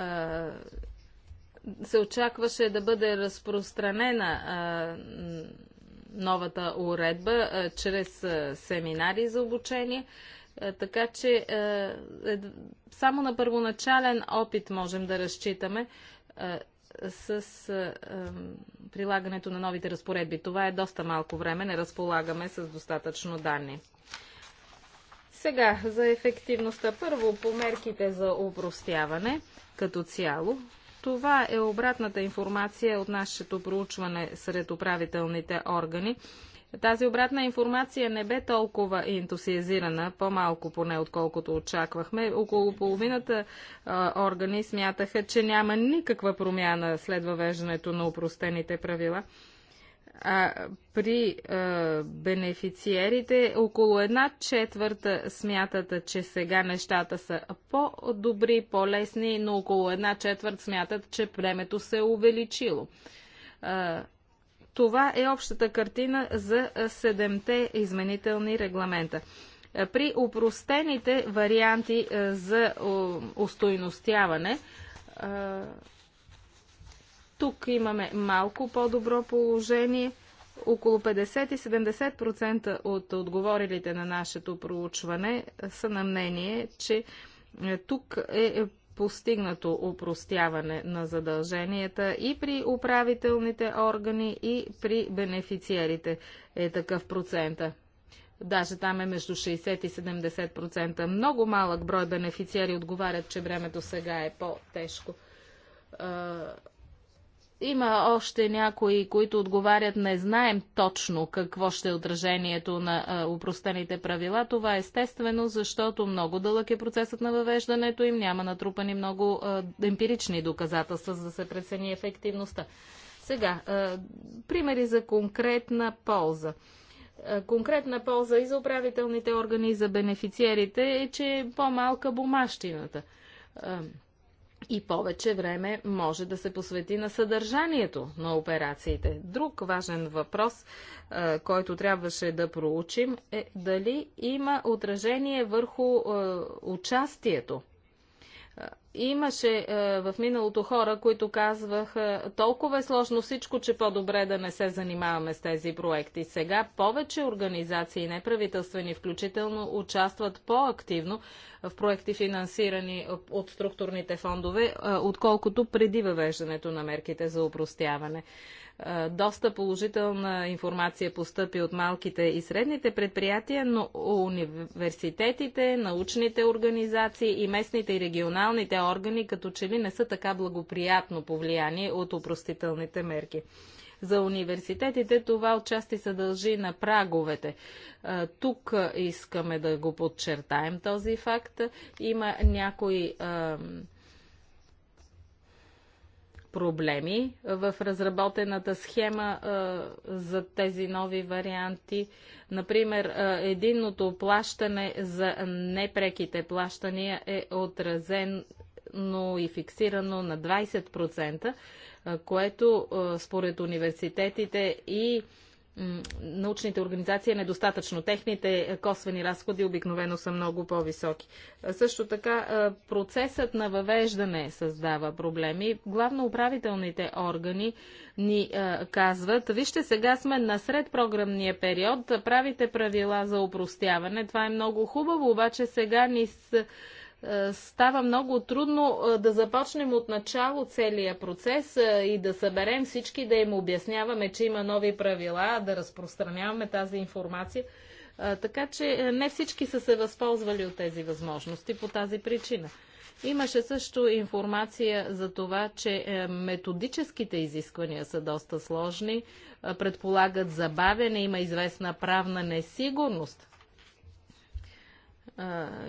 е, се очакваше да бъде разпространена е, новата уредба чрез семинари за обучение е, така че е, е, само на първоначален опит можем да разчитаме с прилагането на новите разпоредби. Това е доста малко време, не разполагаме с достатъчно данни. Сега за ефективността. Първо по мерките за упростяване като цяло. Това е обратната информация от нашето проучване сред управителните органи. Тази обратна информация не бе толкова ентусиазирана, по-малко поне отколкото очаквахме. Около половината а, органи смятаха, че няма никаква промяна след въвеждането на упростените правила. А, при а, бенефициерите около една четвърта смятат, че сега нещата са по-добри, по-лесни, но около една четвърт смятат, че времето се е увеличило. А, това е общата картина за седемте изменителни регламента. При упростените варианти за устойностяване, тук имаме малко по-добро положение. Около 50-70% от отговорилите на нашето проучване са на мнение, че тук е постигнато упростяване на задълженията и при управителните органи, и при бенефициерите е такъв процента. Даже там е между 60 и 70%. Много малък брой бенефициери отговарят, че времето сега е по-тежко. Има още някои, които отговарят, не знаем точно какво ще е отражението на а, упростените правила. Това е естествено, защото много дълъг е процесът на въвеждането им, няма натрупани много а, емпирични доказателства, за да се прецени ефективността. Сега, а, примери за конкретна полза конкретна полза и за управителните органи, и за бенефициерите е, че е по-малка бумащината и повече време може да се посвети на съдържанието на операциите. Друг важен въпрос, е, който трябваше да проучим е дали има отражение върху е, участието Имаше е, в миналото хора, които казваха, толкова е сложно всичко, че по-добре да не се занимаваме с тези проекти. Сега повече организации, неправителствени включително, участват по-активно в проекти, финансирани от структурните фондове, е, отколкото преди въвеждането на мерките за упростяване. Е, доста положителна информация постъпи от малките и средните предприятия, но университетите, научните организации и местните и регионалните органи като че ли не са така благоприятно повлияни от упростителните мерки. За университетите това отчасти се дължи на праговете. Е, тук искаме да го подчертаем този факт. Има някои проблеми в разработената схема за тези нови варианти. Например, единното плащане за непреките плащания е отразено и фиксирано на 20%, което според университетите и научните организации е недостатъчно. Техните е, косвени разходи обикновено са много по-високи. Също така, процесът на въвеждане създава проблеми. Главно управителните органи ни казват, вижте, сега сме на програмния период, правите правила за упростяване. Това е много хубаво, обаче сега ни с е, става много трудно е, да започнем от начало целия процес е, и да съберем всички, да им обясняваме, че има нови правила, да разпространяваме тази информация. Така че не всички са се възползвали от тези възможности по тази причина. Имаше също информация за това, че методическите изисквания са доста сложни, предполагат забавяне, има известна правна несигурност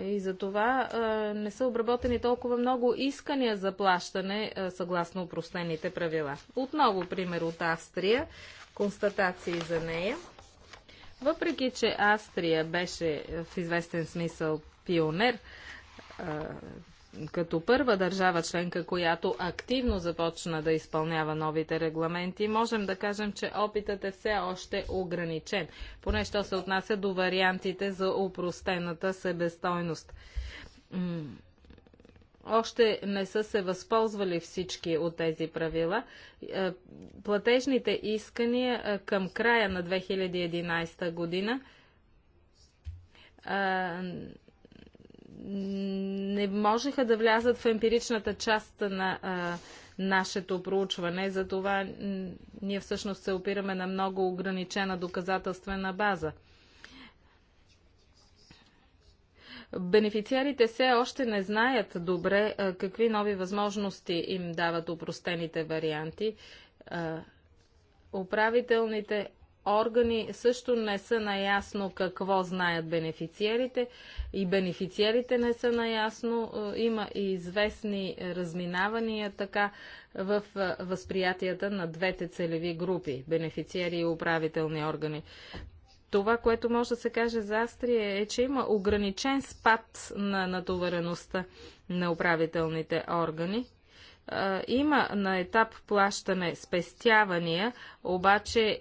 и за това не са обработени толкова много искания за плащане съгласно упростените правила. Отново пример от Австрия, констатации за нея. Въпреки, че Австрия беше в известен смисъл пионер като първа държава членка, която активно започна да изпълнява новите регламенти, можем да кажем, че опитът е все още ограничен, поне що се отнася до вариантите за упростената себестойност. Още не са се възползвали всички от тези правила. Е, платежните искания е, към края на 2011 година е, не можеха да влязат в емпиричната част на а, нашето проучване. Затова ние всъщност се опираме на много ограничена доказателствена база. Бенефициарите все още не знаят добре а, какви нови възможности им дават упростените варианти. А, управителните органи също не са наясно какво знаят бенефициерите и бенефициерите не са наясно. Е, има и известни разминавания така в е, възприятията на двете целеви групи – бенефициери и управителни органи. Това, което може да се каже за Астрия е, че има ограничен спад на натовареността на управителните органи, има на етап плащане спестявания, обаче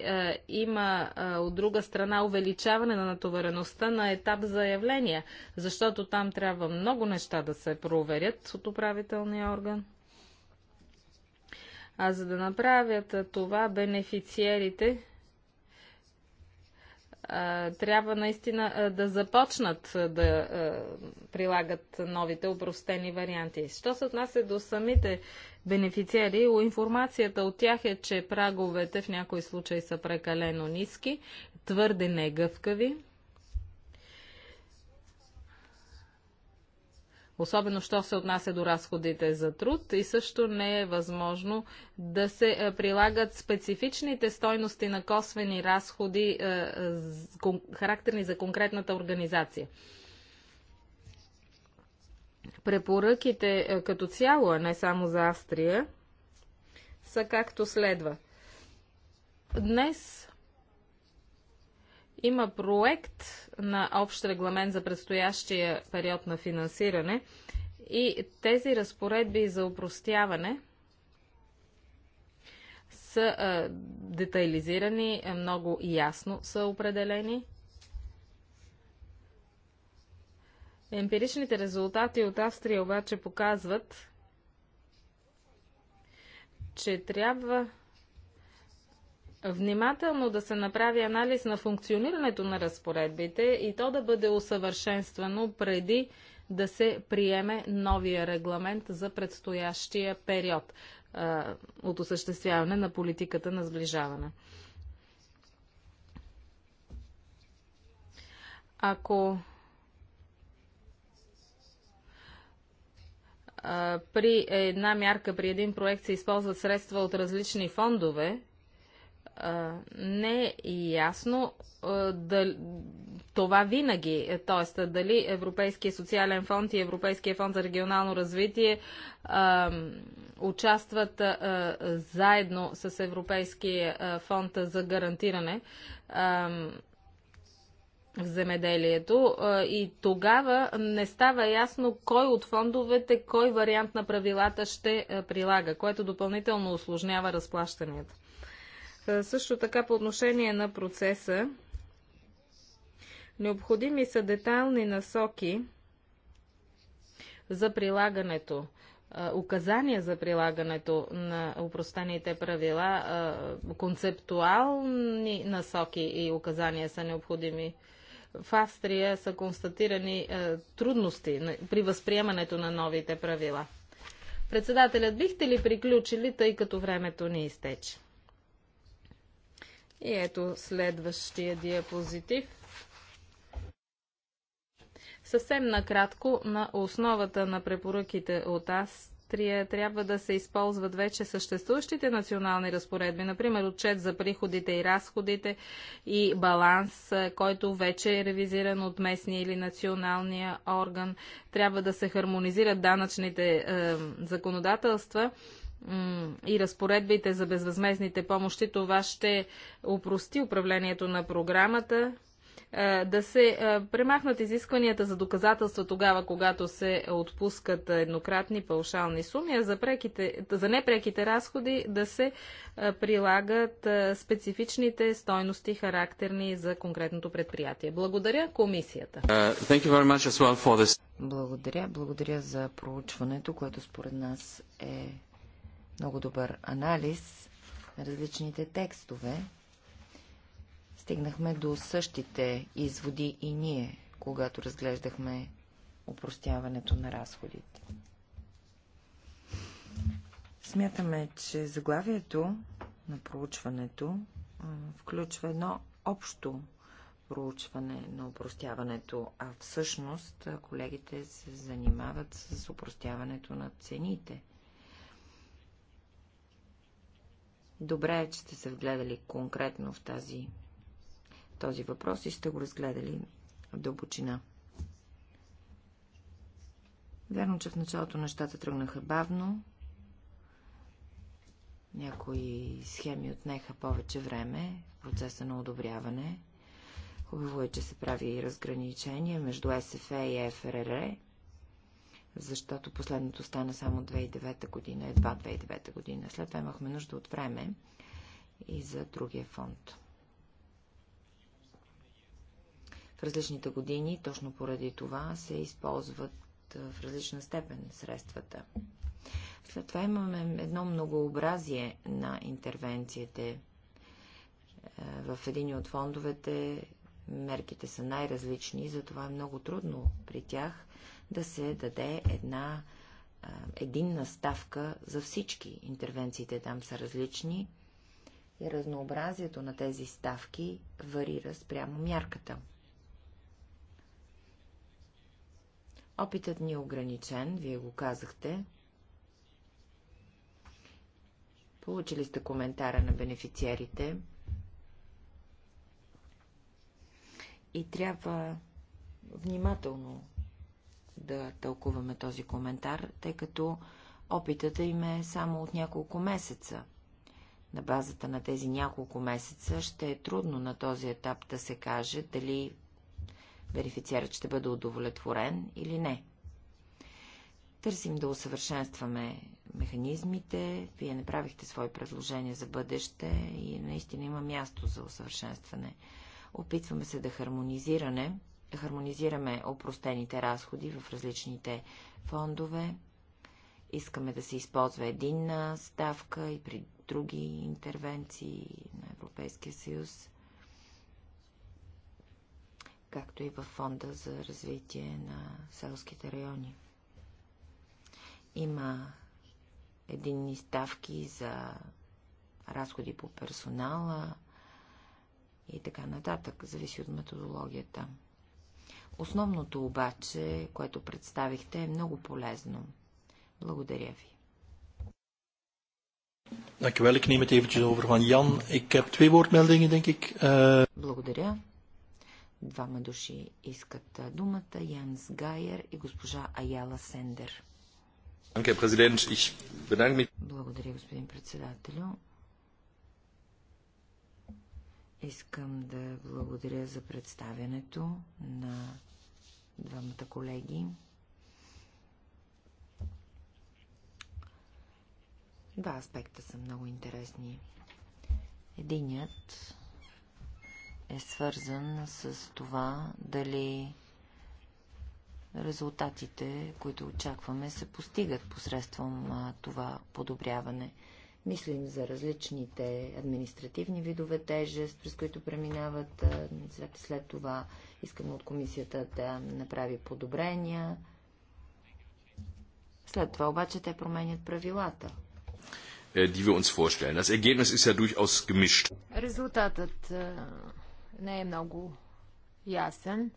има от друга страна увеличаване на натовареността на етап заявления, защото там трябва много неща да се проверят от управителния орган. А за да направят това бенефициерите, трябва наистина да започнат да прилагат новите упростени варианти. Що се отнася до самите бенефициари, информацията от тях е, че праговете в някои случаи са прекалено ниски, твърде негъвкави особено що се отнася до разходите за труд и също не е възможно да се е, прилагат специфичните стойности на косвени разходи, е, характерни за конкретната организация препоръките е, като цяло, а не само за Австрия, са както следва. Днес има проект на общ регламент за предстоящия период на финансиране и тези разпоредби за упростяване са е, детайлизирани, много ясно са определени. Емпиричните резултати от Австрия обаче показват, че трябва внимателно да се направи анализ на функционирането на разпоредбите и то да бъде усъвършенствано преди да се приеме новия регламент за предстоящия период от осъществяване на политиката на сближаване. Ако при една мярка, при един проект се използват средства от различни фондове, а, не е ясно а, да, това винаги, т.е. дали Европейския социален фонд и Европейския фонд за регионално развитие а, участват а, заедно с Европейския фонд за гарантиране. А, в земеделието и тогава не става ясно кой от фондовете, кой вариант на правилата ще прилага, което допълнително осложнява разплащанията. Също така по отношение на процеса, необходими са детайлни насоки за прилагането указания за прилагането на упростените правила, концептуални насоки и указания са необходими. В Австрия са констатирани трудности при възприемането на новите правила. Председателят, бихте ли приключили, тъй като времето ни изтече? И ето следващия диапозитив. Съвсем накратко, на основата на препоръките от Астрия трябва да се използват вече съществуващите национални разпоредби, например отчет за приходите и разходите и баланс, който вече е ревизиран от местния или националния орган. Трябва да се хармонизират данъчните е, законодателства и разпоредбите за безвъзмезните помощи, това ще упрости управлението на програмата, да се премахнат изискванията за доказателства тогава, когато се отпускат еднократни паушални суми, а за, преките, за непреките разходи да се прилагат специфичните стойности, характерни за конкретното предприятие. Благодаря комисията. Uh, well Благодаря. Благодаря за проучването, което според нас е много добър анализ на различните текстове, стигнахме до същите изводи и ние, когато разглеждахме упростяването на разходите. Смятаме, че заглавието на проучването включва едно общо проучване на упростяването, а всъщност колегите се занимават с упростяването на цените. Добре е, че сте се вгледали конкретно в тази, този въпрос и сте го разгледали в дълбочина. Вярно, че в началото нещата тръгнаха бавно. Някои схеми отнеха повече време в процеса на одобряване. Хубаво е, че се прави и разграничение между СФЕ и ФРР, защото последното стана само 2009 година, едва 2009 година. След това имахме нужда от време и за другия фонд. В различните години, точно поради това, се използват в различна степен средствата. След това имаме едно многообразие на интервенциите. В един от фондовете мерките са най-различни, затова е много трудно при тях да се даде една единна ставка за всички. Интервенциите там са различни и разнообразието на тези ставки варира спрямо мярката. Опитът ни е ограничен, вие го казахте. Получили сте коментара на бенефициерите. И трябва внимателно да тълкуваме този коментар, тъй като опитата им е само от няколко месеца. На базата на тези няколко месеца ще е трудно на този етап да се каже дали бенефициарът ще бъде удовлетворен или не. Търсим да усъвършенстваме механизмите. Вие направихте свои предложения за бъдеще и наистина има място за усъвършенстване. Опитваме се да хармонизиране хармонизираме опростените разходи в различните фондове. Искаме да се използва единна ставка и при други интервенции на Европейския съюз, както и в фонда за развитие на селските райони. Има единни ставки за разходи по персонала и така нататък, зависи от методологията. Основното обаче, което представихте, е много полезно. Благодаря ви. Ik neem het eventjes over van Jan. Ik heb twee woordmeldingen, denk ik. Eh, благодаря. Двама души искат думата. Янс Гайер и госпожа Аяла Сендер. Благодаря, господин председателю. Искам да благодаря за представянето на двамата колеги. Два аспекта са много интересни. Единият е свързан с това дали резултатите, които очакваме, се постигат посредством това подобряване. Мислим за различните административни видове тежест, през които преминават след това Искаме от комисията да направи подобрения. След това обаче те променят правилата die wir uns vorstellen. Das Ergebnis ist ja durchaus gemischt. Резултатът е, не е много ясен.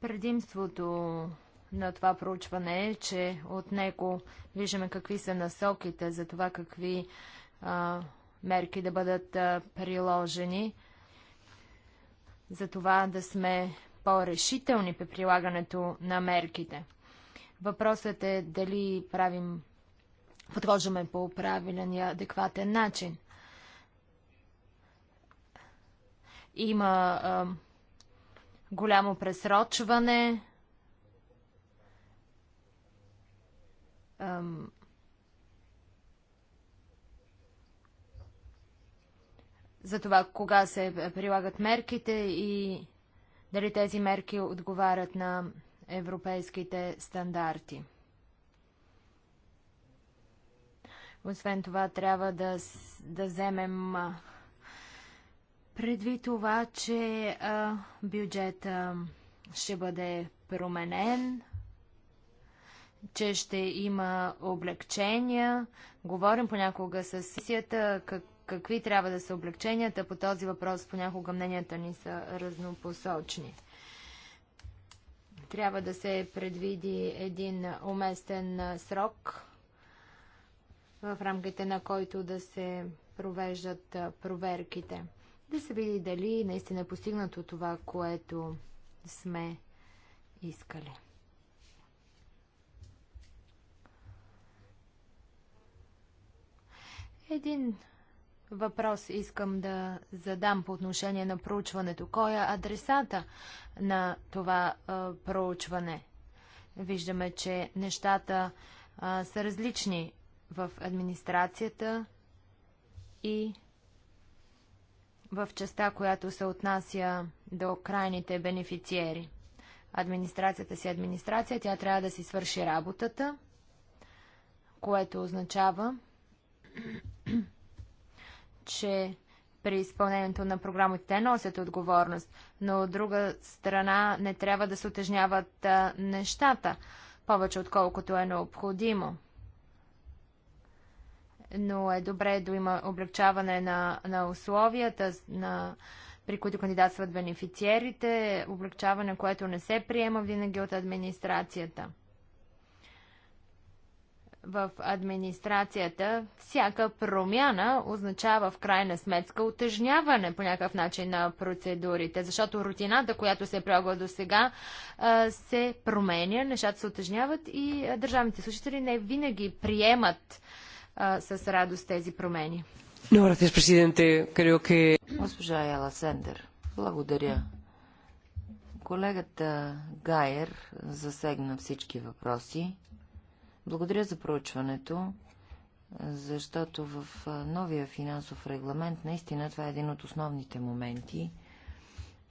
Предимството на това проучване е, че от него виждаме какви са насоките за това какви а, мерки да бъдат а, приложени за това да сме по-решителни при прилагането на мерките. Въпросът е дали правим, подхождаме по правилен и адекватен начин. Има а, голямо пресрочване. А, за това кога се прилагат мерките и дали тези мерки отговарят на европейските стандарти. Освен това, трябва да, да вземем предвид това, че а, бюджета ще бъде променен, че ще има облегчения. Говорим понякога с сесията, как, какви трябва да са облегченията по този въпрос, понякога мненията ни са разнопосочни. Трябва да се предвиди един уместен срок, в рамките на който да се провеждат проверките. Да се види дали наистина е постигнато това, което сме искали. Един въпрос искам да задам по отношение на проучването. Кой е адресата на това а, проучване? Виждаме, че нещата а, са различни в администрацията и в частта, която се отнася до крайните бенефициери. Администрацията си е администрация, тя трябва да си свърши работата, което означава че при изпълнението на програмите те носят отговорност, но от друга страна не трябва да се отежняват нещата повече отколкото е необходимо. Но е добре да има облегчаване на, на условията, на, при които кандидатстват бенефициерите, облегчаване, което не се приема винаги от администрацията в администрацията, всяка промяна означава в крайна сметка отежняване по някакъв начин на процедурите, защото рутината, която се е прилагала до сега, се променя, нещата се отежняват и държавните служители не винаги приемат а, с радост тези промени. Госпожа Яла Сендер, благодаря. Колегата Гайер засегна всички въпроси. Благодаря за проучването, защото в новия финансов регламент наистина това е един от основните моменти,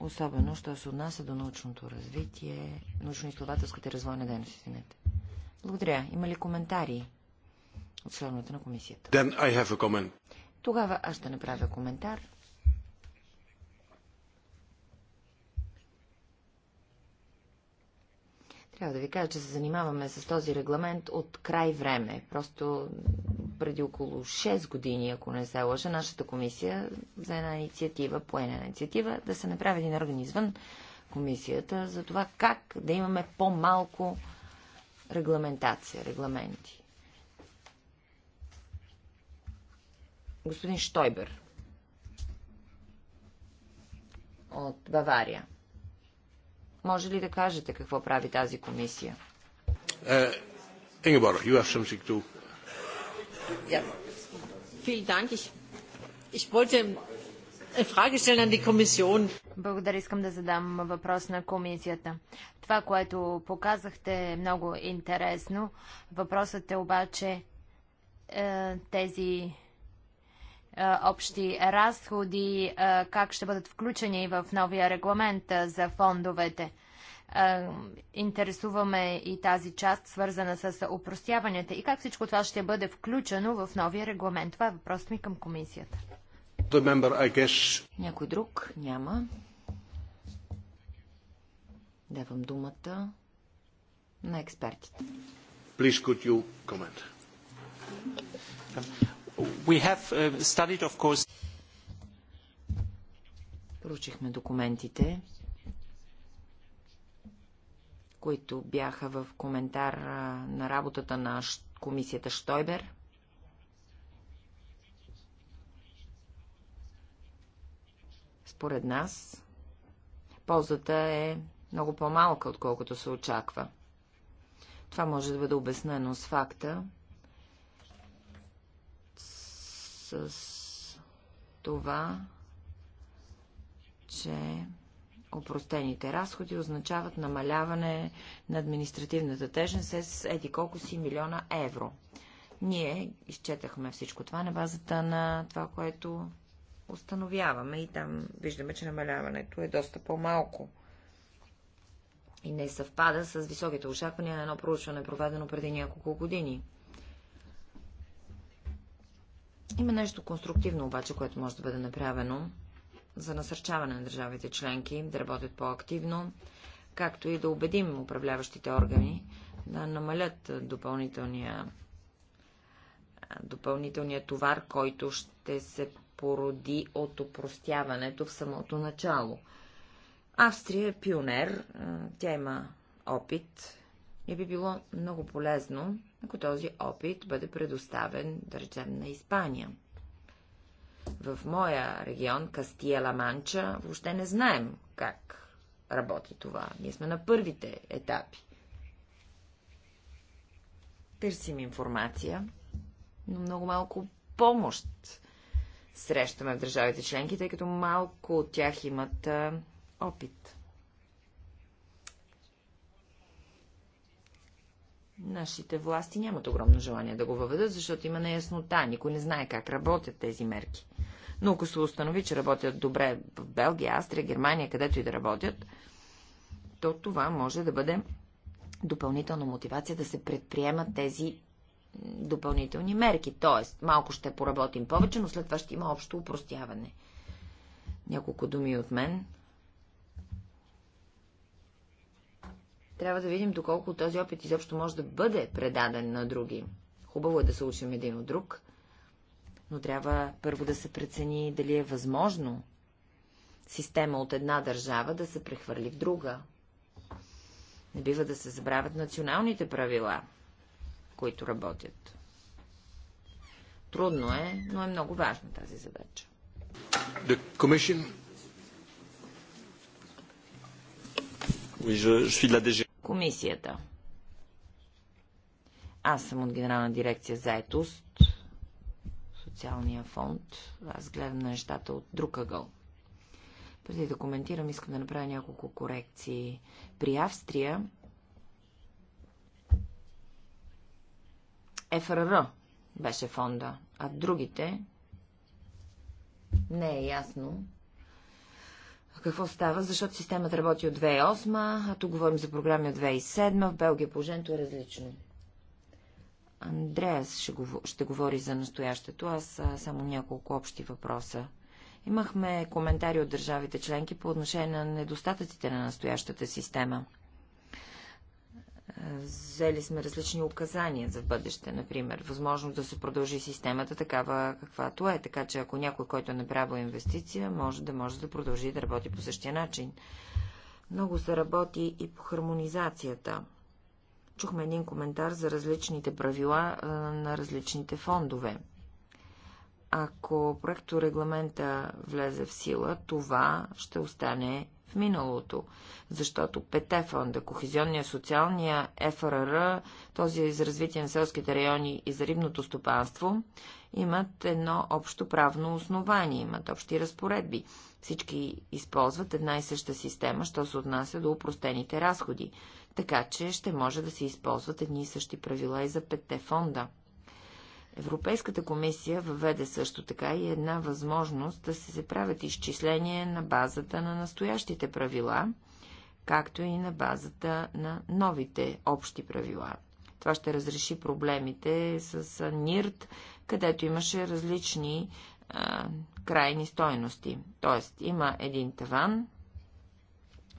особено, що се отнася до научното развитие, научно-изследователската и развойна дейност, извинете. Благодаря. Има ли коментари от членовете на комисията? Then I have a comment. Тогава аз ще направя коментар. Трябва да ви кажа, че се занимаваме с този регламент от край време. Просто преди около 6 години, ако не се лъжа, нашата комисия за една инициатива, поена инициатива, да се направи един орган извън комисията за това как да имаме по-малко регламентация, регламенти. Господин Штойбер от Бавария. Може ли да кажете какво прави тази комисия? Uh, Ingeborg, you have something to... Yeah. Vielen Dank. Ich, ich wollte благодаря, искам да задам въпрос на комисията. Това, което показахте е много интересно. Въпросът е обаче е, тези общи разходи, как ще бъдат включени в новия регламент за фондовете. Интересуваме и тази част, свързана с упростяванията и как всичко това ще бъде включено в новия регламент. Това е въпрос ми към комисията. Някой друг? Няма. Давам думата на експертите. Please could you comment? We have uh, studied, of course... Проучихме документите, които бяха в коментар на работата на комисията Штойбер. Според нас, ползата е много по-малка, отколкото се очаква. Това може да бъде обяснено с факта, с това, че Опростените разходи означават намаляване на административната тежест с еди колко си милиона евро. Ние изчетахме всичко това на базата на това, което установяваме и там виждаме, че намаляването е доста по-малко и не съвпада с високите очаквания на едно проучване, проведено преди няколко години. Има нещо конструктивно обаче, което може да бъде направено за насърчаване на държавите членки да работят по-активно, както и да убедим управляващите органи да намалят допълнителния, допълнителния товар, който ще се породи от опростяването в самото начало. Австрия е пионер, тя има опит и би било много полезно ако този опит бъде предоставен, да речем, на Испания. В моя регион, Кастия-Ла Манча, въобще не знаем как работи това. Ние сме на първите етапи. Търсим информация, но много малко помощ срещаме в държавите членки, тъй като малко от тях имат опит. Нашите власти нямат огромно желание да го въведат, защото има неяснота. Никой не знае как работят тези мерки. Но ако се установи, че работят добре в Белгия, Австрия, Германия, където и да работят, то това може да бъде допълнителна мотивация да се предприемат тези допълнителни мерки. Тоест, малко ще поработим повече, но след това ще има общо упростяване. Няколко думи от мен. Трябва да видим доколко този опит изобщо може да бъде предаден на други. Хубаво е да се учим един от друг, но трябва първо да се прецени дали е възможно система от една държава да се прехвърли в друга. Не бива да се забравят националните правила, които работят. Трудно е, но е много важна тази задача. The commission... Oui, je, je suis de la DG комисията. Аз съм от Генерална дирекция заетост, социалния фонд. Аз гледам на нещата от друг ъгъл. Преди да коментирам, искам да направя няколко корекции. При Австрия ФРР беше фонда, а другите не е ясно какво става, защото системата работи от 2008, а тук говорим за програми от 2007, в Белгия положението е различно. Андреас ще, ще говори за настоящето, аз само няколко общи въпроса. Имахме коментари от държавите членки по отношение на недостатъците на настоящата система – Взели сме различни указания за бъдеще, например, възможно да се продължи системата такава каквато е, така че ако някой, който е направил инвестиция, може да може да продължи да работи по същия начин. Много се работи и по хармонизацията. Чухме един коментар за различните правила на различните фондове. Ако регламента влезе в сила, това ще остане в миналото, защото пете фонда, Кохезионния, Социалния, ФРР, този е за развитие на селските райони и за рибното стопанство, имат едно общо правно основание, имат общи разпоредби. Всички използват една и съща система, що се отнася до упростените разходи, така че ще може да се използват едни и същи правила и за петте фонда. Европейската комисия въведе също така и една възможност да се правят изчисления на базата на настоящите правила, както и на базата на новите общи правила. Това ще разреши проблемите с НИРТ, където имаше различни а, крайни стойности. Тоест, има един таван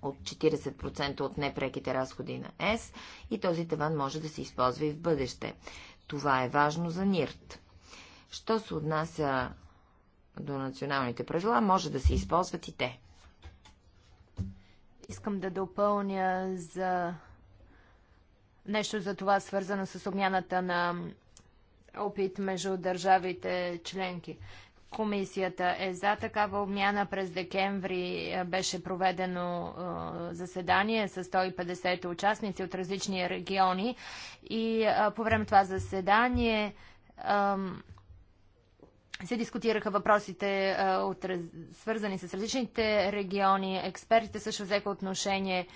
от 40% от непреките разходи на С, и този таван може да се използва и в бъдеще. Това е важно за НИРТ. Що се отнася до националните правила, може да се използват и те. Искам да допълня за нещо за това свързано с обмяната на опит между държавите членки. Комисията е за такава обмяна. През декември е, беше проведено е, заседание с 150 участници от различни региони и е, по време това заседание се дискутираха въпросите свързани с различните региони. Експертите също взеха отношение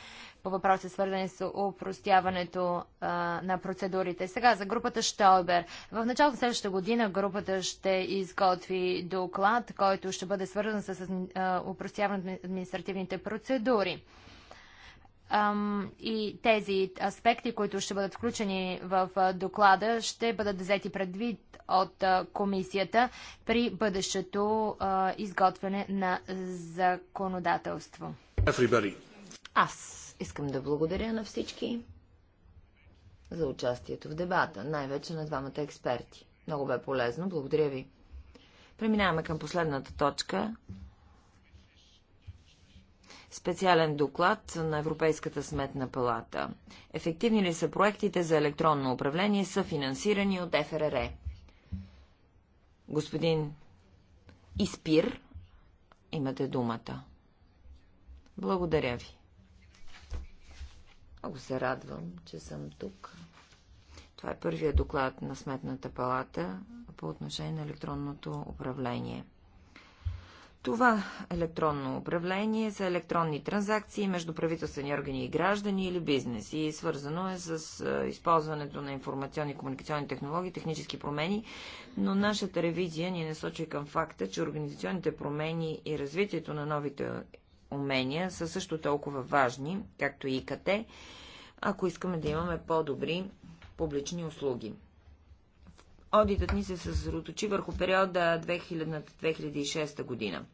по въпроси, свързани с упростяването а, на процедурите. Сега за групата Штолбер. В началото на следващата година групата ще изготви доклад, който ще бъде свързан с а, упростяването на административните процедури и тези аспекти, които ще бъдат включени в доклада, ще бъдат взети предвид от комисията при бъдещето изготвяне на законодателство. Everybody. Аз Искам да благодаря на всички за участието в дебата, най-вече на двамата експерти. Много бе полезно, благодаря ви. Преминаваме към последната точка. Специален доклад на Европейската сметна палата. Ефективни ли са проектите за електронно управление, са финансирани от ФРР? Господин Испир, имате думата. Благодаря ви. Много се радвам, че съм тук. Това е първия доклад на Сметната палата по отношение на електронното управление. Това електронно управление са електронни транзакции между правителствени органи и граждани или бизнес и свързано е с е, използването на информационни и комуникационни технологии, технически промени, но нашата ревизия ни насочи към факта, че организационните промени и развитието на новите умения са също толкова важни, както и ИКТ, ако искаме да имаме по-добри публични услуги. Одитът ни се съсредоточи върху периода 2000-2006 година,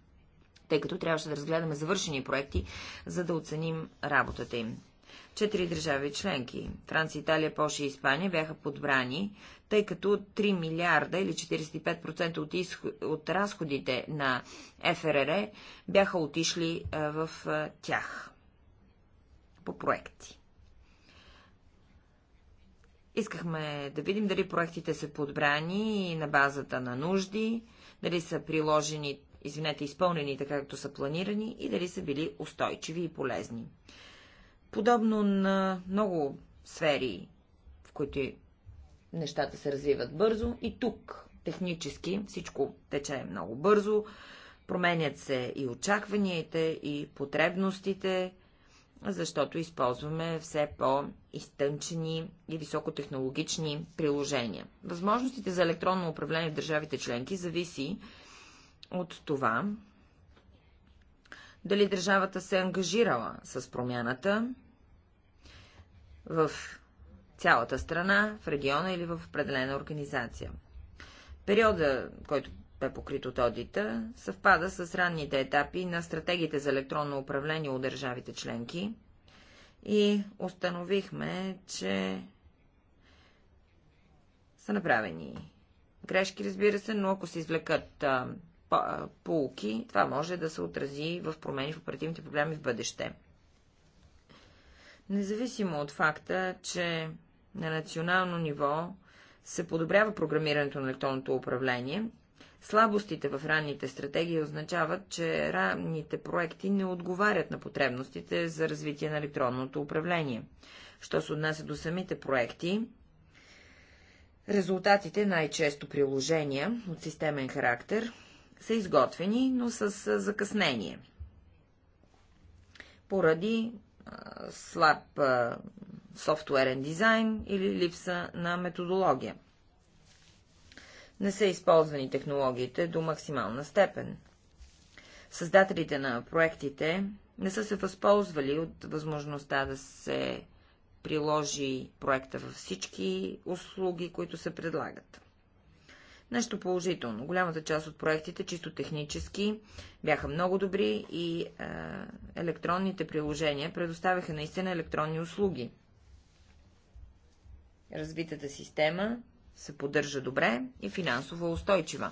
тъй като трябваше да разгледаме завършени проекти, за да оценим работата им. Четири държави членки – Франция, Италия, Польша и Испания – бяха подбрани, тъй като 3 милиарда или 45% от, изход... от разходите на ФРР бяха отишли в тях по проекти. Искахме да видим дали проектите са подбрани на базата на нужди, дали са приложени извинете, изпълнени така, както са планирани и дали са били устойчиви и полезни. Подобно на много сфери, в които нещата се развиват бързо, и тук технически всичко тече много бързо, променят се и очакванията, и потребностите, защото използваме все по-изтънчени и високотехнологични приложения. Възможностите за електронно управление в държавите членки зависи от това, дали държавата се е ангажирала с промяната в цялата страна, в региона или в определена организация. Периода, който бе покрит от одита, съвпада с ранните етапи на стратегиите за електронно управление от държавите членки и установихме, че са направени грешки, разбира се, но ако се извлекат а, полки, това може да се отрази в промени в оперативните програми в бъдеще. Независимо от факта, че на национално ниво се подобрява програмирането на електронното управление, слабостите в ранните стратегии означават, че ранните проекти не отговарят на потребностите за развитие на електронното управление. Що се отнася до самите проекти, резултатите, най-често приложения от системен характер, са изготвени, но с закъснение. Поради слаб софтуерен дизайн или липса на методология. Не са използвани технологиите до максимална степен. Създателите на проектите не са се възползвали от възможността да се приложи проекта във всички услуги, които се предлагат. Нещо положително. Голямата част от проектите, чисто технически, бяха много добри и е, електронните приложения предоставяха наистина електронни услуги. Развитата система се поддържа добре и финансово устойчива.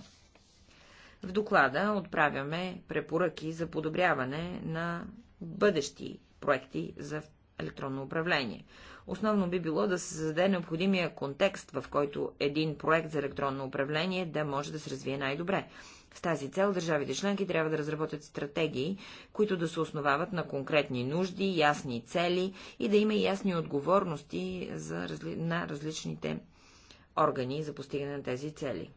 В доклада отправяме препоръки за подобряване на бъдещи проекти за електронно управление. Основно би било да се създаде необходимия контекст, в който един проект за електронно управление да може да се развие най-добре. С тази цел държавите членки трябва да разработят стратегии, които да се основават на конкретни нужди, ясни цели и да има ясни отговорности за, разли... на различните органи за постигане на тези цели.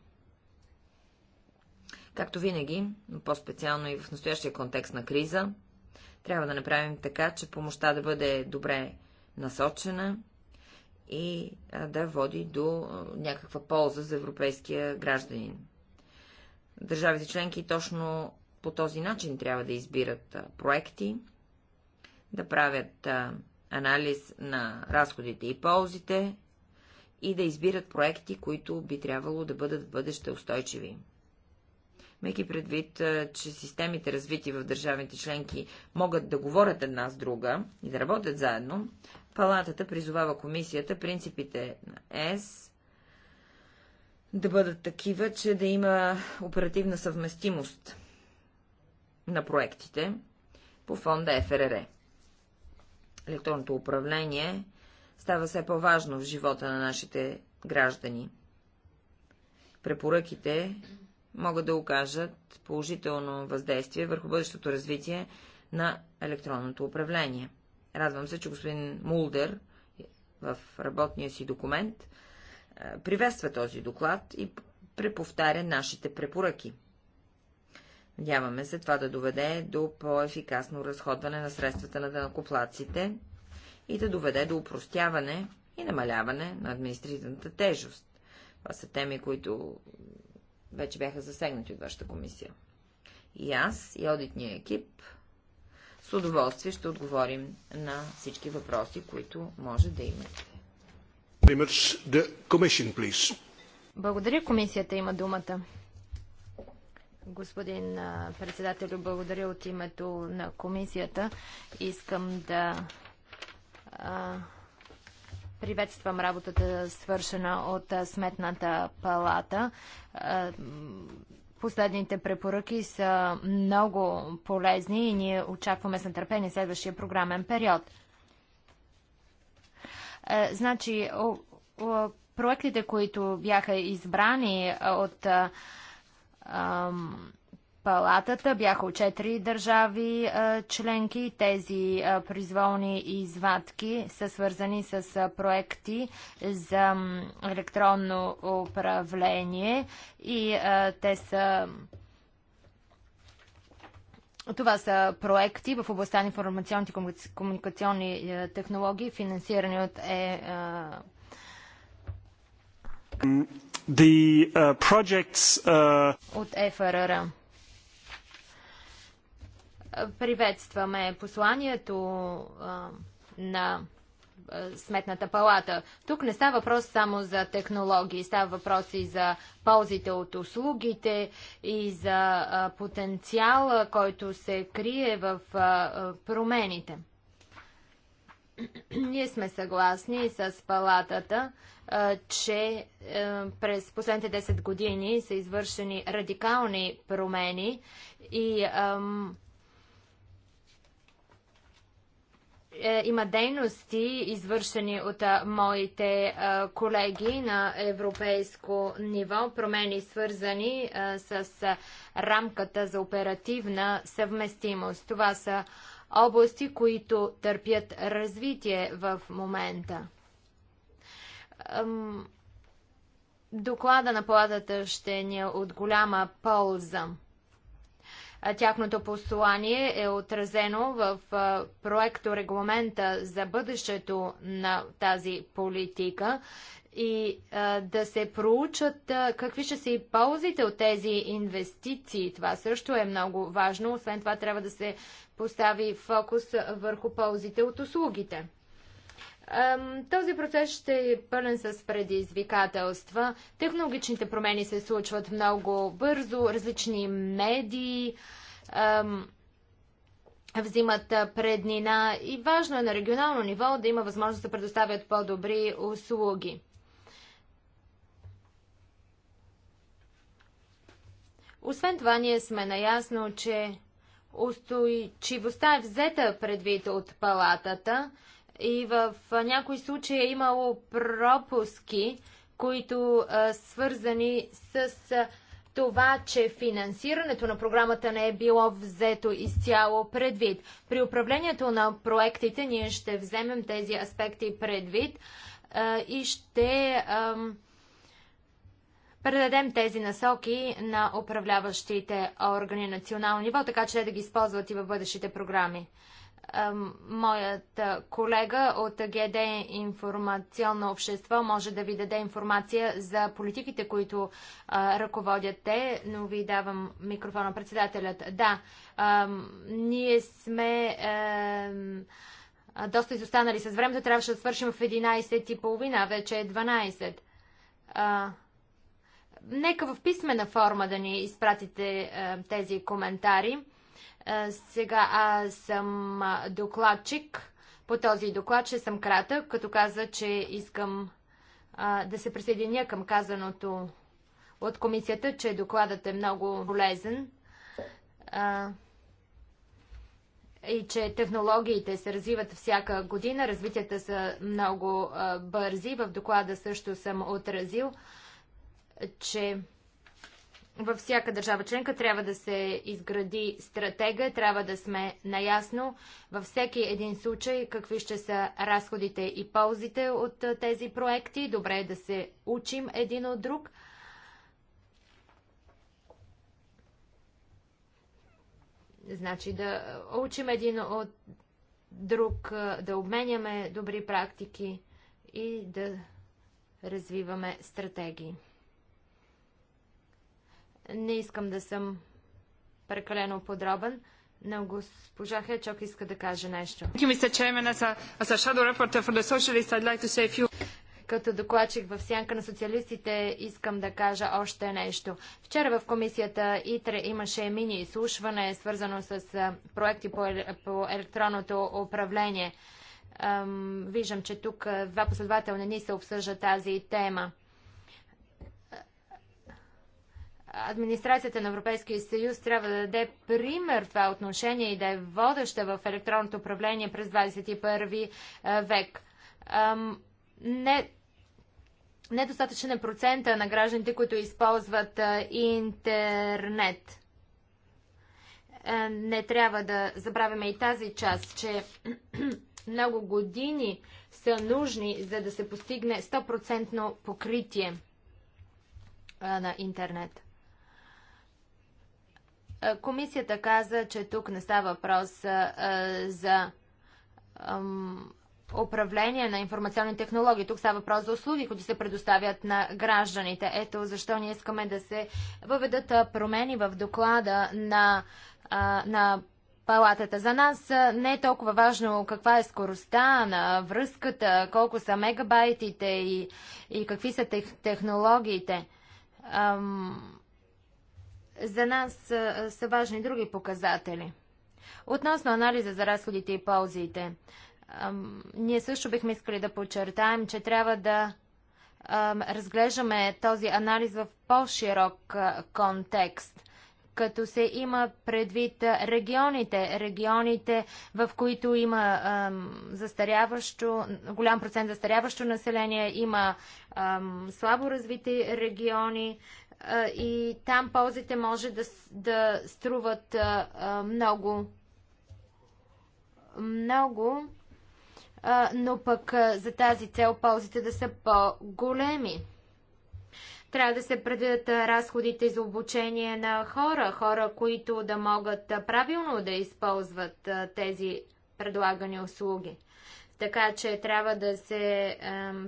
Както винаги, но по-специално и в настоящия контекст на криза, трябва да направим така, че помощта да бъде добре насочена и да води до някаква полза за европейския гражданин. Държавите членки точно по този начин трябва да избират проекти, да правят анализ на разходите и ползите и да избират проекти, които би трябвало да бъдат в бъдеще устойчиви. Мейки предвид, че системите развити в държавните членки могат да говорят една с друга и да работят заедно, палатата призовава комисията принципите на ЕС да бъдат такива, че да има оперативна съвместимост на проектите по фонда ФРР. Електронното управление става все по-важно в живота на нашите граждани. Препоръките могат да окажат положително въздействие върху бъдещото развитие на електронното управление. Радвам се, че господин Мулдер в работния си документ е, приветства този доклад и преповтаря нашите препоръки. Надяваме се това да доведе до по-ефикасно разходване на средствата на дънакоплаците и да доведе до упростяване и намаляване на административната тежест. Това са теми, които вече бяха засегнати от вашата комисия. И аз, и одитния екип с удоволствие ще отговорим на всички въпроси, които може да имате. Благодаря, комисията има думата. Господин председател, благодаря от името на комисията. Искам да а, Приветствам работата, свършена от Сметната палата. Последните препоръки са много полезни и ние очакваме с нетърпение следващия програмен период. Значи, проектите, които бяха избрани от палатата бяха от четири държави е, членки. Тези е, произволни извадки са свързани с е, проекти за електронно управление и те са това са проекти в областта на информационните комуникационни технологии, финансирани от е, The, uh, projects, uh... от ЕФРР. Приветстваме посланието на Сметната палата. Тук не става въпрос само за технологии, става въпрос и за ползите от услугите и за потенциала, който се крие в промените. <clears throat> Ние сме съгласни с палатата, че през последните 10 години са извършени радикални промени и а, Е, има дейности, извършени от моите колеги на европейско ниво, промени свързани с рамката за оперативна съвместимост. Това са области, които търпят развитие в момента. Доклада на платата ще ни е от голяма полза. Тяхното послание е отразено в проекто регламента за бъдещето на тази политика и да се проучат какви ще са и ползите от тези инвестиции. Това също е много важно. Освен това трябва да се постави фокус върху ползите от услугите. Този процес ще е пълен с предизвикателства. Технологичните промени се случват много бързо, различни медии взимат преднина и важно е на регионално ниво да има възможност да предоставят по-добри услуги. Освен това, ние сме наясно, че устойчивостта е взета предвид от палатата – и в някои случаи е имало пропуски, които а, свързани с а, това, че финансирането на програмата не е било взето изцяло предвид. При управлението на проектите ние ще вземем тези аспекти предвид а, и ще а, предадем тези насоки на управляващите органи национално ниво, така че да ги използват и във бъдещите програми моят колега от ГД Информационно общество може да ви даде информация за политиките, които ръководят те, но ви давам микрофона председателят. Да, ние сме доста изостанали с времето, трябваше да свършим в 11.30, вече е 12. Нека в писмена форма да ни изпратите тези коментари сега аз съм докладчик. По този доклад ще съм кратък, като каза, че искам да се присъединя към казаното от комисията, че докладът е много полезен и че технологиите се развиват всяка година, развитията са много бързи. В доклада също съм отразил, че във всяка държава членка трябва да се изгради стратегия, трябва да сме наясно във всеки един случай какви ще са разходите и ползите от тези проекти. Добре е да се учим един от друг. Значи да учим един от друг, да обменяме добри практики и да развиваме стратегии. Не искам да съм прекалено подробен, но госпожа Хечок иска да каже нещо. Като докладчик в сянка на социалистите искам да кажа още нещо. Вчера в комисията ИТРЕ имаше мини изслушване, свързано с проекти по, по електронното управление. Виждам, че тук два последователни ни се обсъжда тази тема. Администрацията на Европейския съюз трябва да даде пример това отношение и да е водеща в електронното управление през 21 век. Не недостатъчен е процента на гражданите, които използват интернет. Не трябва да забравяме и тази част, че <clears throat> много години са нужни, за да се постигне 100% покритие на интернет. Е, комисията каза, че тук не става въпрос е, е, за управление на информационни технологии. Тук става въпрос за услуги, които се предоставят на гражданите. Ето защо ние искаме да се въведат промени в доклада на, на палатата. За нас не е толкова важно каква е скоростта на връзката, колко са мегабайтите и, и какви са тех, технологиите. Ам, за нас са, важни други показатели. Относно анализа за разходите и ползите, ние също бихме искали да подчертаем, че трябва да разглеждаме този анализ в по-широк контекст като се има предвид регионите, регионите, в които има застаряващо, голям процент застаряващо население, има слабо развити региони, и там ползите може да, да струват много. Много. Но пък за тази цел ползите да са по-големи. Трябва да се предвидят разходите за обучение на хора, хора, които да могат правилно да използват тези предлагани услуги. Така че трябва да се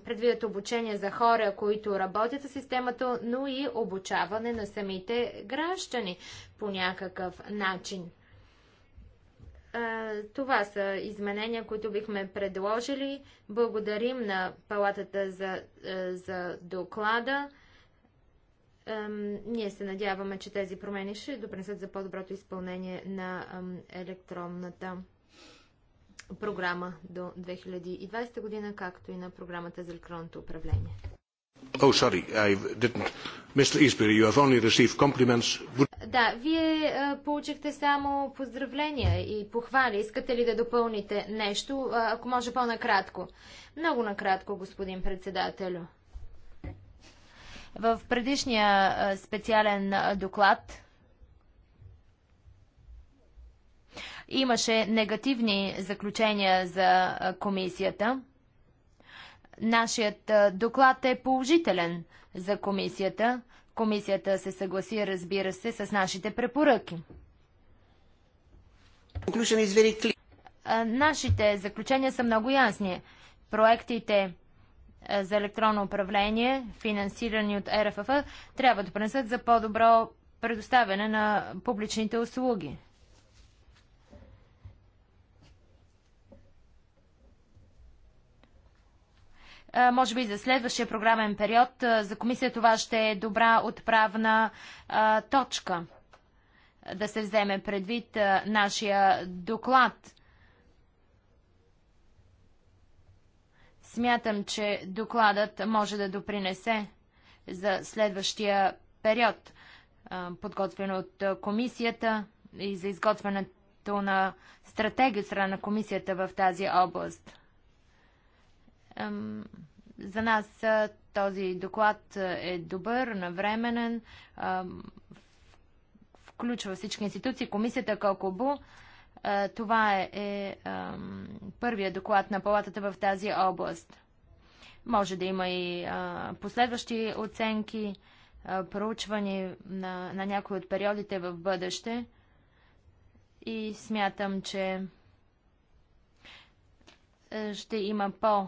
предвидят обучение за хора, които работят с системата, но и обучаване на самите граждани по някакъв начин. Това са изменения, които бихме предложили. Благодарим на Палатата за, за доклада. Ние се надяваме, че тези промени ще допринесат за по-доброто изпълнение на електронната програма до 2020 година, както и на програмата за електронното управление. Oh, sorry, I didn't. Mr. you have only received compliments. Да, вие а, е, получихте само поздравления и похвали. Искате ли да допълните нещо, а, е, ако може по-накратко? Много накратко, господин председателю. В предишния е, специален доклад Имаше негативни заключения за комисията. Нашият доклад е положителен за комисията. Комисията се съгласи, разбира се, с нашите препоръки. Нашите заключения са много ясни. Проектите за електронно управление, финансирани от РФФ, трябва да принесат за по-добро предоставяне на публичните услуги. Може би за следващия програмен период за комисия това ще е добра отправна точка да се вземе предвид нашия доклад. Смятам, че докладът може да допринесе за следващия период, подготвен от комисията и за изготвянето на стратегия от страна на комисията в тази област. За нас този доклад е добър, навременен, включва всички институции, комисията Кокобу. Това е, е първият доклад на палатата в тази област. Може да има и последващи оценки, проучвани на, на някои от периодите в бъдеще. И смятам, че ще има по-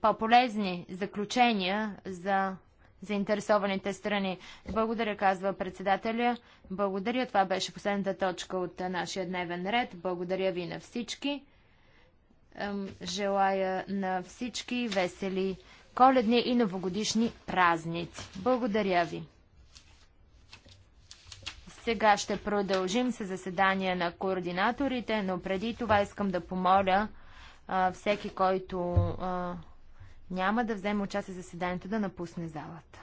по-полезни заключения за заинтересованите страни. Благодаря, казва председателя. Благодаря. Това беше последната точка от нашия дневен ред. Благодаря ви на всички. Желая на всички весели коледни и новогодишни празници. Благодаря ви. Сега ще продължим с заседание на координаторите, но преди това искам да помоля а, всеки, който а, няма да вземе участие в заседанието, да напусне залата.